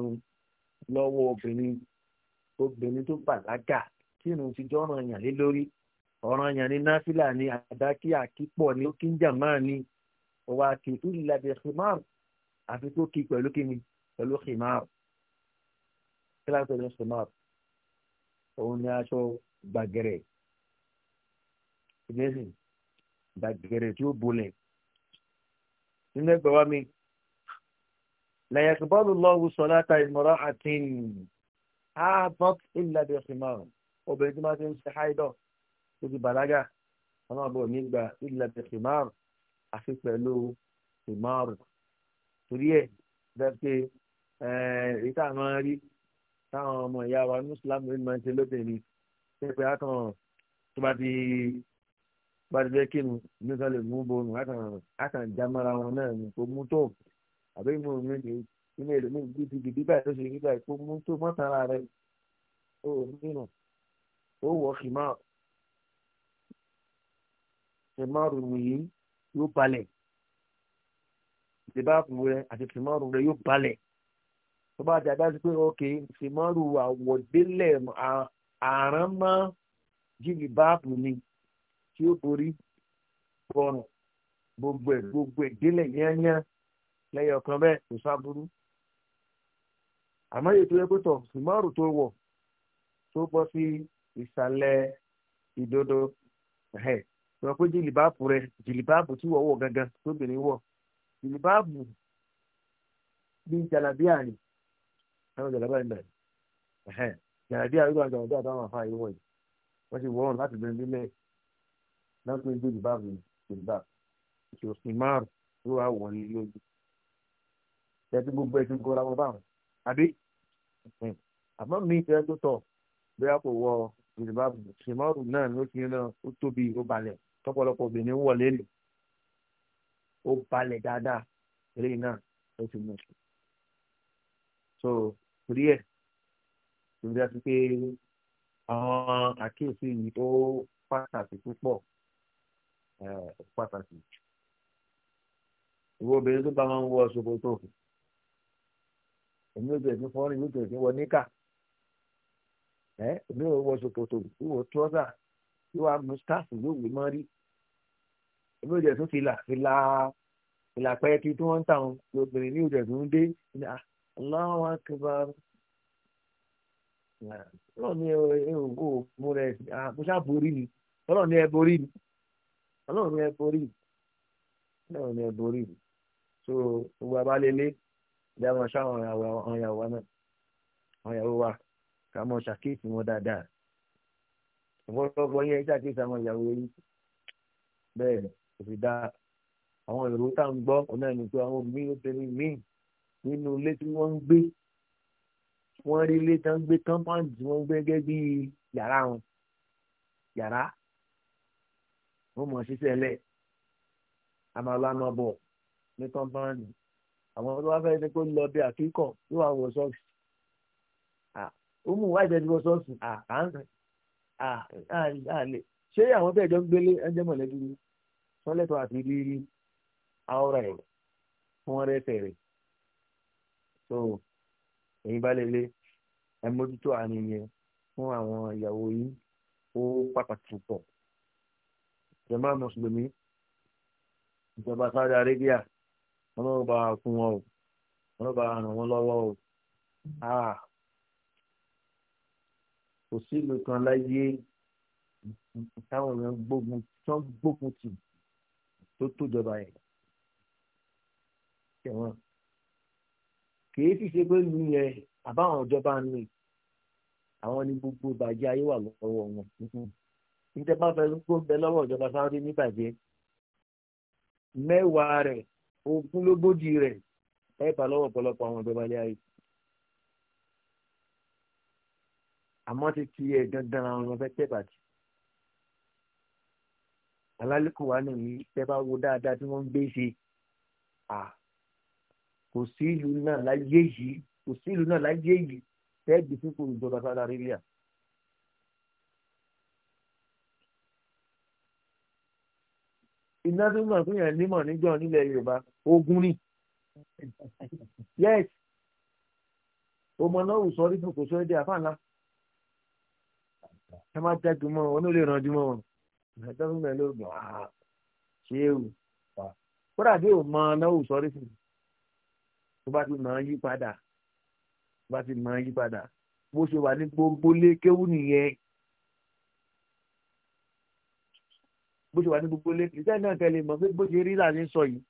lọ́wọ́ obìnrin obìnrin tó bàlágà tí irun ti jọ́ ọ̀ràn yàn lé lórí ọ̀ràn yàn ní náfìlà ní àdákí àkípọ̀ ní ókínjà máa ní ọwọ́ àkìtú ìlàjẹ̀ fìmáà àfi tó kí pẹ̀lú kíni pẹ̀lú fìmáà kí láti ọjọ́ sọmọp òun ni aṣọ gbàgẹrẹ ìgbésì gbàgẹrẹ tí ó bolẹ̀ nínú ẹgbẹ́ wa mi lẹyìnkìbọlù lọwọ sọlá ta ìmọràn àti ààbọt ìlàdí ọsìmọ obìnrin tí wọn ti ń ṣe háìdọ tó ti bàlágà wọn náà bọ nígbà ìlàdí ọsìmọ àfi pẹ̀lú ìmọràn torí ẹ dẹ pé ẹ ìta àwọn rí táwọn ọmọ ìyá wa mùsùlùmí ló máa ń ṣe lóbìnrin pẹ́pẹ́ akàn tó bá ti bá ti fẹ́ kírun nígbà lè mú borun akàn jámọ́ra wọn náà ní kó mú tó àbí mo mi lè inú èlò mi gidi gidi báyìí tó ṣe gidi báyìí kó mú tó mọ́tara rẹ̀ ó nínú ó wọ̀ kìmá kìmáàrù yìí yóò balẹ̀ ìdìbò àpò rẹ̀ àti kìmáàrù rẹ̀ yóò balẹ̀ tó bá ti àdá sí pé ókè ìsìmọ́rù àwọ̀délẹ̀ àránmọ́ jíìlì báàbù ni tí ó borí bọ̀rùn gbogbo ẹ̀ gbogbo ẹ̀ délẹ̀ yányá lẹ́yìn ọ̀kan bẹ́ẹ̀ kò sábúrú. àmọ́ ètò ẹgbẹ́ tọ̀ ìsìmọ́rù tó wọ̀ tó bọ́ sí ìsàlẹ̀ ìdodo ẹ̀ sọ pé jíìlì báàbù rẹ jíìlì báàbù tí wọ́n wọ̀ gangan tóbìnrin wọ̀ jíìlì báàbù bíi jàlábíà ni táwọn jàlábà yìí bẹ̀rẹ̀ jàlábí àrùn àjọ ọ̀dọ́ àtàwọn àfa yìí wọ̀nyí wọ́n ti wọ́n láti bẹ̀rẹ̀ nílẹ̀ náà pé gbé ìbá mi ìbá ìṣòro ìmáàr ló wà wọ̀nyí lójú tẹ́tí gbogbo ẹtí kọ́ra wọn báwọn àbí àmọ́ mi ìfẹ́ tó tọ̀ bóyá kò wọ ìdìbò ìṣèmọ́rù náà ló ti rán ó tóbi ó balẹ̀ tọ́pọ̀lọpọ̀ obìnrin wọlé nì ó balẹ̀ dáadáa eléyìí náà ó ti mú un so torí ẹ̀ tó dá sí pé àwọn àkíyèsí yìí ó pàtàkì púpọ̀ pàtàkì ìwọ obìnrin tó bá máa ń wọ ṣòkòtò èmi ò tẹ̀sí fọ́nrí mi ò tẹ̀sí wọ níkà ẹ èmi ò wọ ṣòkòtò ìwọ trọ́sà ìwà mùsítàfù yóò wé mọ́ rí èmi ò tẹ̀sí fìlà fìlà fìlà pẹ́ẹ́tì tí wọ́n ń tà wọn obìnrin ní ò tẹ̀sí ń dé Allahu akbar ọlọ́run ní ẹ̀rọ̀gbò mo rẹ̀ àpòṣà borí ni ọlọ́run ní ẹ borí ni ọlọ́run ní ẹ borí ni ọlọ́run ní ẹ borí ni so gbogbo abálélé ìdáhùn ọ̀ṣà àwọn ìyàwó náà àwọn ìyàwó wa ká mọ ṣàkíyèsí wọn dáadáa ọ̀pọ̀lọpọ̀ yẹn ṣàkíyèsí àwọn ìyàwó yìí bẹ́ẹ̀ kò sì dáa àwọn ìròyìn tá à ń gbọ́ ọ̀nà ìnìkú àwọn obìnrin obìnrin míì nínú ilé tí wọ́n ń gbé wọ́n rí ilé tán gbé compound tí wọ́n ń gbé gẹ́gẹ́ bí yàrá wọn yàrá wọ́n mọ̀ ṣiṣẹ́ lẹ̀ àmàlànà bọ̀ ní compound àwọn tó wá fẹ́ẹ́ ní kó lọ bí àkíkọ̀ yóò wá wọ sọ́ọ̀sì ó mú wáyé tẹ́tí wọ sọ́ọ̀sì àlè ṣé àwọn tó ẹ̀jọ́ ń gbélé ẹ̀jẹ̀ mọ̀lẹ́bí wọ́n lẹ́tọ̀ọ́ àti rírí àwòrán ẹ̀ fún ọ̀rẹ́ fẹ̀rẹ̀ so ẹ̀yin bá lélẹ̀ ẹ mójútó àárín yẹn fún àwọn ìyàwó yín ó pàtàkì púpọ̀ ìjọba mùsùlùmí ìjọba Saudi Arabia wọn ló bá fún wọn o wọn ló bá ràn wọn lọ́wọ́ o kò sí ìlú kan láyé táwọn èèyàn gbógun tán gbógun tì tó tójọba yẹn kìí sì ṣe pé lu yẹn àbáwọn ìjọba ń lè àwọn ní gbogbo ìbàjẹ́ ayé wà lọ́wọ́ wọn ìjọba fẹ́ ló ń bẹ lọ́wọ́ ìjọba Saudi níbàjẹ́ mẹ́wàá rẹ̀ ogúnlógójì rẹ̀ ẹ bá lọ́wọ́ ọ̀pọ̀lọpọ̀ àwọn ìjọba ilé ayé. àmọ́ ti ti ẹ̀ dandan àwọn ọmọ fẹ́ tẹ̀ bàjẹ́ alálẹ́kùn wa nìyí tẹ́ bá wo dáadáa tí wọ́n ń gbé ṣe kò sí ìlú náà láyé yìí kò sí ìlú náà láyé yìí tẹ́ẹ̀gbì fífò ìjọba sára rírìà. iná tó mọ̀ fún yẹn nímọ̀ níjọ́ nílẹ̀ yorùbá ogun ni yes ọmọ náà ò sọ orí fún kò sọ èdè àfààná ẹ má tẹ́tù mọ́ wọn ní ó lè ràn jù mọ́ wọn ìgbàdàn mẹ́lẹ́ ògùn ṣé o kódà bí ò mọ náà ò sọ fún tó bá ti máa yí padà tó bá ti máa yí padà bó ṣe wà ní gbogbo lé kéwú nìyẹn bó ṣe wà ní gbogbo lé ìṣẹ́ náà kẹlẹ̀ mọ̀ pé bó ṣe rí là ní sọ yìí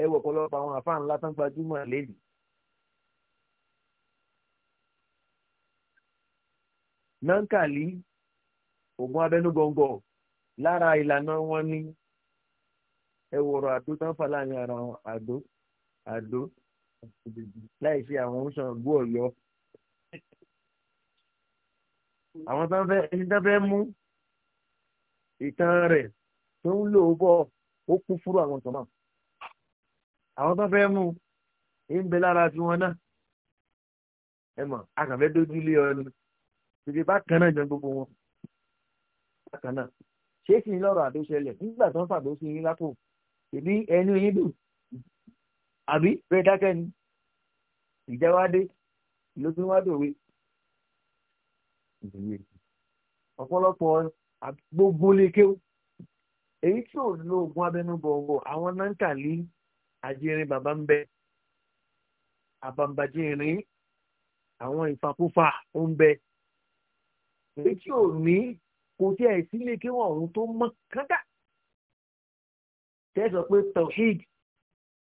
ẹ wọ̀ ọ̀pọ̀lọpọ̀ àwọn àfáà ńlá tó ń gbajúmọ̀ lẹ́yìn. nankali oògùn abẹnugọ̀ngọ̀ lára ìlànà wọn ni ẹ wọ̀rọ̀ àdó tán fà láàrin ara àdó àdó láì fi àwọn oúnjẹ ọgbó ọyọ àwọn tó ń fẹ́ ẹni tó fẹ́ mú ìtàn rẹ̀ tó ń lò ó bọ ó kún fúrú àwọn tó náà àwọn tó fẹ́ mú ń bẹ lára tiwọn náà ẹ mọ̀ akànfẹ́ dójú lé ọ ni tètè bá kan náà jẹun gbogbo wọn bákan náà ṣé kí n lọ́rọ̀ àdóṣẹlẹ̀ nígbà tó ń fàdóṣe yín lápò ìdí ẹnu yín dùn àbí bẹ́ẹ̀ dákẹ́ ni ìjáwádé ló fi wá dòwe ìdòwe ọ̀pọ̀lọpọ̀ gbogbo lè kéwù èyí tí ò lo oògùn abẹnú bọ̀ọ̀bọ̀ àwọn náà ń tà lé ajínrín bàbá ń bẹ àbàǹbàjínrín àwọn ìfàkúfà ó ń bẹ èyí tí ò ní kò tí ẹ̀ sílé kéwù ọ̀run tó mọ́ kádà tẹ́ pé tawhid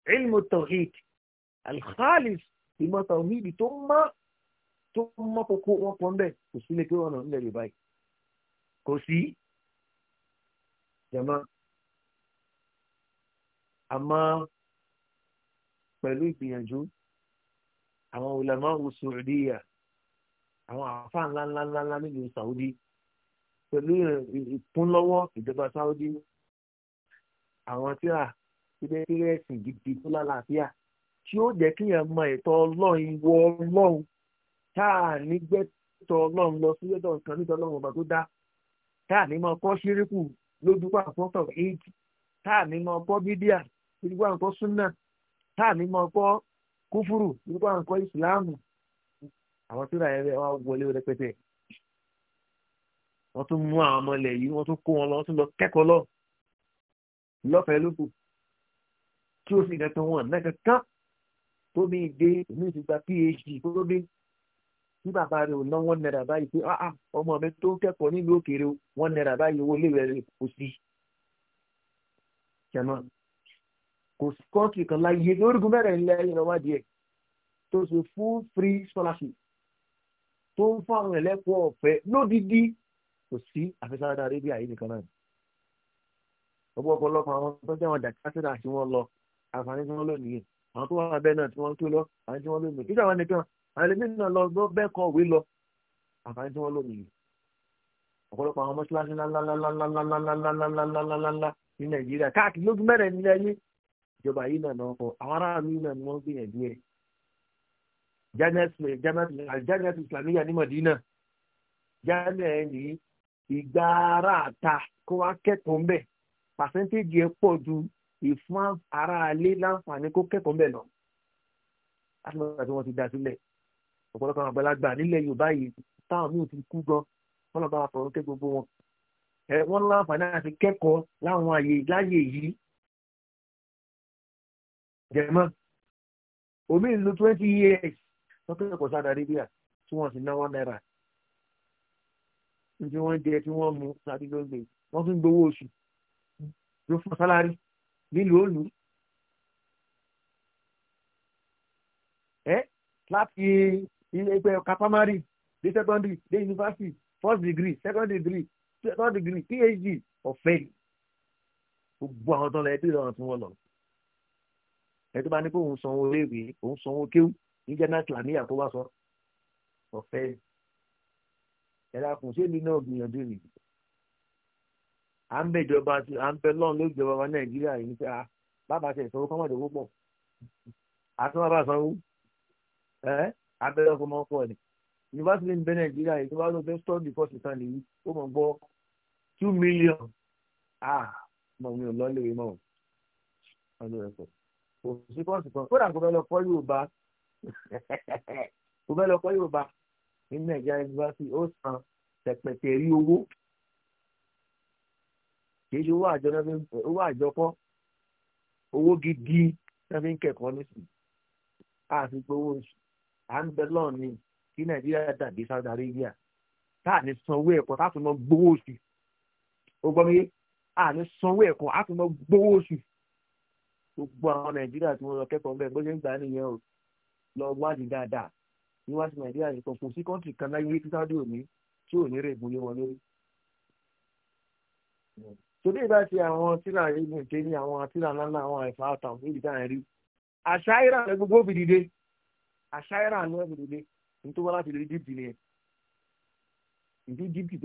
علم tawhid الخالص ìmọ̀ tawhid tó mọ́ tó mọ́ kókó wọn pọ̀ mbẹ́ kò sí lè pé wọn náà ń lẹ̀ yorùbá yìí kò sí jama àmọ́ pẹ̀lú ìgbìyànjú àwọn ulama Saudiya àwọn àfa ńlá ńlá ńlá ńlá nílùú Saudi pẹ̀lú ìkúnlọ́wọ́ ìjọba Saudi àwọn tíra tó jẹ́ kí ẹ̀sìn gidi tó lálàáfíà tí ó jẹ́ kí èèyàn mọ ẹ̀tọ́ ọlọ́run wọ ọlọ́run tá à ní gbẹ́tọ̀ ọlọ́run lọ sí ẹ̀dọ̀ nǹkan nítorí ọlọ́run ọba tó dá tá à ní mọ kọ́ ṣíríkù lójú pa àpọ́tọ̀ éèdì tá à ní mọ kọ́ bídíà lójú pa àpọ́ súnà tá à ní mọ kọ́ kúfúrù lójú pa àpọ́ ìsìláàmù àwọn tó rà ẹ̀ rẹ̀ wá wọlé rẹpẹtẹ wọ́n tún mú àwọn ọmọ ilẹ̀ yìí wọ́n tún kó wọn lọ wọ́n tún lọ kẹ́kọ̀ọ́ lọ lọ́fẹ̀ẹ́ lókù tí ó sì kankan wọn náà kankan tó mi dé èmi ti gba phd tó mi tí bàbá rẹ ò ná wọn náírà báyìí pé ah, ah ọmọ mi tó ń kẹ́kọ̀ọ́ nílùú òkèèrè wọn náírà báyìí owó léwẹ̀ rẹ kò sí. jama kò sí kọ́ńtì kan láyé lórígun mẹ́rẹ̀ ńlẹ̀ ìrọ̀wádìí ẹ̀ tó ṣe full free scholarship tó ń fún àwọn ẹlẹ́kọ̀ọ́ ọ̀fẹ́ lódìdí kò sí àfẹsáradà arábíà yìí nìkan náà. ọ̀pọ̀ ọ̀pọ̀lọpọ̀ àwọn tó jẹ́ àwọn dàkásídà tí wọ́n lọ àǹfààní tí wọ́n lò nìyẹn àwọn tó wà abẹ́ náà tí wọ́n tó lọ àwọn tí wọ́n lò nìyẹn kíkà wọn nìkan àwọn ẹlẹ́mìí náà lọ gbọ́ bẹ́ẹ̀ kọ òwe lọ àǹfààní tí wọ́n lò nìyẹn ọ̀pọ̀lọpọ̀ àwọn mọ́ṣáláṣí ńláńláńláńláńláńláńláńláńláńlá ní nàìjíríà káàkiri lójú mẹ́rẹ̀ nílẹ̀ yìí ìjọba yìí náà náà kọ àwọn aráàlú yìí náà ni wọ́n gbìyànjú ẹ̀ jamiat islamiyya ní madina jamiat ní ìgbà ara àta kó wá kẹ́kọ̀ọ́ mbẹ́ pàṣẹ́ntéèjì ẹ̀ pọ̀ ju ìfún aráalé láǹfààní kó kẹ́kọ̀ọ́ bẹ̀ lọ. láti mọ̀ nígbà tí wọ́n ti dá sílẹ̀ ọ̀pọ̀lọpọ̀ àwọn àgbàlagbà nílẹ̀ Yorùbá yìí táwọn míì ti kú gan wọ́n lọ bá wa sọ̀rọ̀ ké gbogbo wọn. ẹ wọ́n láǹfààní àti kẹ́kọ̀ọ́ láwọn àyè láyè yìí. jẹ̀mọ́ omi ìlú twenty years wọ́n kẹ́kọ̀ọ́ sáà dàríbíà tí wọ́n sì náwó náírà tí wọ́n jẹ tí wọ́n mu sáà tí wọ́n gbé wọ́n tún gbowó oṣù yóò fún sálárì nílùú òlù ẹ láti ẹgbẹ́ kapamari dé secondary dé university first degree second degree third degree phd ọ̀fẹ́ gbogbo àwọn tó ń lọ ẹbí ìlọrin tí wọ́n lọ ẹni tó bá ní kó òun sanwó léèwé òun sanwó kéwù ní general islamiyah tó bá sọ ọ̀fẹ́ ẹ dákun ṣé mi náà gbìyànjú nìyí à ń bẹ ìjọba à ń bẹ lọ́run ló jọba wa nàìjíríà yìí pé bàbá tẹ̀ sanwó kọ́mọ̀ ìdòwò pọ̀ àti bàbá sanwó ẹ abẹ́rẹ́ ọkọ̀ máa ń pọ̀ ni yunifásitì ń bẹ nàìjíríà yìí tó bá lọ fẹ́ stọ́ọ̀dì fọ́ọ̀sì kan nìyí ó mọ̀ gbọ́ two million ah mọ̀ mi ò lọ́lé mọ́ ọdún ẹ̀kọ́ kò sí fọ́ọ̀sì kan kódà kò fẹ́ lọ kọ́ yorùbá *laughs* kò fẹ́ lọ kọ́ yorùbá ní nàìjíríà yunifásitì ó san tẹ̀pẹ̀tẹ̀ rí owó kìí ṣe owó àjọ náà fi owó àjọ kọ́ owó gidi náà fi ń kẹ́kọ̀ọ́ nísìnyí àfikún owó oṣù à ń bẹ lọ́ọ̀ ni kí nàìjíríà dàbí Saudi Arabia tá à ní sanwó ẹ̀kọ́ tá a tún mọ gbowó oṣù ó gbọ́ mi yé à ní sanwó ẹ̀kọ́ á tún mọ gbowó oṣù gbogbo àwọn nàìjíríà tí wọ́n lọ kẹ́kọ̀ọ́ bẹ́ẹ̀ bó ṣe ń gbà nìyẹn o lọ wádìí dáadáa ní wá sí nàìjíríà nìkan kò sí kọ́ńtì kan láyé tí Saudi òní tí ò ní rè mú yé wọn lórí tòdé bá ti àwọn tíra ìlú ìké ní àwọn tíra ńláńlá àwọn ẹ̀fà àtàwọn níbi tá à ń rí àṣàyíra ní gbogbo òbí dìde àṣàyíra ní òbí dìde nítorí wọn láti lè dípì ni ìdí dípì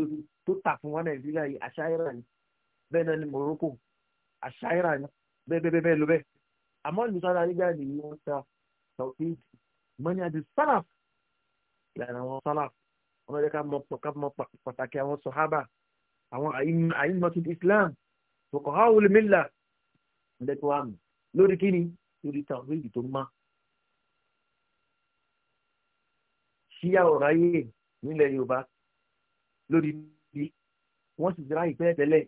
tó tà fún wọn nàìjíríà yìí àṣàyíra ni bẹ́ẹ̀ náà ni Morocco àṣàyíra ni bẹ́ẹ̀ bẹ́ẹ̀ bẹ́ẹ̀ ló bẹ́ẹ̀ àmọ́ ìlú sáré arígbá ni wọ́n ta tọ́kì mọ́ni àti sálàf ìlànà àwọn sálàf ọmọdé ká mọ pàtàkì àwọn sọ̀hábà àwọn àyínmọ́tún islam fòkànhá olùmílà lẹ́tọ́ àmì lórí kíni lórí tàwíìdì tó má. ṣíyá ọ̀rọ̀ ayé nílẹ̀ yorùbá lórí bí wọ́n sì dira ìpẹ́ tẹ́lẹ̀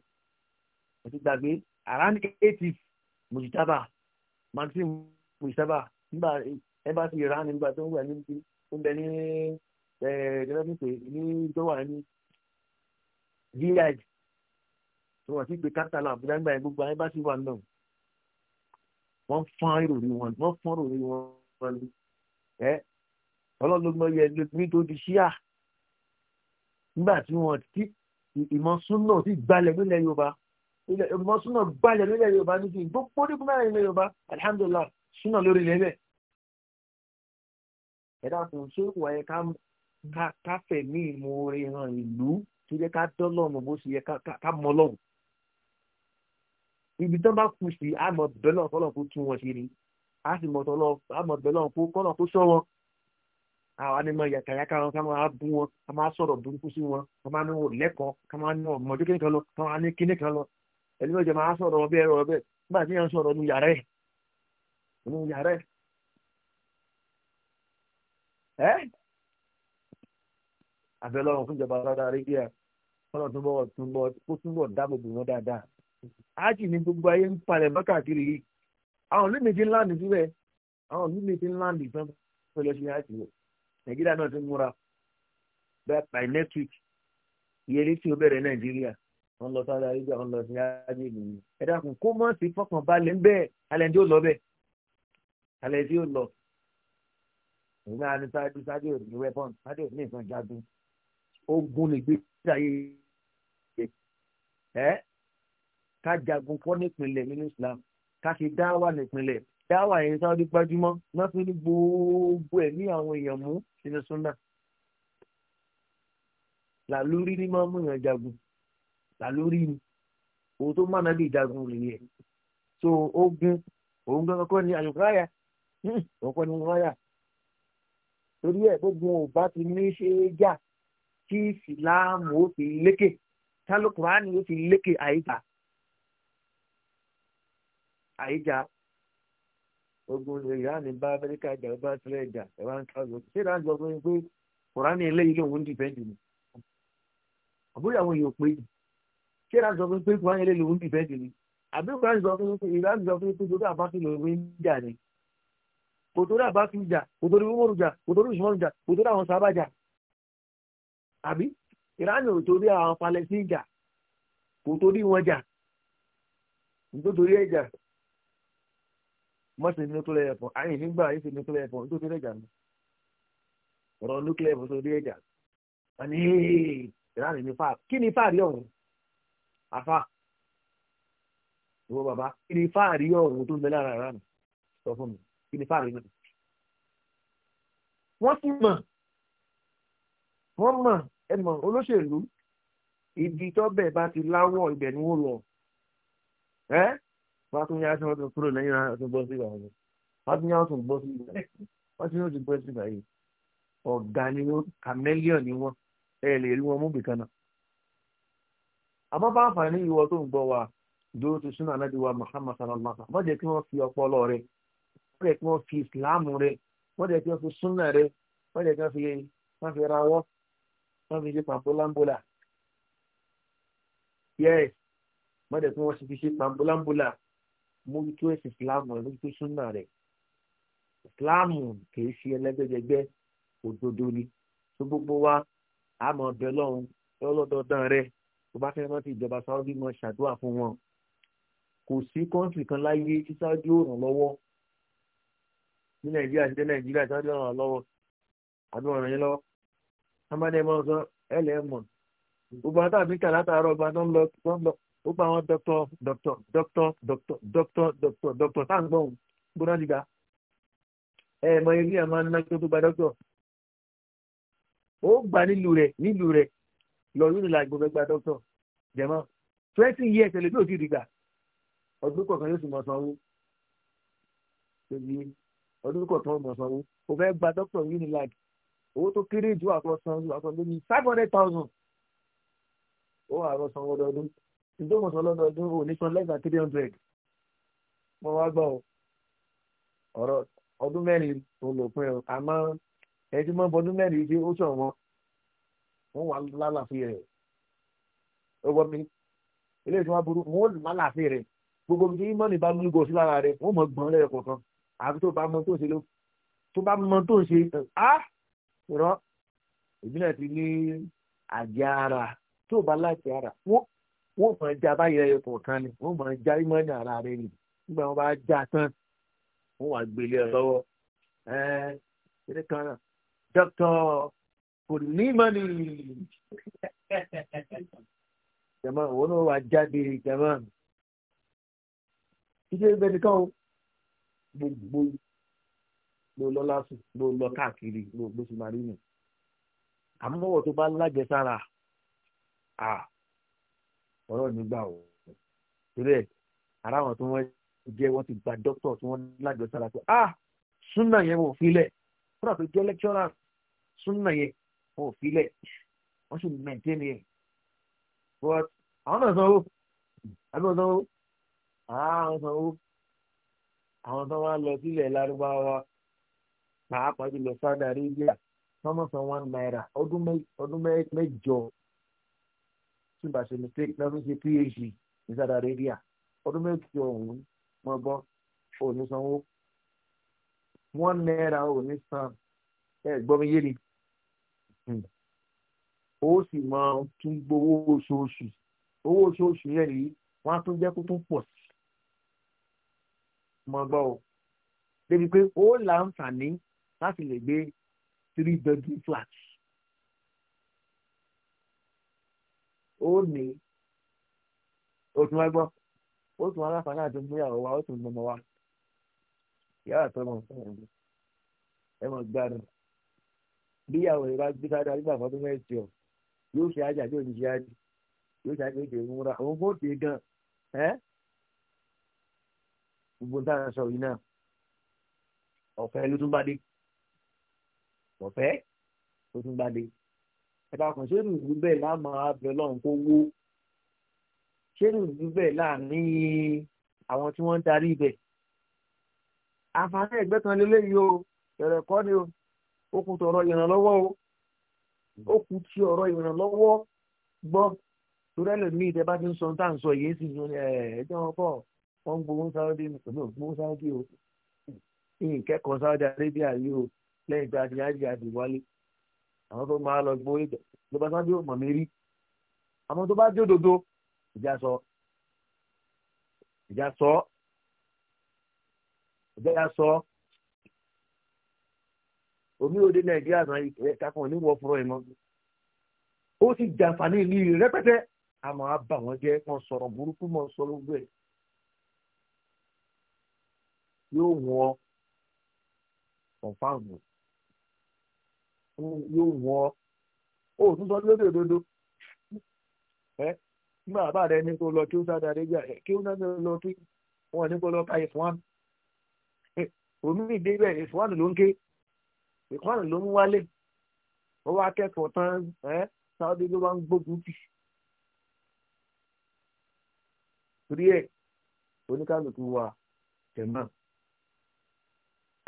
àti gbàgbé around eighty mùsítàbà maxim mùsítàbà nígbà embassy iran nígbà tó ń wà ní ní ẹ̀ẹ́dẹ́gbẹ́sẹ̀ ní tó wà ní vineyard tí wọ́n ti gbé kátàlá àbújá nígbà yẹn gbogbo ayébáṣí wà náà wọ́n fọ́n ìròrí wọn wọ́n fọ́n ìròrí wọn ni ẹ ọlọ́lọ́gbọ́ yẹ lópin tó di ṣíà nígbà tí wọ́n ti ìmọ̀súnà ti gbalẹ̀ nílẹ̀ yorùbá ìmọ̀súnà gbalẹ̀ nílẹ̀ yorùbá ní kí gbogbo ní kúmọ̀ nílẹ̀ yorùbá alihamudulila súnà lórí ilẹ̀ bẹ́ẹ̀ ẹ̀dá kò ṣe wà yẹ ká fẹ̀mí ìmoore hàn ìlú tó ka ká dán lọ́rùn bó ṣe yẹ ká ibi tán bá kù sí bẹ́lọ̀ kọ́lọ̀ kó tún wọn ṣe ni a sì mọ̀ tọ́lọ́ àmọ́ bẹ́lọ̀ kó kọ́lọ̀ kó sọ wọn ni mo yàkàyàkà wọn ká máa bú wọn ká máa sọ̀rọ̀ burúkú sí wọn ká máa ní wọn lẹ́kọ̀ọ́ ká máa ní wọn mọ̀jú kíni kan lọ ká máa ọlọ́run tó ń bọ̀ tó ń bọ̀ ó tún bọ̀ dáàbò bò dáadáa ájì ní gbogbo ayé ń palẹ̀ mọ́ káàkiri yìí àwọn ìlú mi ti ń láǹdì síbẹ̀ àwọn ìlú mi ti ń láǹdì tán fún ẹlẹ́sìn ájì rẹ̀ nàìjíríà náà ti múra bẹ́ẹ̀ by next week ìyẹlé tí ó bẹ̀rẹ̀ nàìjíríà wọ́n lọ sáré arígbà wọ́n lọ sí ájì nìyí ẹ dákun kó mọ̀ sí fọkànbalẹ̀ ń bẹ́ẹ̀ alẹ́ tí ó lọ bẹ́ẹ̀ alẹ́ tí ó lọ ìgbà ni sáájú sáájú ò ní wẹ́pọ̀n sáájú ò ní nǹkan ẹ ká jagun fọ́ nípìnlẹ̀ nínú Islam ká ṣe dáwà nípìnlẹ̀ dáwà yẹn sáwọ́dí gbajúmọ́ wọ́n fi ní gbogbo ẹ̀ ní àwọn èèyàn mú sínú súnà làlórí ni máa ń mú yàn jagun làlórí ni òun tó má nàbí ìjagun rèé ẹ̀ so ogun òun gangan kọ́ ni àlùkáyà hmm, òun kọ́ ni wáyà torí ẹ̀ gbogbo ò bá ti ní ṣe é jà kí ìsìláàmù ó fi lékè tálọ́ kùránì yóò fi lékè àyíjà àyíjà ogun ìránì bá amẹ́ríkà jà bá sílẹ̀ jà ẹ̀wá ń ká lọ ṣé ìdájọ́ fún mi pé kùránì eléyìí lòun dìbẹ́ǹdì ni àbúrò àwọn èèyàn pé ṣé ìdájọ́ fún mi pé kùránì eléyìí lòun ń dìbẹ́ǹdì ni àbí kùránì sọ fún mi pé ìránì sọ fún mi pé torí àbáfi lòun ń jà ni kò torí àbáfi jà kò torí wíwọ́rù jà kò torí ìṣúná jà kò torí àwọn sábà jà àbí ìránì ò torí àwọn palẹ̀sìn jà kò torí wọn jà nítorí torí ẹ̀ jà mọ́sí nuclear weapon àyìn nígbà yìí sí nuclear weapon nítorí torí ẹ̀ jà ni ọ̀rọ̀ nuclear weapon torí ẹ̀ jà àní ìránì ní fáà kí ni fáà rí ọ̀hún afá ìwọ bàbá kí ni fáà rí ọ̀hún tó ń bẹ lára ìránì sọ fún mi kí ni fáà rí náà wọ́n sì mọ̀ wọ́n mọ̀ ẹ mọ̀ olóṣèlú ibi tọ́bẹ̀ bá ti láwọ̀ ibẹ̀ ni wọ́n lọ ẹ́ wọ́n tún yá sí wọn tún kúrò lẹ́yìn náà tún bọ́ sí ìgbà yìí wọ́n tún yá wọn tún bọ́ sí ìgbà yìí wọ́n tún yóò tún bọ́ sí ìgbà yìí ọ̀gá ni wọ́n chameleon ni wọ́n ẹ lè rí wọn mú bìkan náà. àmọ́ bá àǹfààní ìwọ tó ń gbọ́ wa dúró ti súnà anábì wa Muhammad sallallahu alaihi wa sallam wọ́n jẹ́ kí wọ́n fi ọpọlọ rẹ̀ wọ́n jẹ́ kí wọ́n fi ìsìlámù rẹ̀ wọ́n jẹ́ kí wọ́n fi súnà rẹ̀ wọ́n jẹ́ kí wọ́n fi ra wọ́n fi ṣe pàmpolambula yes wọ́n dẹ̀ tún wọ́n fi ṣe pàmpolambula mójútó ẹ̀sìn ìsìláàmù rẹ̀ mójútó súnà rẹ̀ ìsìláàmù kìí ṣe ẹlẹ́gbẹ́jẹgbẹ́ òdodo ni tó gbogbo wa àmọ́ ọbẹ̀ lọ́hùn lọ́lọ́dọọdán rẹ̀ tó bá fẹ́ rántí ìjọba Saudi mọ́ ṣàdúrà fún wọn kò sí kọ́ńtì kan láyé tí Saudi ò ràn lọ́wọ́ ní Nàìjíríà ti dé Nàìjíríà Saudi ò ràn lọ́wọ́ àbí wọn ràn yín lọ́wọ́ amádé mọ́ sọ ẹlẹ́mọ̀ gbogbo àwọn tàbí kà látàárọ̀ gba tó ń lọ tó ń lọ gbogbo àwọn dọ́kítọ̀ dọ́kítọ̀ dọ́kítọ̀ dọ́kítọ̀ dọ́kítọ̀ dọ́kítọ̀ dọ́kítọ̀ tá à ń gbọ́ òun gbóná ti ga ẹ mọ ilé ẹ máa ń tó gba dọ́kítọ̀ ó gbà nílùú rẹ̀ nílùú rẹ̀ lọ yóò la gbogbo ẹgbà dọ́kítọ̀ jẹ̀mọ́ twenty years ẹ̀ lè tó ti rí gbà ọdún kọ̀ọ̀kan yóò sì mọ̀ sanwó ọdún kọ̀ọ̀kan yóò mọ̀ sanwó kò fẹ́ gba dọ́kítọ̀ unilag owó tó kéré ju àkọsán àkọsán ló ní five hundred thousand ó àkọsán ọdọọdún ìdókòsán lọ́dọọdún ò ní san less than three hundred mo wá gbọ́ ọ̀rọ̀ ọdún mẹ́rin tó lò fún ẹ àmọ́ ẹjú mọ́ bọ́dún mẹ́rin ṣe ó sàn wọn wọ́n wà lálàáfíà rẹ̀ ó gbọ́ mi eléyìí tí wọ́n burú wọ́n lálàáfíà rẹ̀ gbogbo ibi tí mọ́nì bá múlùgọ̀ sí lára rẹ̀ wọ́n mọ̀ gbọ́n lẹ́yìn kọ̀ọ̀kan àbí tó bá mọ tó ń ṣe ló tó bá mọ tó ń ṣe á ah! rọ èmi náà ti ní àjẹ ara tó bá láti ara wọ́n máa já báyìí ẹyọ kọ̀ọ̀kan ni wọ́n máa já ìmọ̀ọ́nì ara rẹ ni nígbà wọn bá já tán wọ́n wá gbélé ẹ lọ́wọ́ ẹ ẹ kan náà dókítà kò ní mọ́ni jẹmọ òun náà wà jáde jẹmọ títí ẹgbẹ́ nìkan gbogbo ló lọ lásùn ló lọ káàkiri ló ló sì máa rí nù àmọ́wọ̀ tó bá lájẹsára à ọ̀rọ̀ nígbà ò torí ẹ̀ ara wọn tí wọ́n jẹ́ wọ́n ti gba dókítà tí wọ́n lájẹsára pé ah súnà yẹn wọ́n filẹ̀ kúrò àti jẹ́ lẹ́kítọ́rà súnà yẹn wọ́n filẹ̀ wọ́n sì mẹ̀ntẹ́nì ẹ̀ but àwọn náà sanwó àwọn sanwó àwọn sanwó àwọn sanwó wá lọ sílẹ̀ lárúbáwá pàápàá jùlọ Saudi Arabia sọmọsọ one naira ọdún mẹ́jọ tí bàṣẹ mistake náà fi ṣe phd ní Saudi Arabia ọdún mẹ́jọ ọ̀hún mọ bọ òní sanwó one naira òní san ẹ gbọ́ mi yé ni hmm. ó sì máa tún gbowó oṣooṣù owó oṣooṣù yẹn yìí wọ́n á tún jẹ́ kó tún pọ̀ sí mọ gbọ́ o débi pé ó láǹfààní láti lè gbé three bedroom flat ó ní ó tún wáá gbọ́ ó tún wáá láǹfààní àti múyàwó wa ó tún mọ̀mọ́ wa ìyá àtọ́mọ̀ ẹ mọ̀ gbádùn bí ìyàwó rẹ bá gbé sáré àdúgbò àfọ́dún mẹ́sì ọ̀ yóò ṣe àjà bí òní ṣe àjì yóò ṣe àjì òjò ìmúra òun kò tè gan ẹ́ gbogbo táwọn sọ yìí náà ọ̀fẹ́ ló tún bá dé ọ̀fẹ́ tó tún gbàdé ẹ̀ka kan ṣé nùdú bẹ́ẹ̀ láàmú abẹ lọ́run kó wó ṣé nùdú bẹ́ẹ̀ láàrin àwọn tí wọ́n ń darí ibẹ̀ àǹfààní ẹ̀gbẹ́ kan lélẹ́yìí o ẹ̀rẹ̀ kọ́ ni o ó kù tọ̀rọ̀ ìrànlọ́wọ́ o ó kù tí ọ̀rọ̀ ìrànlọ́wọ́ gbọ́ torí ẹlòmíì tẹ bá ti ń sọ tá à ń sọ yìí sì ń ẹ ẹjọ́ wọn kọ́ wọ́n ń gbowó sáwọ́dí mi pẹ̀lú ògbówó sáwọ́dí o ìkẹ́kọ̀ọ́ sáwọ́dí arábíà yìí o lẹ́yìn ìgbà àti àìsí àti ìwálé àwọn tó máa lọ gbó ìgbà ló bá sáájú mọ̀ mí rí àwọn tó bá dé òdodo ìjà sọ ìjà sọ ìjà sọ omi òde nàìjíríà náà kakọ̀ ní wọ́n fúnra ẹ̀ mọ́ ó sì jàǹfààní ìlú rẹpẹtẹ àmọ́ àbà wọn jẹ́ wọn sọ̀rọ̀ burúkú mọ́ sọ̀rọ̀ gbé yóò wọ́n kọ̀ǹfàmù yóò wọ ọ ò tún sọ lóde òdodo ẹ nígbà bàbá rẹ ní kó lọ kí ó sáà dáadé gbà ẹ kí ó náà lọ kí wọn ní kó lọ ka ìfọ́n omi ìdébẹ̀ ìfọ́n ló ń ké ìfọ́n ló ń wálé ó wá kẹ́kọ̀ọ́ tán ẹ sáwọ́dé ló wá ń gbógun tì torí ẹ oníkálukú wa tẹ̀mọ́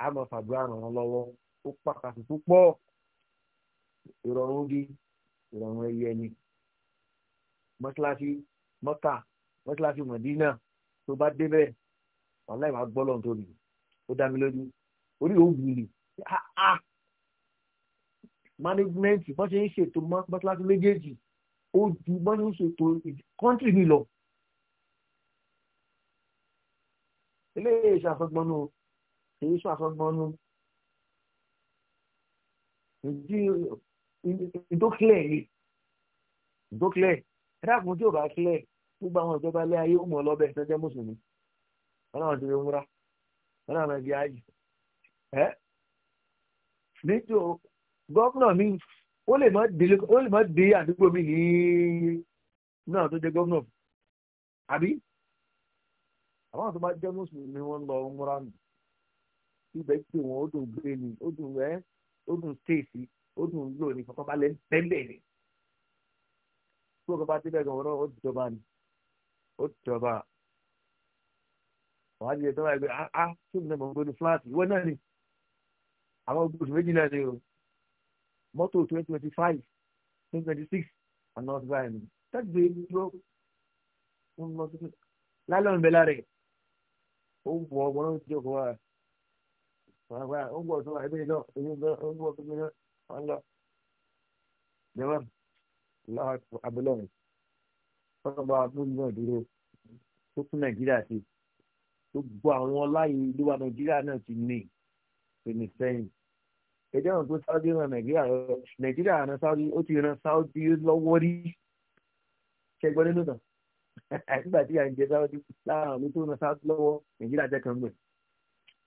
àmọ́ fàbúrà ràn án ó pàtàkì púpọ̀ ìrọ̀rùn bí ìrọ̀rùn ẹyẹ ni mọ́ṣáláṣí mọ́kà mọ́ṣáláṣí mọ̀dínà tó bá débẹ̀ wàláì máa gbọ́ lọ́n tóbi ó dá mi lójú orí ò wùlì mánéjìmẹ́ǹtì bọ́n ṣe ń ṣètò mọ́ṣáláṣí méjèèjì ó ju bọ́n ṣe ń ṣètò kọ́ńtì mi lọ. eléyìí ṣàfọgbọ́nú èyí ṣàfọgbọ́nú ìdí ìdókílẹ̀ yìí ìdókílẹ̀ ẹ̀dàkùn tí ò bá kílẹ̀ gbogbo àwọn ìjọba ilé ayé òmùọ lọ́bẹ̀ tó jẹ́ mùsùlùmí wọn náà ti fi múra wọn náà máa di ààyè ẹ níjó gómìnà mi ó lè má dé àdúgbò mi ní náà tó jẹ́ gómìnà àbí àwọn tó bá jẹ́ mùsùlùmí wọn lọ múra nù ibẹ̀ tí wọn ó dùn gbé ni ó dùn ẹ́ ó dùn stéèsì ó dùn ún lò ní ìfọkànbalẹ̀ tẹ́lẹ̀ ni tí òkè bá ti bẹ́ẹ̀ gan-an ó jọba ni ó jọba wàá di ẹ̀tọ́ báyìí pé á tí òun náà mọ̀ ń flat. fúláàtì ìwọ náà ni àwọn gbòòsù méjì náà ni o mọ́tò twenty twenty five twenty twenty six àná ọ̀sùn báyìí ni tẹ́gbẹ́ ló ń lọ sí lálẹ́ òun bẹ́ẹ̀ lára ẹ̀ ó wọ ọmọ náà ti jẹ́ òkú wa ó ń bọ̀ sọ́wọ́ ẹgbẹ́ náà ó ń bọ̀ sọ́wọ́ ẹgbẹ́ náà. Allah, lọ jẹmọ lọ́wọ́ abúlọrin wọn bá abúlé náà dúró tó tún nàìjíríà sí gbogbo àwọn ọláyé ló wà nàìjíríà náà ti ní ìpinnu sẹ́yìn èdè ọ̀nà tó sáúdí ran nàìjíríà lọ nàìjíríà ran sáúdí ó ti ran sáúdí lọ́wọ́ rí ṣẹgbọ́n nínú náà *laughs* nígbà tí à ń jẹ sáwọ́dí láàrín àwọn tó ń sáwọ́dí lọ́wọ́ nàìjíríà jẹ́ kan gbẹ̀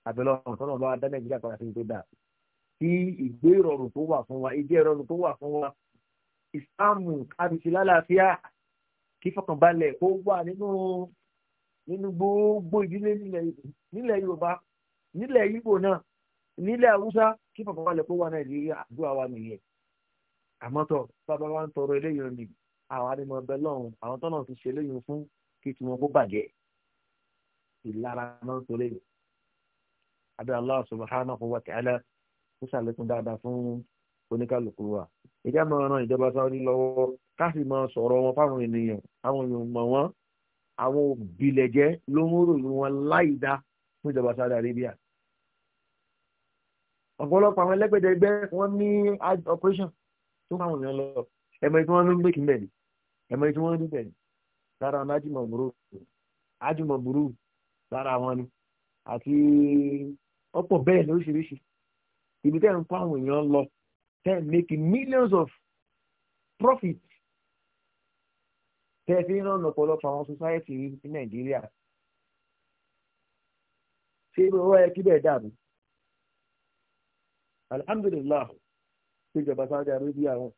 àbẹ̀lọ ọ̀tọ́nà bá dá nàìjíríà padà sí tó dáa kí ìgbé ìrọ̀rùn tó wà fún wa ìjẹ́ ìrọ̀rùn tó wà fún wa ìsáàmù àbísí lálàáfíà kí fọkànbalẹ̀ kó wà nínú nínú gbogbo ìdílé nílẹ̀ Yorùbá nílẹ̀ Ìgbò náà nílẹ̀ Haúsá kí fọkànbalẹ̀ kó wà Nàìjíríà àdúrà wa nìyẹn àmọ́tọ̀ bàbá wa ń tọrọ eléyìí ni àwọn àdìmọ̀ ọbẹ̀ lọ́hùn àwọn tọ́nà ti ṣe eléyìí fún kí tiwọn kó bàjẹ́ ìlara náà tó léyìn. Adé Allah subhanahu wa ta'ala kó ṣàlékún dáadáa fún oníkálukú wa ìjà máa ran ìjọba Saudi lọ́wọ́ ká sì máa sọ̀rọ̀ wọn fáwọn ènìyàn àwọn èèyàn mọ̀ wọ́n àwọn òbílẹ̀jẹ́ ló ń ròyìn wọn láì dá fún ìjọba Saudi Arabia ọ̀pọ̀lọpọ̀ àwọn ẹlẹ́gbẹ̀dẹ̀gbẹ́ wọ́n ní operation tó máa wọ̀nyàn lọ ẹ̀mọ tí wọ́n ń gbé kìí bẹ̀rẹ̀ ẹ̀mọ tí wọ́n ń bẹ̀rẹ̀ lára àwọn ajímọ̀ burú ajímọ̀ burú lára ibi tẹ́ ń fún àwọn èèyàn lọ tẹ́ ń make millions of profit tẹ́ fi ń ràn ọ̀pọ̀lọpọ̀ àwọn society ní nàìjíríà ṣé ibi owó ẹ kí bẹ́ẹ̀ dàbí alhamdulillah ìjọba Saudi Arabia wọn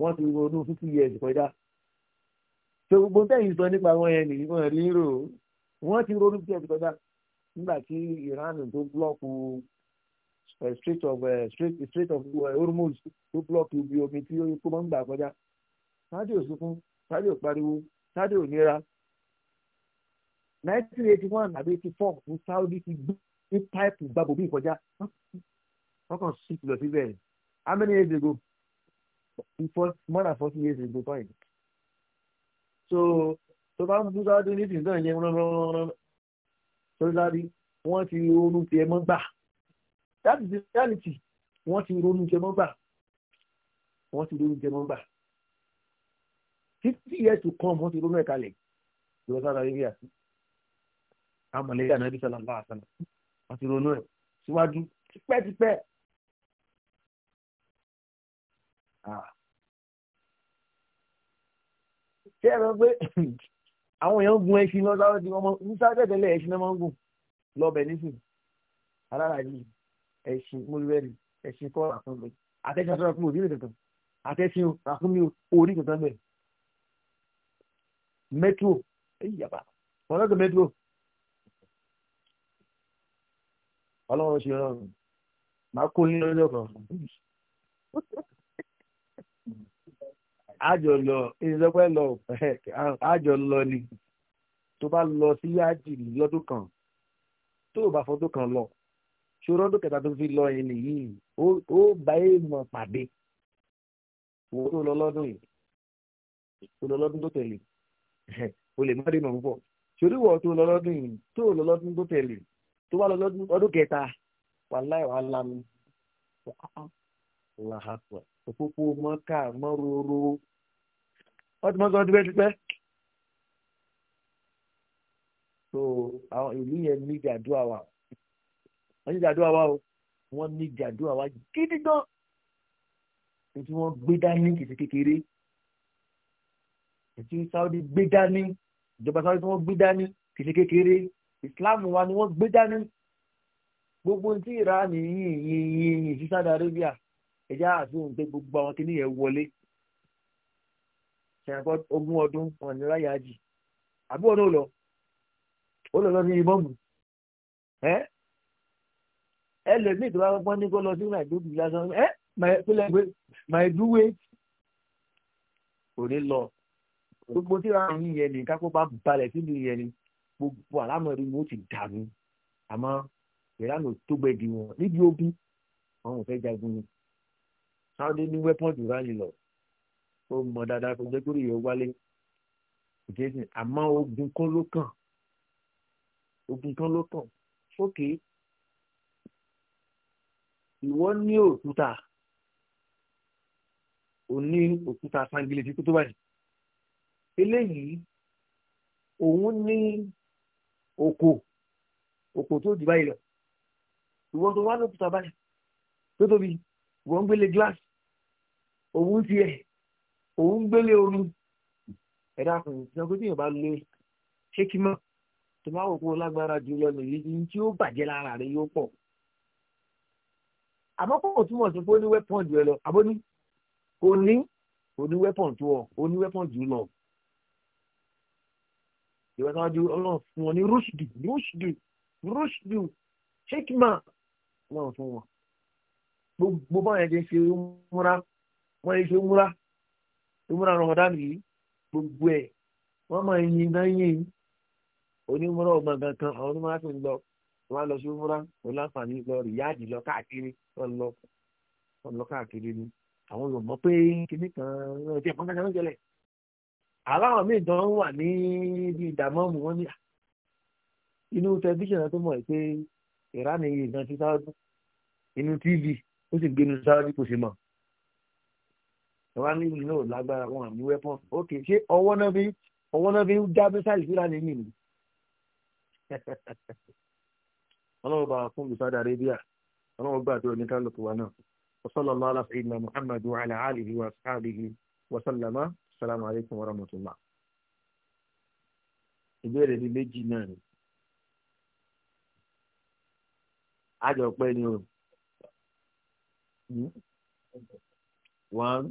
wọ́n ti ronú fifty years kọjá so gbogbo tẹ́yìn sọ nípa wọn yẹn nìyí wọ́n rí rò wọ́n ti ronú fifty years kọjá nígbà tí Iran tó búlọ́ọ̀kù eh, Strait of eh, Strait of eh, Hormuz tó búlọ́ọ̀kù ibi omi tí ó máa ń gbà kọjá sáde sunkún sáde pariwo sáde nira nineteen eighty one àbí eighty four ní Saudi ti gbé ní pipe gbàgbó bí ìkọjá wọ́n kàn sí ìkìlọ̀ síbẹ̀ how many years ago before more than forty years ago fine so tó bá ń bú Saudi nídìí náà yẹn rán rán rán rán sọ́dọ́dárì wọ́n ti ronú tiẹ̀ mọ́ gbà that is the reality wọ́n ti ronú tiẹ̀ mọ́ gbà wọ́n ti ronú tiẹ̀ mọ́ gbà fifty years to come wọ́n ti ronú ẹ̀ kalẹ̀ ìwọ sára rí bíyà sí amọ̀lẹ́yà náà bí sọ̀rọ̀ bá àṣà ti ronú ẹ̀ síwájú tipẹ́tipẹ́ ah. ṣé ẹ àwọn èèyàn gun ẹṣin lọ sáré tí ọmọ ní sáré tẹ̀lé ẹṣin náà máa ń gùn lọ́bẹ̀ nísìn alára yìí ẹṣin mọ́lúwẹ́rì ẹṣin kọ́ àtúntò àtẹ̀sìn àtúntò fún òbí rẹ̀ tuntun àtẹ̀sìn àkúnmí orí tuntun bẹ̀. mẹ́tò èyí yàrá wọn lọ́dọ̀ mẹ́tò ọlọ́run ṣe rọrùn máa kó yín lọ́jọ́ kan àjọ lọ ìṣẹ́pẹ́ lọ *laughs* àjọ lọ ni tó bá lọ sí yáàjì lọ́dún kan tó o bá fọdún kan lọ ṣòro ọdún kẹta tó fi lọ yẹn nìyí ó bá èèmọ̀ pàdé wo tó lọ lọ́dún yìí tó lọ lọ́dún tó tẹ̀lé *laughs* o lè má dènà púpọ̀ ṣòro ìwọ tó lọ lọ́dún yìí tó lọ lọ́dún tó tẹ̀lé tó bá lọ lọ́dún kẹta wàláì wàá lanu wàá làhàpọ̀ òpópó mọ́kà mọ́róró wọ́n ti mọ́kà ọdún pẹ́ so àwọn ìlú yẹn ní ìdàdúrà wa wọ́n ní ìdàdúrà wa o wọ́n ní ìdàdúrà wa gidi gan ètò wọn gbé dání kìí ṣe kékeré ètò Saudi gbé dání ìjọba Saudi tí wọ́n gbé dání kìí ṣe kékeré Islam wa ni wọ́n gbé dání gbogbo tí ìran yìnyín yìnyín sí Saudi Arabia ẹjá àfihàn pé gbogbo àwọn kìnìyẹ wọlé ṣẹ̀ǹkọ́ ogún ọdún wọn ní láyà jì àbúrò náà lọ ó lọ lọ sí ibọ́mù ẹ ẹ lè ní ìtura pọ́n ní kó lọ sí nàìjíríà lásán ẹ pẹ̀lẹ́ pé màá dúwé kò ní lọ gbogbo tí wọn yìí yẹn ní kákó balẹ̀ sínú yẹn ní gbogbo àlámọ̀rí ni ó ti dànù àmọ́ ìlànà tó gbẹ̀dì wọn níbi obi wọn ò fẹ́ jagun ni sáwọ́dé ní wẹ́pọ̀n jù báyìí lọ ó mọ dáadáa kó jẹ́ kórìí ó wálé ìjẹ́sìn àmọ́ ogun kan ló kàn ogun kan ló kàn sókè ìwọ ní òkúta ò ní òkúta sangilé tí kò tó báyìí eléyìí òun ní oko oko tó di báyìí lọ ìwọ tó wá lókúta báyìí tó tóbi ìwọ ń gbélé gíláàsì òun tiẹ̀ òun gbélé omi ẹ̀dá kan ìtàn pé tí yóò bá lé ṣékímọ́ tó máa wò kó lágbára jù lọ nìyí ní tí ó bàjẹ́ lára rẹ̀ yóò pọ̀ àmọ́ kò túmọ̀ sí pé ó ní wẹ́pọ̀n jù ẹ lọ àbó ní kò ní kò ní wẹ́pọ̀n tó ọ ó ní wẹ́pọ̀n jù lọ ìwé tí wọ́n di ọlọ́run fún wọn ní rúṣdù rúṣdù rúṣdù ṣékímọ́ ọlọ́run fún wọn gbogbo báyẹn ti ṣe múra wọ́n yẹ ṣe múra múra rọmọdán yìí gbogbo ẹ̀ wọ́n máa ń yin náà yin onímúra ọmọ kankan àwọn onímọ̀ láti lọ wọ́n lọ sí múra wọ́n láǹfààní lọ rìyáàdì lọ káàkiri wọ́n lọ wọ́n lọ káàkiri ni àwọn yóò mọ̀ pé kinní kan náà ti ẹ̀pọ́n kankan jẹlẹ̀ aláwọ̀ míì gan wà ní ibi ìdààmú wọn ní ah, inú tẹlifíṣàn tó mọ̀ ẹ́ pé ìránìyí ti sáwọ́dún inú tv ó sì gbénu sáwọ́dún kò sí mọ̀ ẹ wá ní ìlú náà lágbára wọn ní wẹ́pọ̀n ok ṣé ọwọ́ náà fi ọwọ́ náà fi ń dá mísáìlì síra ní ìlú *laughs* ọlọ́run bá fún ìfádà arabia ọlọ́run gbàdúrà ní kálukú wa náà wasallallahu ala sayyidina muhammadu ala alihi wa sahabihi wasallama salamu alaykum wa rahmatullah ìbéèrè ní méjì náà ni àjọpẹ́ ni o hmm? one.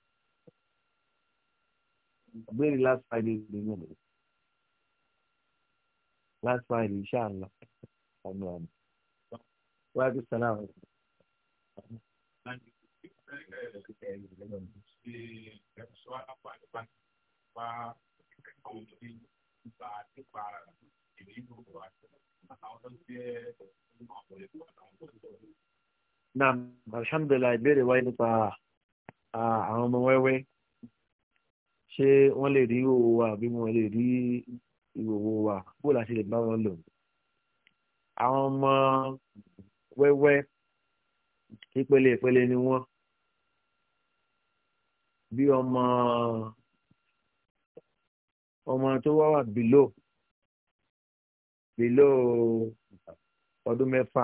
very last Friday is the moment. Last Friday, inshallah. Amen. Wa alaikum salam. Naam, alhamdulillah, ìbéèrè wáyé nípa ah, àwọn ọmọ wẹ́wẹ́ ṣé wọ́n lè rí ìhòòhò wa àbí wọ́n lè rí ìhòòhò wa bó la ṣe lè bá wọn lò àwọn ọmọ wẹ́wẹ́ ìpele ìpele ni wọ́n bí ọmọ ọmọ tó wá wà bìlò bìlò ọdún mẹ́fà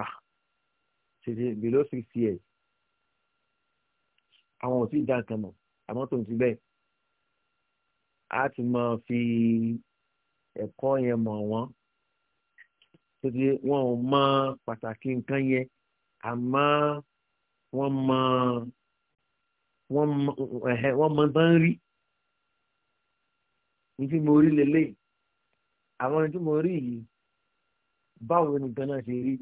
títí bìlò six years àwọn ò tí ì dá nǹkan mọ̀ àmọ́ tó ń ti bẹ́ẹ̀ á ti máa fi ẹ̀kọ́ yẹn mọ̀ wọ́n tó ti wọn ò mọ pàtàkì nǹkan yẹn àmọ́ wọ́n mọ wọ́n mọ ẹ̀hẹ́ wọ́n mọ bá ń rí ní tí mo rí lélẹ́yìí àwọn ẹni tí mo rí yìí báwo ni nǹkan náà ṣe rí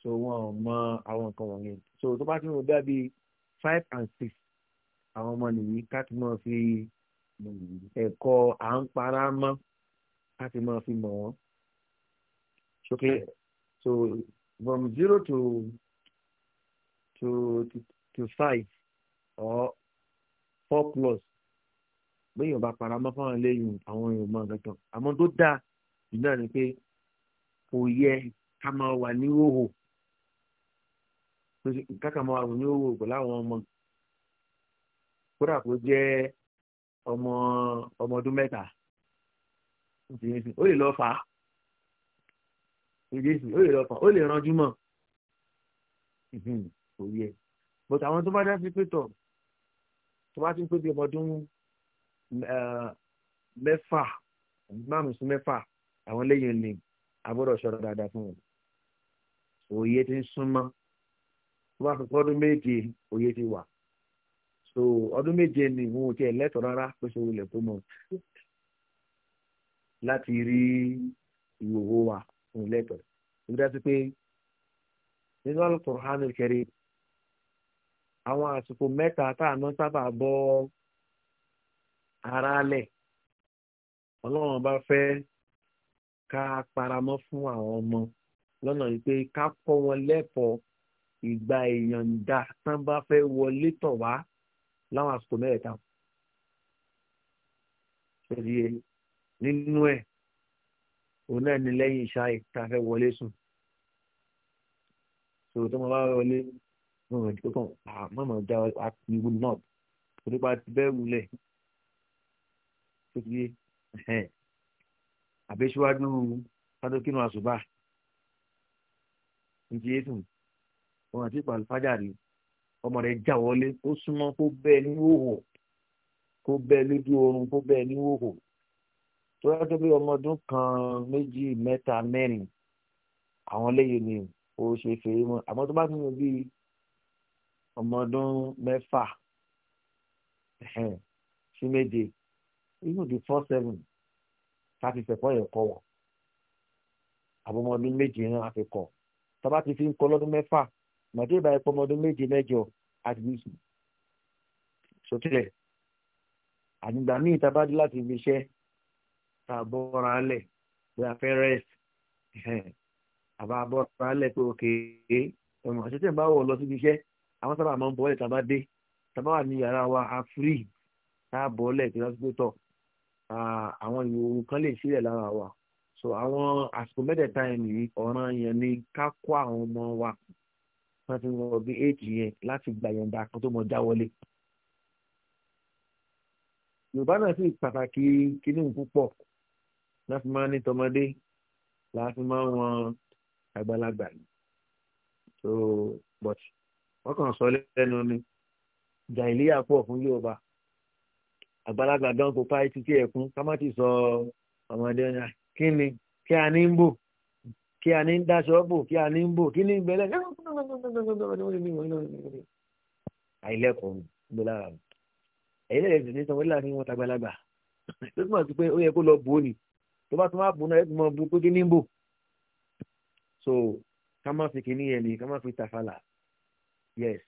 so wọn ò mọ àwọn nǹkan wọ̀nyẹn so tó bá ti mọ̀ bí i five and six àwọn ọmọ nìyí ká ti mọ̀ fi ẹ̀kọ́ à ń para mọ́ láti máa fi mọ̀ wọ́n. ṣókè so from zero to to to, to five or four plus gbẹ̀yìn ọba paramọ́ fáwọn lẹ́yìn àwọn èèyàn mọ́ gangan àmọ́ tó dáa jù náà ni pé kò yẹ ká máa wà ní òhò káka máa wà ní òhò pẹ̀lú àwọn ọmọ kódà kó jẹ́ ọmọ ọmọ ọdún mẹ́ta o lè lọ fà á ó lè lọ fà á ó lè ranjú mọ́ kò yẹ but àwọn tó bá dá sí pé tọ̀ tó bá ti ń pé bí ọmọ ọdún mẹ́fà márùn sí mẹ́fà àwọn lẹ́yìn lè agbọ́dọ̀ ṣọ́ra dáadáa fún wọn òye ti ń súnmọ́ tó bá fi pọ́dún méje òye ti wà so ọdún méje ni wọn ò tiẹ̀ lẹ́tọ̀ọ́ rárá pé ṣe wulẹ̀ tó mọ̀ láti rí ìwòwò wa òun lẹ́tọ̀ọ́ ìbí dájú pé nínú Al-Qur'anul Karim àwọn àsìkò mẹ́ta táàmù sábà bọ́ ara lẹ̀ ọlọ́run bá fẹ́ ká paramọ́ fún àwọn ọmọ lọ́nà yìí pé ká kọ́ wọn lẹ́kọ̀ọ́ ìgbà ìyọ̀ǹda tán bá fẹ́ wọlé tọ̀ wá láwọn àsìkò mẹ́ẹ̀ẹ́ta ṣèlú yẹ nínú ẹ̀ òun náà ní lẹ́yìn ìṣá ìta fẹ́ wọlé sùn sọ̀rọ̀ tó máa bá wọlé wọn ò dìbò kàn àmọ́ dá àpìwò náà torí pa ti bẹ́ẹ̀ wulẹ̀ ṣèlú yẹ àbẹ́síwájú adókínú àṣùbà ní ti yé sùn òun àti ìpàlùfájà rèé ọmọ rẹ̀ já wọlé ó súnmọ́ kó bẹ́ẹ̀ ní hòhò kó bẹ́ẹ̀ lójú oorun kó bẹ́ẹ̀ ní hòhò tó yá tó bí ọmọ ọdún kan méjì mẹ́ta mẹ́rin àwọn lẹ́yìn ni ó ṣe fèrè mọ́ àmọ́ tó bá tún lọ bí ọmọ ọdún mẹ́fà sí méje even the four seven láti fẹ̀kọ́ yẹn kọ́ wọn àbọ̀mọdún méje náà á fi kọ́ tọ́ba ti fi ń kọ́ lọ́dún mẹ́fà màdé ìbáyé ọmọdún méje mẹ́jọ admission sọtẹ́lẹ̀ àdìgbà míì tá a bá dé láti ibi iṣẹ́ tá a bọ́ra lẹ̀ pé a fẹ́ rest àbá bọ́ra lẹ̀ pé òkè ẹ̀wọ̀n àṣetẹ̀ bá wọ̀ lọ síbi iṣẹ́ àwọn sábà máa ń bọ́lẹ̀ tá a bá dé tá a bá wà ní yàrá wa a free tá a bọ́lẹ̀ tí wọ́n ti gbé tọ̀ àwọn ìròyìn kan lè sílẹ̀ lára wa so àwọn àsìkò mẹ́tẹ̀ẹ̀ta yẹn nìyí ọ̀ràn yẹn ni ká kó àwọn ọmọ wa wọ́n ti wọ̀ bí eight yẹn láti gba yọ̀ǹda kan tó mọ já wọlé. yorùbá náà sì pàtàkì kínní púpọ̀ láti máa ní tọmọdé láti máa wọn àgbàlagbà yìí so but wọ́n kàn sọ lẹ́nu ni jàìlíyà pọ̀ fún yorùbá àgbàlagbà gan kò pa etí tí ẹ̀ kún ká má ti sọ ọmọdé ọ̀nà kí ni kí a ní ń bò kí a ní ń dáṣọ bò kí a ní ń bò kí ní ìbẹ̀lẹ̀ àìlẹ́kọ̀ọ́ gbé lára mi ẹ̀yìn lẹ́yìn ìdílé sanwó nílà ní wọn ni tó bá tún wá bò náà ẹ̀ tún mọ̀ so ká má fi kíní yẹn ni ká má yes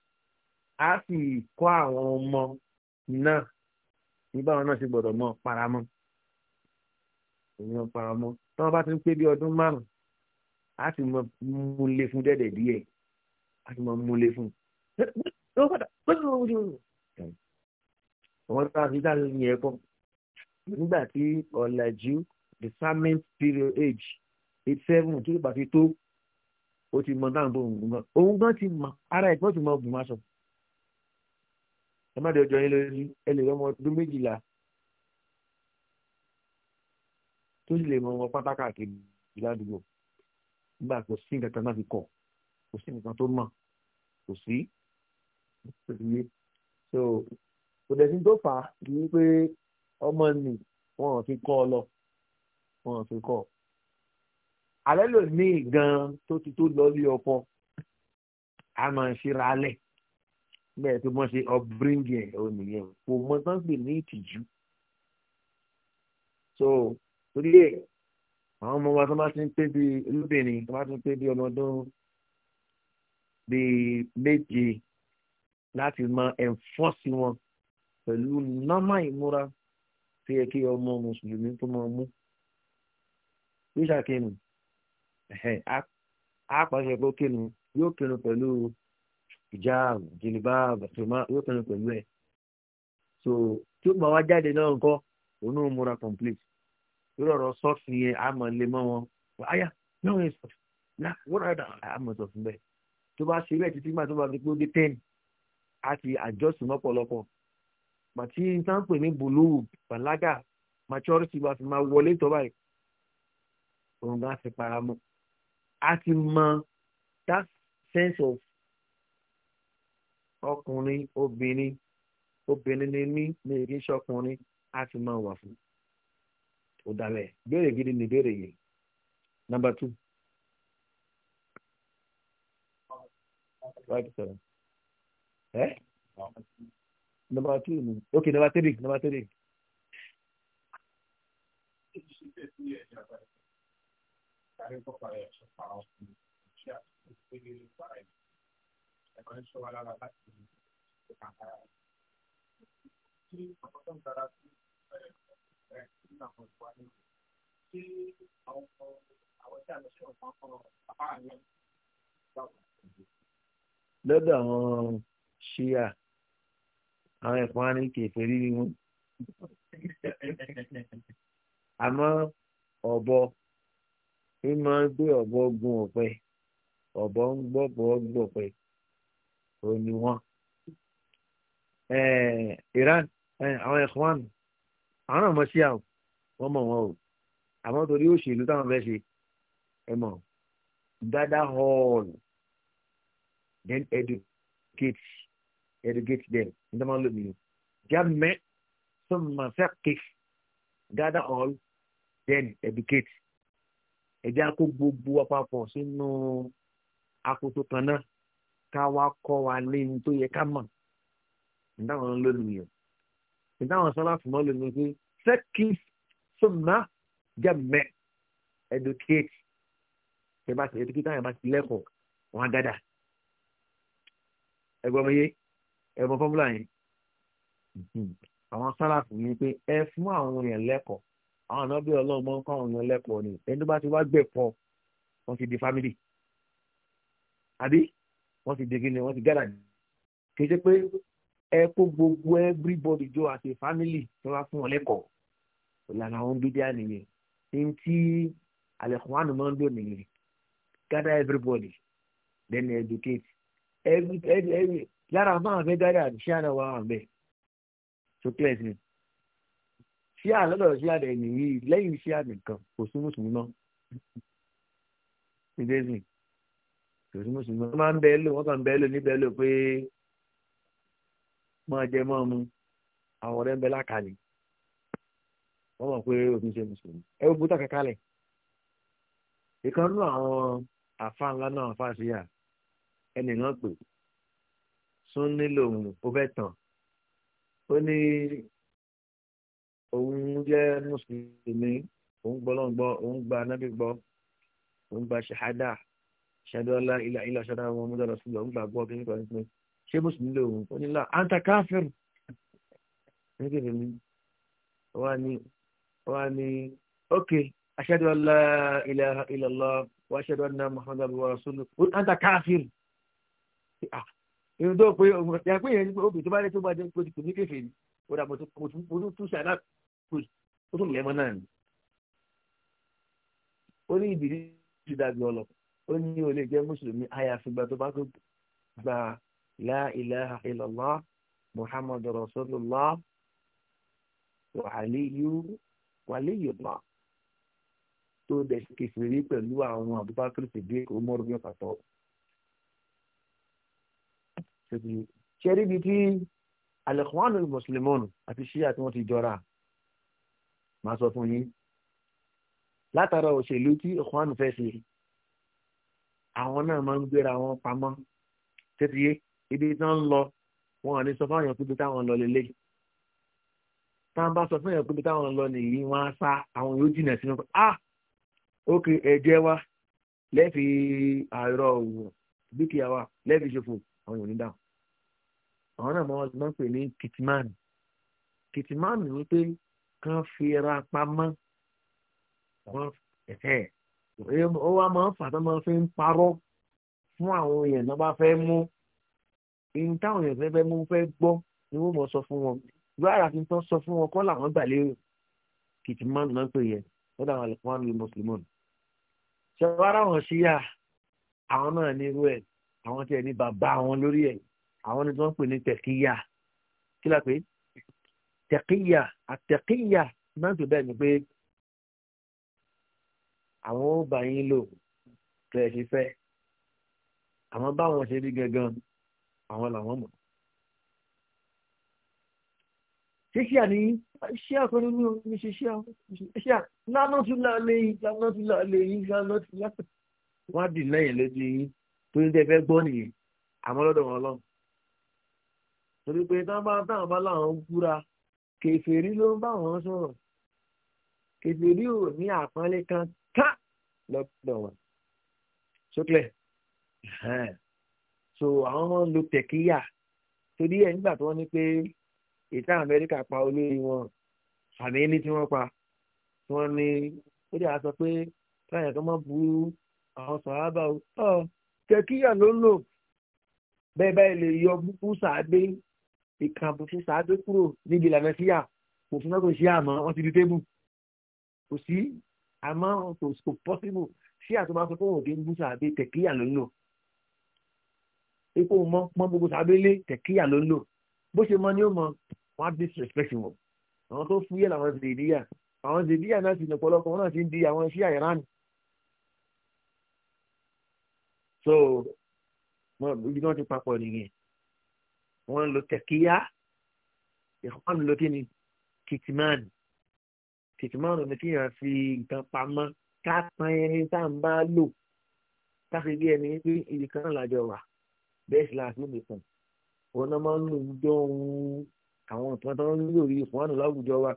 a sì kọ́ àwọn ọmọ náà ní báwọn náà ṣe gbọ́dọ̀ mọ́ paramọ́ èèyàn paramọ́ tí wọ́n a ti mọ múlé fún dẹ́dẹ̀ díẹ̀ a ti mọ múlé fún àwọn tó fi dáhùn yẹn kọ́ nígbà tí ọ̀làjú the sermon period age eight seven tó bá fi tó ó ti mọ dáhùn bó ń gan òun gan ti mọ ara ẹ̀ tó ti mọ bùn aṣọ ẹ má dé ọjọ́ yín lórí ẹ lè rọmọ ọdún méjìlá tó sì lè mọ wọn pátákà kiri nígbà kò sí nǹkan kan náà fi kọ̀ kò sí nǹkan tó mọ̀ kò sí so kò dẹ̀ sí tó fà á kì í pé ọmọ nì wọn ò fi kọ́ ọ lọ wọn ò fi kọ́ ọ. alẹ́ lò ní gan-an tó ti tó lọ lé ọkọ a máa ń ṣíra alẹ́ bẹ́ẹ̀ tó mọ̀ ṣe upbringing ẹ̀ ò nìyẹn kò mọ tán pè ní ìtìjú so torí ẹ̀ àwọn ọmọ wa tó bá ti ń pé bí olóbìnrin tó bá ti ń pé bí ọmọ ọdún bí méje láti mọ ẹ̀fọ́sí wọn pẹ̀lú nọ́mà ìmúra tó yẹ kí ọmọ mùsùlùmí tó máa mú yíṣà kínú á pàṣẹ pé ó kínú yóò kínú pẹ̀lú ìjáàbù jìlìbáàbù àtùmá yóò kínú pẹ̀lú ẹ̀ so tí ó gbà wá jáde náà nǹkan òun náà múra complete irú ọ̀rọ̀ sọ́ọ̀tì yẹn àmọ̀ lè mọ́ wọn àyà náà yẹn sọ̀tì náà wọ́n rà àmọ̀ sọ̀ fún bẹ́ẹ̀ tó bá ṣe bẹ́ẹ̀ títí máa tó bá fi pé ó dé ten àti àjọsìn lọ́pọ̀lọpọ̀ màtí nǹkan pè ní bùlùú bàlágà maturity bá fi máa wọlé tó báyìí òun bá fi para mọ́ a ti mọ that sense of ọkùnrin obìnrin obìnrin ni mí mi kì í ṣọkùnrin a ti mọ wà fún un kò dà bẹ́ẹ̀ béèrè gidi ni béèrè yìí number two. Right, sir. Eh? Number two. Okay, number three. Number three. Thank lọ́dọ̀ àwọn ṣíà àwọn ẹ̀fọn á ní kẹfẹ́ rírí wọn àmọ́ ọ̀bọ ń máa gbé ọ̀bọ gun ọ̀pẹ ọ̀bọ ń gbọ́bọ̀ gbọ̀pẹ òní wọn. Iran àwọn ẹ̀fọn àná àárọ̀ mọ́ sí àwọn wọ́n mọ̀ wọn o àmọ́ torí òṣèlú táwọn fẹ́ ṣe ẹ mọ̀ gather hall then educate educate them níta máa ń lò nìyẹn jàmẹ́ sọ́mà fẹ́kẹ́ gather hall then educate ẹ̀dá kó gbogbo àpapọ̀ sínú akoto kan náà ká wá kọ́ wa lẹ́yìn tó yẹ ká mọ̀ níta máa ń lò ìdáhùn sọ́láfù mọ́ lè ní pé sẹ́kì sọ́nà jẹ́mẹ́ educate ṣe bá ṣe educate àyàmá ti lẹ́kọ̀ọ́ wọn á gádà ẹgbọ́n mi yé ẹgbọ́n fọ́múlà yẹn hmm. àwọn sọ́láfù ní pé ẹ fún àwọn èèyàn lẹ́kọ̀ọ́ àwọn àná bí ọlọ́run mọ́ ń kọ́ àwọn èèyàn lẹ́kọ̀ọ́ ni ẹni tó bá ti wá gbẹ̀pọ̀ wọ́n ti di family àbí wọ́n ti di kí ni wọ́n ti gádà kì í ṣe pé ẹ kó gbogbo everybody jọ àti family tí wọ́n fún wọn lẹ́kọ̀ọ́ ìlànà àwọn bídíà nìyẹn ní ti alẹ́kùnrin máa ń lò nìyẹn gather everybody then educate every every every lára máa fẹ́ gather àdìsí àná wà wà bẹ́ẹ̀ so clear ni ṣí àlọ́dọ̀ ṣí àdẹ̀ nìyí lẹ́yìn ṣí àdẹ̀ kan kò sí mùsùlùmí náà ìdẹ́sìn kò sí mùsùlùmí náà wọ́n máa ń bẹ́ẹ̀ lò wọ́n kàn ń bẹ́ẹ̀ lò níbẹ̀ lò pé máa jẹ máa mu àwọn ọ̀rẹ́ ń bẹ lákàlẹ̀ wọ́n mọ̀ pé òfin ṣe mùsùlùmí ẹ gbogbo tá kàkálẹ̀ ìkan nú àwọn àfa ńlá náà àfa síyà ẹnì náà pè sún nílò òun ó fẹ́ tàn ó ní òun jẹ́ mùsùlùmí òun gbọ́ lọ́n gbọ́ òun gba anábì gbọ́ òun gba ṣahada ṣadọ́lá ilà ilà ṣadọ́lá wọn mú dọ́là sílẹ̀ òun gbàgbọ́ kí nípa nípa ṣé mùsùlùmí lòun ó ní là anta káfíìn nígbèrè mi wà ní wà ní ókè ashhadu an la ilaha illallah wa ashhadu anna muhammadan wa rasuluhu anta káfíìn ìrùdó ah, pé yàgbé yẹn obì tó bá dé tó bá dé kó ti kò ní kéfì ni ó dà mo tún túṣe aláàkóso ó tún lẹ́mọ náà ni. ó ní ìbílí ti dàgbé ọlọ ó ní o lè mùsùlùmí àyàfi ìgbà bá tó gba la ilaha illallah muhammadu rasulullah wa aliyu waliyullah tó dẹ̀ kẹfìrí pẹ̀lú àwọn abubakar sèdè omar bin khattab ṣẹ́rí bíi tí alẹ́kùnránù mùsùlùmọ́nù àti ṣíà tí wọ́n ti jọra máa sọ fún yín látara òṣèlú tí ìkùnránù fẹ́ ṣe àwọn náà máa ń gbéra wọn pamọ́ tẹ́tíyé ibi tí wọ́n ń lọ wọn ò ní sọ fáwọn èèyàn pé ibi táwọn ń lọ lélẹ̀ tá a bá sọ fún èèyàn pé ibi táwọn ń lọ nìyí wọ́n á sá àwọn yóò jìnà sínú pé ah ókè ẹ̀jẹ̀ wa lẹ́ẹ̀fì àárọ̀ òwò dúkìá wa lẹ́ẹ̀fì ṣòfò àwọn èèyàn ò ní dáhùn àwọn náà máa ń pè ní kìtìmáàni kìtìmáàni ni pé kán fi ra pamọ́ wọn ẹ̀ẹ́ ó wá máa ń fà tó máa fi ń parọ́ fún àwọn èèyàn náà bá fẹ́ mú ihun táwọn èèyàn fẹ́ fẹ́ mú fẹ́ gbọ́ ni wọ́n mọ̀ sọ fún wọn ìwé àràfin tán sọ fún wọn kọ́ làwọn gbà lérò kìtì máa ń lọ́pẹ̀ yẹn lọ́dọ̀ àwọn àlùfáà ní mùsùlùmí. ṣọwárà wọn ṣíyà àwọn náà ní irú ẹ̀ àwọn tí ẹ ní bàbá wọn lórí ẹ̀ àwọn ni wọ́n pè ní tẹ̀kíyà kí la pé tẹ̀kíyà àtẹ̀kíyà náà tó bẹ́ẹ̀ ni pé àwọn ó bá yín lò tẹ̀ ẹ̀ ṣe fẹ́ àwọn báwọn ṣe rí gangan àwọn làwọn mọ̀. ṣíṣíà ní ṣíà kan nínú mi ṣe ṣíà ṣíà lánà tún lálẹ́ yìí lánà tún lálẹ́ yìí lánà tún lálẹ́ yìí wọ́n á dì lẹ́yìn lójú yìí tó ní tẹ́ fẹ́ gbọ́ nìyẹn àmọ́ lọ́dọ̀ wọn lọ́hùn torí pé táwọn bá táwọn bá láwọn búra ló ń bá wọn sọ̀rọ̀ kèfèrí ò ní àpọ́nlé kan ká lọ́dọ̀ wọn sókè so àwọn ọmọ ń lo tẹ̀kíyà torí ẹ̀ nígbà tí wọ́n ní pé ìta Amẹ́ríkà pa olórí wọn àmì ní tí wọ́n pa tí wọ́n ní ó dẹ̀ á sọ pé káyà tó máa bu àwọn sàábà ọ tẹ̀kíyà ló ń lò bẹ́ẹ̀ báyìí lè yọ búkú sàádé ìkàn bùkú sàádé kúrò níbi ìlànà síyà kò fún mọ́tò sí àmọ́ wọ́n ti di tébù kò sí àmọ́ kò possible síyà tó máa sọ pé òun kì í bú sàádé tẹ̀kíyà ló lò ipò mọ́ mọ́ gbogbo sábẹ́lé tẹ̀kíyà ló ń lò bó ṣe mọ́ ni ó mọ wọ́n á disrespect wọn àwọn tó fúyẹ́ làwọn zèdíyà àwọn zèdíyà náà sì ní ọ̀pọ̀lọpọ̀ wọn náà ti ń di àwọn iṣẹ́ àyàrá ni. so ibi náà ti papọ̀ nìyẹn wọ́n ń lo tẹ̀kíyà ìkọ́n ń lo kí ni kìtìmáàni ni kí yàn fi nǹkan pamọ́ ká tan ẹni tá à ń bá lò ká fi bí ẹni pé ibì làjọ wà bẹ́ẹ̀ sì láti lóde kan wọn náà máa ń lò ó jọ ohun àwọn nǹkan tó ń lò rí ìfọ̀nù láwùjọ wa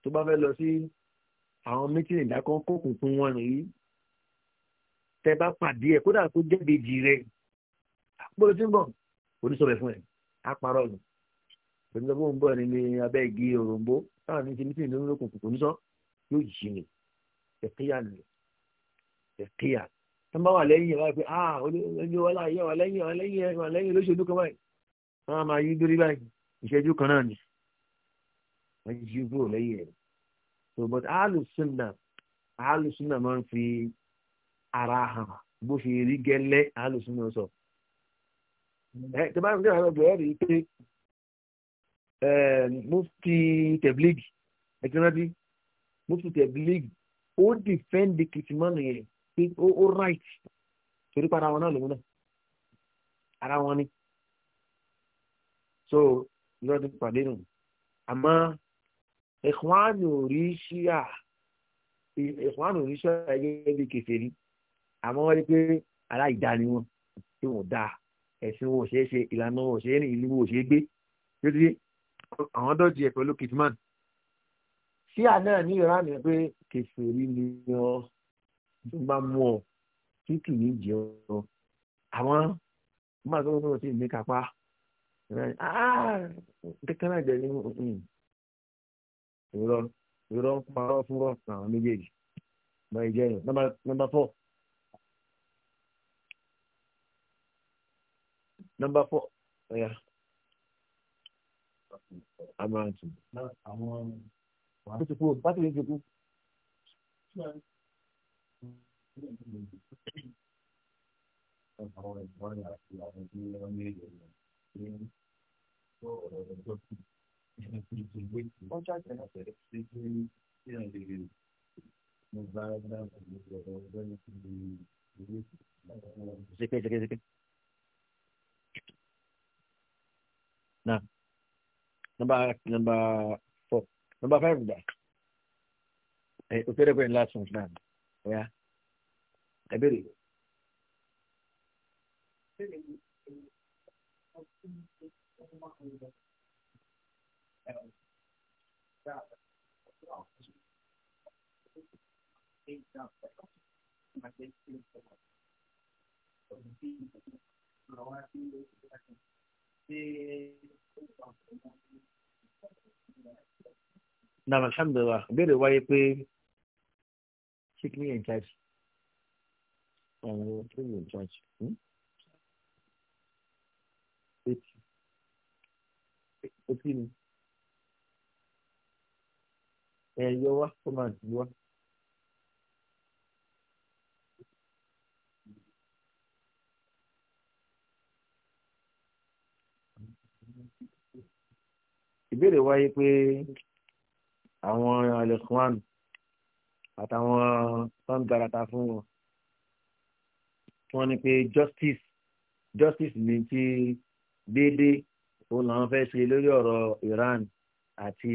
tó bá fẹ́ lọ sí àwọn mítìnì ìdákan kókùn fún wọn nìyí tẹ bá pàdé ẹ kódà kó jẹ́ bèjì rẹ àpò tí ń bọ̀ oníṣọ́bẹ̀ fún ẹ á parọ́ ọ̀nà pẹ̀lú ọgbọ́n ń bọ̀ ní abẹ́ igi òròǹbó táwọn ní ti mítìnì lórí òkùnkùn kò sọ yóò yí ni ẹ̀kíyà ni ẹ̀kíyà ni ẹ máa wà lẹ́yìn ẹ̀ wá pé ah olóyún wọlé ayé wà lẹ́yìn wà lẹ́yìn ẹ̀ wà lẹ́yìn lóṣèlú kan báyìí wọ́n á máa yí dórí báyìí ìṣẹ́jú kan náà ni wọ́n yí kúrò lẹ́yìn ẹ̀ so but alùsùnà alùsùnà máa ń fi ara hàn bó ṣe rí gẹ́lẹ́ alùsùnà sọ ẹ tó bá ń gbé àwọn ọgbẹ́ rí pé eh, mufti tẹ̀blígì ẹ ti rántí mufti tẹ̀blígì ó dìfẹ́ǹdì kìtìmọ́nù yẹn pé ó right torí para wọn náà lòun náà ara wọn ni so lọ́dún pàdé nù àmọ́ ìkwánù rí ṣíà ìkwánù rí ṣíà ẹgbẹ́ bíi kèfèrí àmọ́ wọ́n rí pé aláìdá ni wọ́n tí wọ́n dáa ẹ̀sìn wọn ò ṣeé ṣe ìlànà wọn ò ṣeé ní ìlú wọn ò ṣeé gbé lórí àwọn dọ́jì ẹ̀ pẹ̀lú kìtìmán ṣíà náà ní ìran ni pé kèfèrí ni wọ́n tó bá mú ọ tí kì í jẹ ọ àwọn máa tó sọ̀rọ̀ sí ìmí kápá kékeré náà jẹ ní ìrọ ìrọ ń parọ́ fúnrọ́ àwọn méjèèjì máa jẹ ẹ̀yìn nọ́mbà fọ́. nọ́mbà fọ́ ẹ̀yà amarantu. àwọn wàá tó ti kú bá tó ti kú ọjà tẹ̀lé ṣe kí kí ẹ̀ lè rí Now, number number four, number five. That. Hey, okay, the last one now. Yeah. ẹ béèrè. Nàà alhamdulilah, ìbéèrè wáyé pé me and chips and you will pay your judge. Hmm? Eighty. Eighty ni. Ẹ̀yọ wá kó máa Ìbéèrè wáyé pé àwọn alẹ́kùn àmì àtàwọn tó ń darata fún wọn wọ́n ní pé justice justice ní ti déédéé òun làwọn fẹ́ ṣe lórí ọ̀rọ̀ Iran àti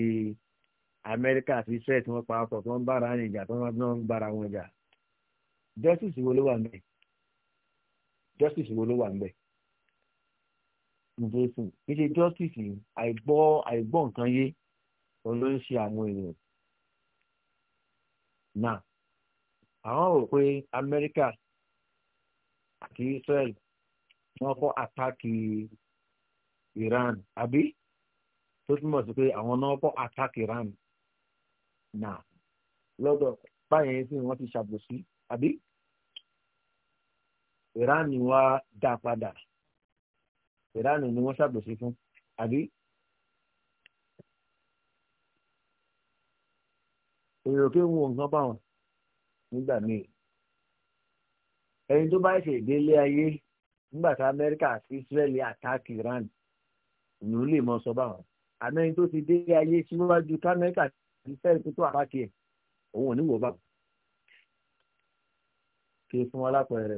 Amẹ́ríkà àti Israel tí wọ́n pa ọkọ̀ tí wọ́n ń bára wọn ìjà tí wọ́n ń bára wọn ìjà justice wo ló wà ń justice wo ló wà ń bẹ̀ ìjẹsìn kì ṣe justice àìgbọ́ àìgbọ́ nǹkan yé òun ló ń ṣe àwọn èèyàn náà àwọn rò pé Amẹ́ríkà àti Israel wọ́n atakị àtàkì Iran àbí tó túmọ̀ sí pé àwọn náà kọ́ àtàkì Iran náà lọ́dọ̀ wọ́n ti ṣàbòsí àbí Iran ni wọ́n dá padà Iran ni wọ́n ṣàbòsí fún àbí. èrò kí n wo nǹkan báwọn nígbà míì ẹni tó bá ṣe ìdílé ayé nígbà tá amẹ́ríkà àti israẹli attack iran ìlú lè mọ sọ báwọn àmọ́ ẹni tó ti délé ayé síwájú ká amẹ́ríkà àti israẹli tó tó àpákì ẹ̀ òun ò ní wò báwọn. kí fún wọn lápẹẹrẹ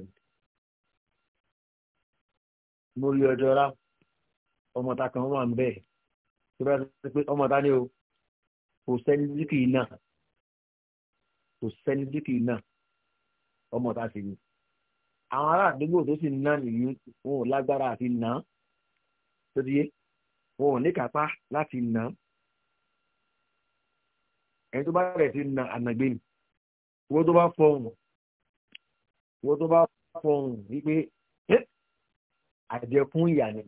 mo rí ọjọ́ rá ọmọta kan wà ń bẹ́ẹ̀ tó bá ti pé ọmọta ni o kò sẹ́ni díkì náà kò sẹ́ni díkì náà ọmọta sì ni àwọn ará àdúgbò tó sì ná nìyí wọn ò lágbára àti ná tó ti yé wọn ò níkàápá láti ná ẹni tó bá rẹ̀ sí na ànàgbé ni wọ́n tó bá fọhùn wọ́n tó bá fọhùn wípé àjẹkún ìyà ni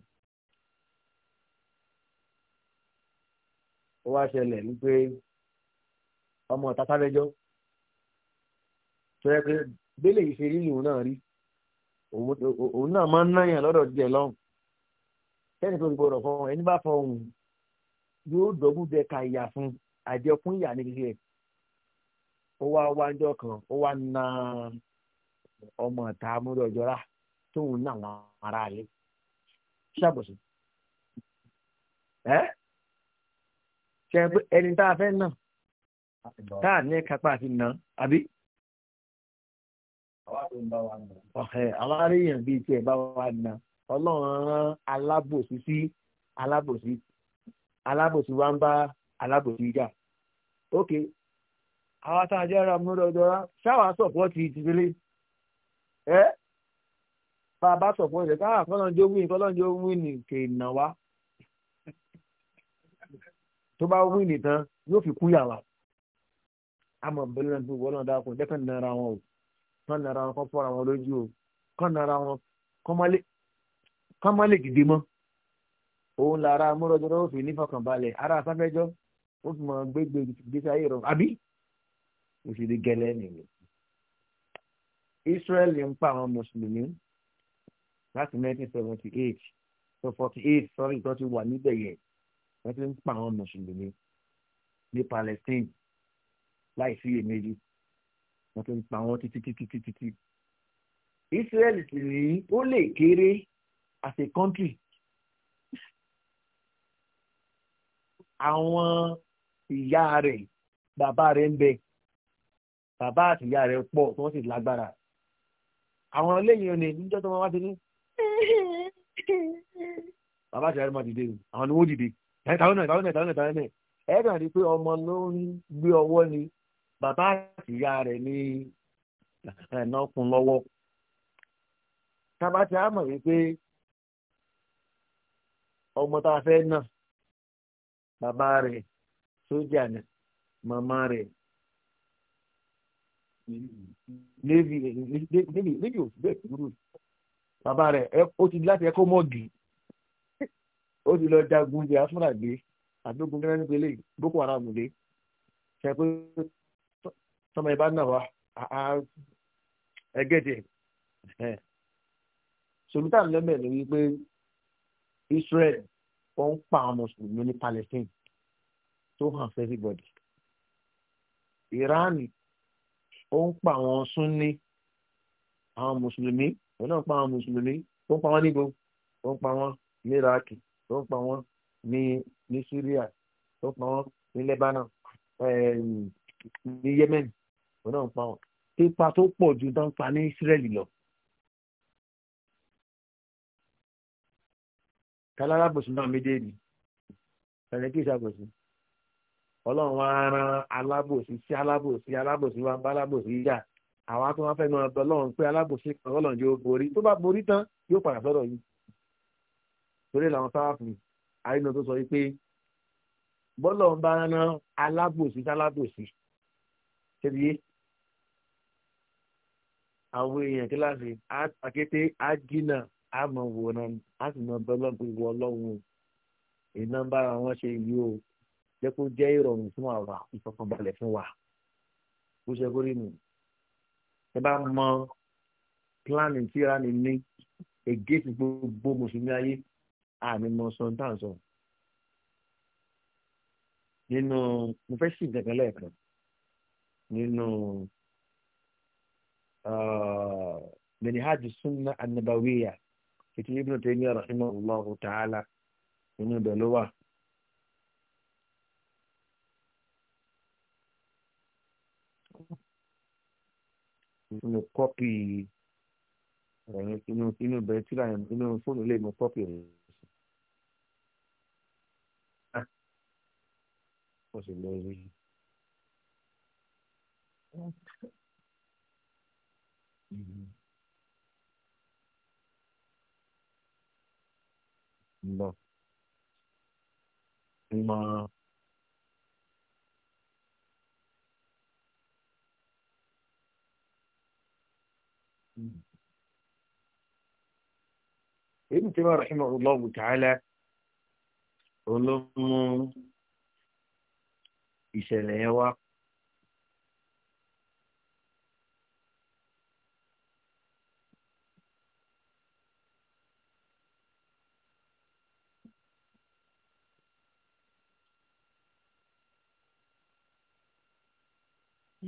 ó wá ṣẹlẹ̀ wípé ọmọ tata lẹ́jọ́ tó yẹ pé bẹ́lẹ̀ ìṣeré ìlú náà rí òun náà máa ń náyàn lọ́dọ̀ díẹ̀ lọ́hùn kẹ́ni tó gbọdọ̀ fọ ẹni bá fọ ohun yóò dọ́gbù bẹ ka ìyà fún àjẹkún ìyà ní kékeré ó wá wájọ kan ó wá na ọmọ ìta amúdọ̀jọ́ra tóun náà wọn ara rẹ̀ ṣàbọ̀sọ. ẹ ṣe ẹni tá a fẹ́ nà tá a ní kápá àti nà àbí àwọn aríyàn bíi tiẹ̀ bá wà nà ọlọ́run rán alábòsí sí alábòsí alábòsí wa ń bá alábòsí jà ok àwọn àtàjẹ́ ara mú lọ́dọ́ra ṣáwà sọ̀pọ̀tì ìdílé ẹ bá a bá sọ̀pọ̀tì ẹ̀ káà fọlọ́njọ́ wíìn fọlọ́njọ́ wíìn kè nà wá tó bá wíìn tán yóò fi kú yàrá àmọ̀ bẹ́lẹ̀ náà tó wọ́n náà dákun jẹ́kàn nára wọn o kán nara wọn kán fọ́ra wọn lójú o kán nara wọn kán má lè dìde mọ́ òun lára amúrọ̀jọ́rọ́ ó fi nífọ̀kànbalẹ̀ ara sáfẹ́jọ́ ó fi mọ̀ gbégbé gbèsè ayé rọ̀ àbí òṣèlú gẹlẹ́ nìyẹn. Israẹli ń pa àwọn mùsùlùmí láti 1978 to 48 sorry tó ti wà níbẹ̀ yẹn wọ́n ti ń pa àwọn mùsùlùmí ní Palestine láì sí iyèméjì wọ́n tó ń pa wọ́n títí títí títí títí. Israel sì rí ó lè kéré as a country. Àwọn ìyá rẹ̀ bàbá rẹ̀ ń bẹ bàbá àti ìyá rẹ̀ pọ̀ tí wọ́n sì lágbára. Àwọn eléyìí ò ní níjọ́ tó máa wá ti ní. Bàbá àti ìyá rẹ̀ máa dìde àwọn ni wọ́n dìde. Ẹ̀ẹ́dàwọ́nà ẹ̀ẹ́dàwọ́nà ẹ̀ẹ́dàwọ́nà ẹ̀ẹ́dàwọ́nà ẹ̀ẹ́dàwọ́nà rí pé ọmọ ló ń gbé ọwọ́ ni bàbá àti ìyá rẹ̀ ní ẹ̀nà ọkùn lọ́wọ́ tábàtì á mọ̀ wípé ọmọ tá a fẹ́ náà bàbá rẹ̀ sójà ni màmá rẹ̀ navy navy navy ò bẹ́ẹ̀ kúrú bàbá rẹ̀ ó ti láti ẹ̀kọ́ mọ́ọ̀gì ó ti lọ jagun jẹ́ afúnàgbé àdógún gẹ́gẹ́ nípa boko haram dé ṣe pé tọ́mọ ẹ bá nà wá ẹgẹ́dẹ̀ sòlítà lẹ́mẹ̀ ni wípé Israel wọ́n ń pa àwọn mùsùlùmí ní Palestine tó hàn fún everybody Iran ó ń pa àwọn Sunni àwọn mùsùlùmí òun náà ń pa àwọn mùsùlùmí ó ń pa wọ́n níbo ó ń pa wọ́n ní Iraq ó ń pa wọ́n ní ní Syria ó ń pa wọ́n ní Lebanon ní Yemen wọn náà ń pa wọn pípa tó pọ̀ ju tán pa ní Ísírẹ́lì lọ. kálára bùsùn náà méjèèjì ẹni kí ìṣàbòsí ọlọ́run wa ran alábòsí sí alábòsí alábòsí wa ń bá alábòsí yà àwa tó wọn fẹ́ nu ọ̀dọ̀ ọlọ́run pé alábòsí kan ọlọ́run yóò borí tó bá borí tán yóò padà sọ́dọ̀ yìí torí làwọn sáwàfù àyínà tó sọ yìí pé bọ́lọ̀ ń bá ran alábòsí sí alábòsí ṣe ti yé àwọn èèyàn kíláàsì àkété ágínà àmọ̀ wòran á sì mọ bẹ́ẹ̀ lọ́gbọ̀n ìwọ ọlọ́run iná ń bára wọn ṣe yìí o jẹ́ kó jẹ́ ìrọ̀rùn fún àwa ìfọkànbalẹ̀ fún wa bó ṣe kórè nù ẹ bá mọ pílánì tí ra ni ní ègéèsì gbogbo mùsùlùmí ayé àmì mọ sọńtàǹsọ nínú mo fẹ́ sì gẹ̀gẹ́ lẹ́ẹ̀kan nínú minhaj sunna annabawiya ètò ibnu taymiya rahimahullahu ta'ala nínú ibẹ̀ ló wà. inú kọ́pì inú inú bẹ̀rẹ̀ tíra inú fóònù lè mú kọ́pì rẹ̀ sí. ó sì lọ rí i. الله الله ابن تيمية رحمه الله تعالى olómú ìṣẹ̀lẹ̀ yẹn wá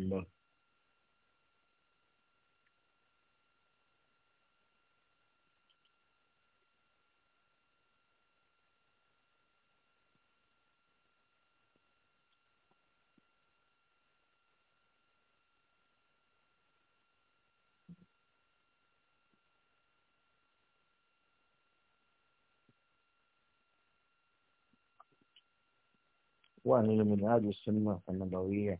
lọ. وعن المنهاج السنة النبوية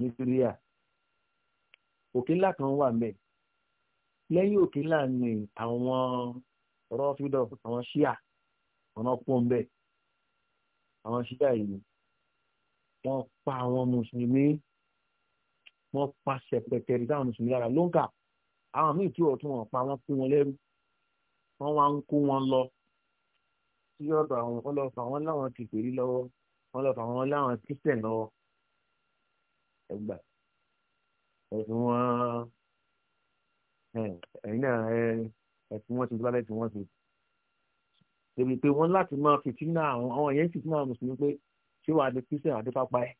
ní syria òkè ńlá kan wà ńbẹ̀ lẹ́yìn òkè ńlá ni àwọn rọfídọ àwọn ṣíà wọn pọ̀ ńbẹ̀ àwọn ṣíà yìí wọ́n pa àwọn mùsùlùmí wọ́n pa sẹpẹtẹrì táwọn mùsùlùmí lára ló ń kà àwọn míì tí ọtún wọ́n pa wọ́n kó wọn lẹ́rú wọ́n wá ń kó wọn lọ sí ọ̀dọ̀ àwọn ọlọfà wọn láwọn ti pèrí lọ́wọ́ wọn wọn láwọn kristian lọ́wọ́ ẹ gbà ẹ̀sùn wọn ẹ̀yin náà ẹ̀sùn wọn ti gbálẹ̀ tí wọ́n ṣe. Èmi pé wọ́n láti máa fìtínà àwọn àwọn yẹn fìtínà mùsùlùmí pé ṣé wàá di Christian àti pápá ẹ̀.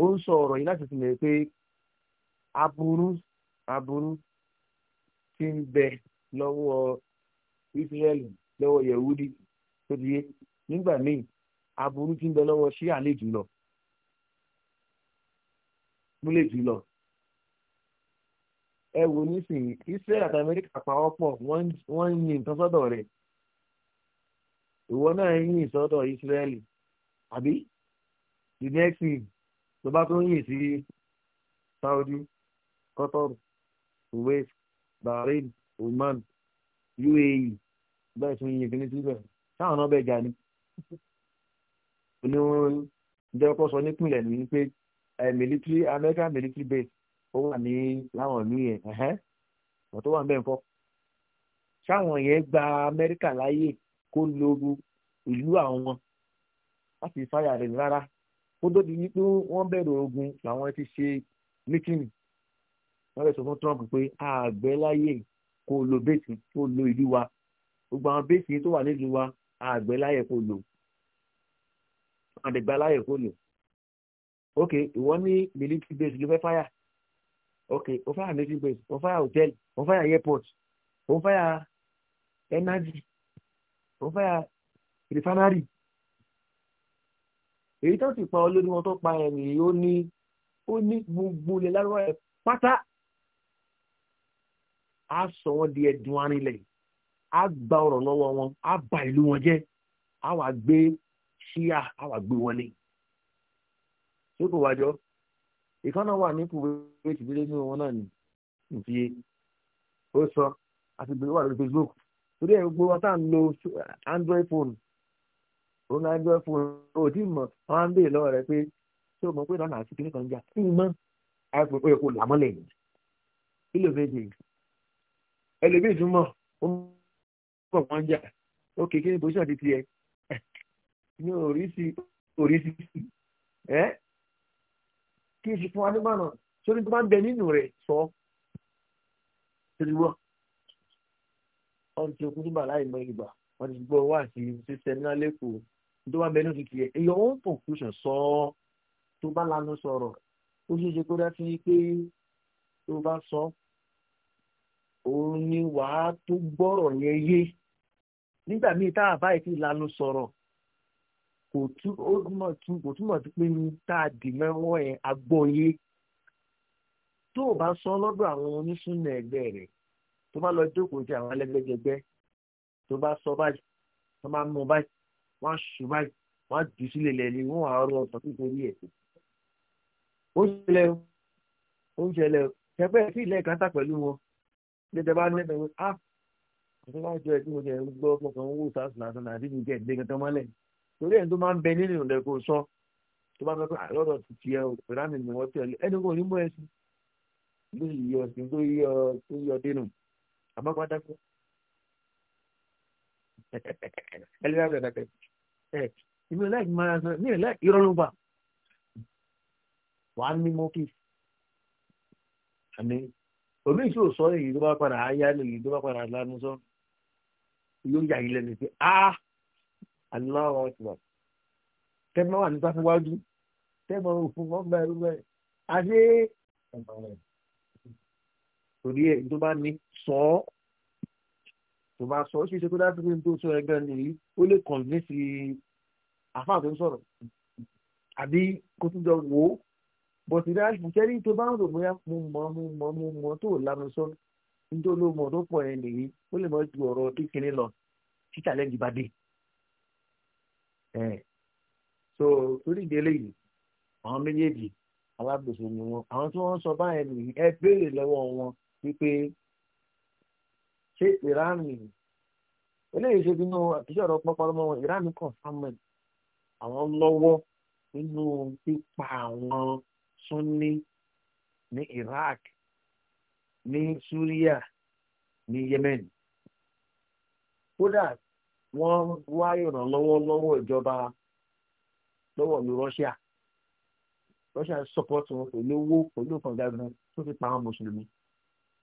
Ó ń sọ ọ̀rọ̀ yìí láti fi lè pé aburú aburú ti ń bẹ lọ́wọ́ Ísírẹ́lì lọ́wọ́ Yẹ̀wúdí tó di yé nígbà míì aburú ti ń bẹ lọ́wọ́ ṣíà lè jùlọ múlẹ̀ jùlọ. ẹ wo nísìnyí Israel àti Amẹ́ríkà pawọ́ pọ̀ wọ́n ń yin nǹkan sọ́dọ̀ rẹ̀ ìwọ náà ń yin sọ́dọ̀ Israel àbí the next thing tó bá tó ń yin sí Saudi Qatar Kuwait Bahrain Oman UAE bẹ́ẹ̀ tún yin kìíní síbẹ̀ táwọn náà bẹ̀ jà ní. oníwọ̀n jẹ́ kó sọ nípìnlẹ̀ ní pé military American military base ó wà ní láwọn ìlú yẹn wọ́n tó wà bẹ́ẹ̀ fọ́ sáwọn yẹn gba Amẹ́ríkà láyè kó lo ìlú àwọn láti fáyà rẹ̀ rárá kó tó di wípé wọ́n bẹ̀rẹ̀ ogun làwọn ti ṣe mítìnì wọ́n lè sọ fún Trump pé àgbẹ̀ láyè kó lo bẹ́ẹ̀sì kó lo ìlú wa gbogbo àwọn bẹ́ẹ̀sì tó wà nílùú wa àgbẹ̀ láyè kó lò àdìgbà láyè kó lò ok ìwọ ní military base ló fẹ́ fáyà ok ó fáyà military base ó fáyà hotel ó fáyà airport ó fáyà energy ó fáyà refinery èyí tó ti pa olórí wọn tó pa ẹ̀mí ó ní ó ní gbogbo ilẹ̀ lárúbá ẹ̀ pátá á sọ wọn di ẹ̀dùn arinlẹ̀ á gba ọ̀rọ̀ lọ́wọ́ wọn á ba ìlú wọn jẹ́ á wà gbé ṣíà á wà gbé wọlé ṣé kò wájọ ìkànnà wà ní kùwé tìdílé ní wọn náà ní ìfiye ó sọ àti gbèrú wà lórí facebook torí ẹ gbogbo wọn tá à ń lo android phone òun náà android phone ò tí mọ wọn á ń béèrè lọ́wọ́ rẹ pé ṣé o mọ̀ pé lọ́nà àti kìnìkan jà kí n mọ àìpẹ́ pé kò làmọ́lẹ̀ yìí kí ló fẹ́ jẹ ẹlòmíì tún mọ̀ ó mọ̀ wọ́n jà ó kékeré bó ṣàdí tiẹ̀ ní oríṣi oríṣi ẹ́ kí n sì fún wa nímọ̀nà sórí tó bá ń bẹ nínú rẹ̀ sọ tìrìwọ́ ọ̀n ti okun túbà láì mọ ìgbà wọ́n ti gbọ́ wá sí ṣe sẹ́mínà lẹ́kọ̀ọ́ tó bá ń bẹ nínú ti tiẹ̀ èyí ọ̀hún conclusion sọ tó bá lanu sọ̀rọ̀ ó ṣeé ṣe kó dá sí pé tó bá sọ òun ni wàá tó gbọ́rọ̀ yẹn yé nígbà míì tá a báyìí ti lanu sọ̀rọ̀ kò túmọ̀ kò túmọ̀ sí pé ní tá a dì mẹ́wọ́ ẹ̀ agbóyé tó o bá sọ lọ́dọ̀ àwọn oníṣúná ẹgbẹ́ rẹ̀ tó bá lọ jókòó ti àwọn ẹlẹ́gbẹ́jẹgbẹ́ tó bá sọ báyìí tó bá mú báyìí wọ́n á sùn báyìí wọ́n á jù sílẹ̀ lẹ́ni wọ́n á rọ ọ̀sán tó torí ẹ̀. ó ṣẹlẹ̀ ó ṣẹlẹ̀ ṣẹgbẹ́ sí ilé ìkàtà pẹ̀lú wọn jẹjẹ bá nílẹ̀ pẹ̀lú ah àti láti jọ ẹ̀ tí mo jẹ́ gbọ́ ọkọ̀ kan wó sars lásán àti mi jẹ́ ìdẹ́gẹ́tọ́ mọ́lẹ̀ torí ẹni tó máa ń bẹ nínú ìrìnlẹ̀ kò sọ tó bá sọ pé àlọ́dọ̀ ti tiẹ̀ ìlànà ni wọ́n tẹ̀lé ẹni kò ní mú ẹsìn ló yí ọsìn tó yí ọ tó yí ọ dénú àmọ́ pátákó *laughs* ẹlẹ́yà bẹ̀rẹ̀ dàkẹ́ ẹ ìmí láìpẹ́ máa sọ ní ìlẹ́ ìrọ̀lùpà wàá ní mọ́kì àmì omi ìṣó sọ èyí tó bá padà áyá lè yí tó bá padà lánàá sọ yóò yà yí lẹ́nu pé áá aláwọ̀ ọ̀tún tẹ́gbọ́n wà nípa fún wájú tẹ́gbọ́n òfin wọ́n gba ẹrú bẹ́ẹ̀ adé torí ẹ̀ tó bá ní sọ ọ́ tó bá sọ ọ́ ṣe é ṣe kó dáa pé tó sọ ẹgbẹ́ nìyí ó lè kọ̀ǹdínsì àfáà tó ń sọ̀rọ̀ àbí kó tún jọ wò ó bọ̀tí dáa ìṣẹ́rí tó bá ń rò bóyá mo mọ̀ mo mọ̀ mo mọ̀ tó lanu sọ nítorí ó mọ̀ tó pọ̀ ẹ̀ nìyí ó lè mọ̀ ju ọ̀rọ̀ kékeré lọ títà lẹ́yìn ìbàdí. ẹ̀ so torí ìdílé yìí àwọn méjèèjì alágbèsè ni wọn àwọn tí wọ́n sọ báyìí nìyí ẹ béèrè lọ́wọ́ wọn wípé ṣé ìránì eléyìí ṣe bínú àtúnṣe ọ̀rọ̀ pọ́pọ́lọ́ mọ́ ìránì kan àwọn lọ́wọ́ nínú pípa àwọn súnni ní Iraq ní Syria ní Yemen kódà wọ́n wá ìrànlọ́wọ́ lọ́wọ́ ìjọba lọ́wọ́ Russia Russia support wọn pẹ̀lú owó pẹ̀lú tó fi pa àwọn mùsùlùmí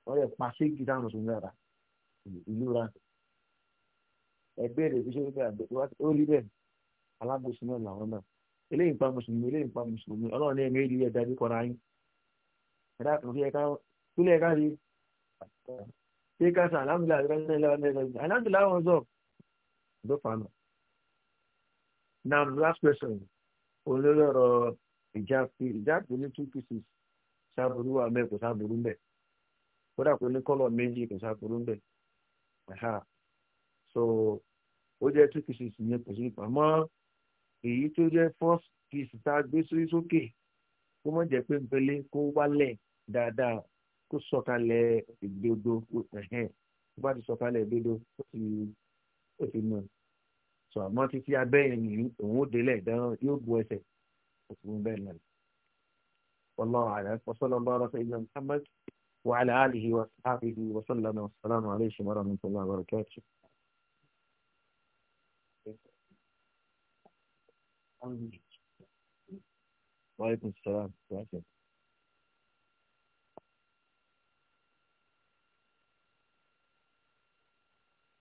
wọ́n lè pa sí gidi àwọn mùsùlùmí rà ìlú ra ẹgbẹ́ rẹ̀ fi ṣe wípé ó rí bẹ́ẹ̀ alágbèsè náà làwọn náà eléyìí ń pa mùsùlùmí eléyìí ń pa mùsùlùmí ọlọ́run ẹ̀mí ẹ̀dá yín ẹ̀dá kan ló fà now the last question olórí ọ̀rọ̀ ìjáàpì ìjáàpì ní two pieces sáàbùrú wà mẹ́ kò sáàbùrú mbẹ́ kódà kò ní kọ́lọ̀ méjì kò sáàbùrú mbẹ́ so ó jẹ́ two pieces yẹn kò sí àmọ́ èyí tó jẹ́ first piece tá a gbé sórí sókè kó mọ̀ jẹ́ pé npele kó wálẹ̀ dáadáa kó sọ̀kalẹ̀ ìdodo kó bá ti sọ̀kalẹ̀ ìdodo ó ti. ó ti mú un sọ àmọ́ títí abẹ́yẹn ni òun ó délẹ̀ ìdáná yóò bu ẹsẹ̀ òfin bẹ́ẹ̀ náà والله أعلم وصلى الله على سيدنا محمد وعلى آله وصحبه وسلم والسلام عليكم ورحمة الله وبركاته وعليكم السلام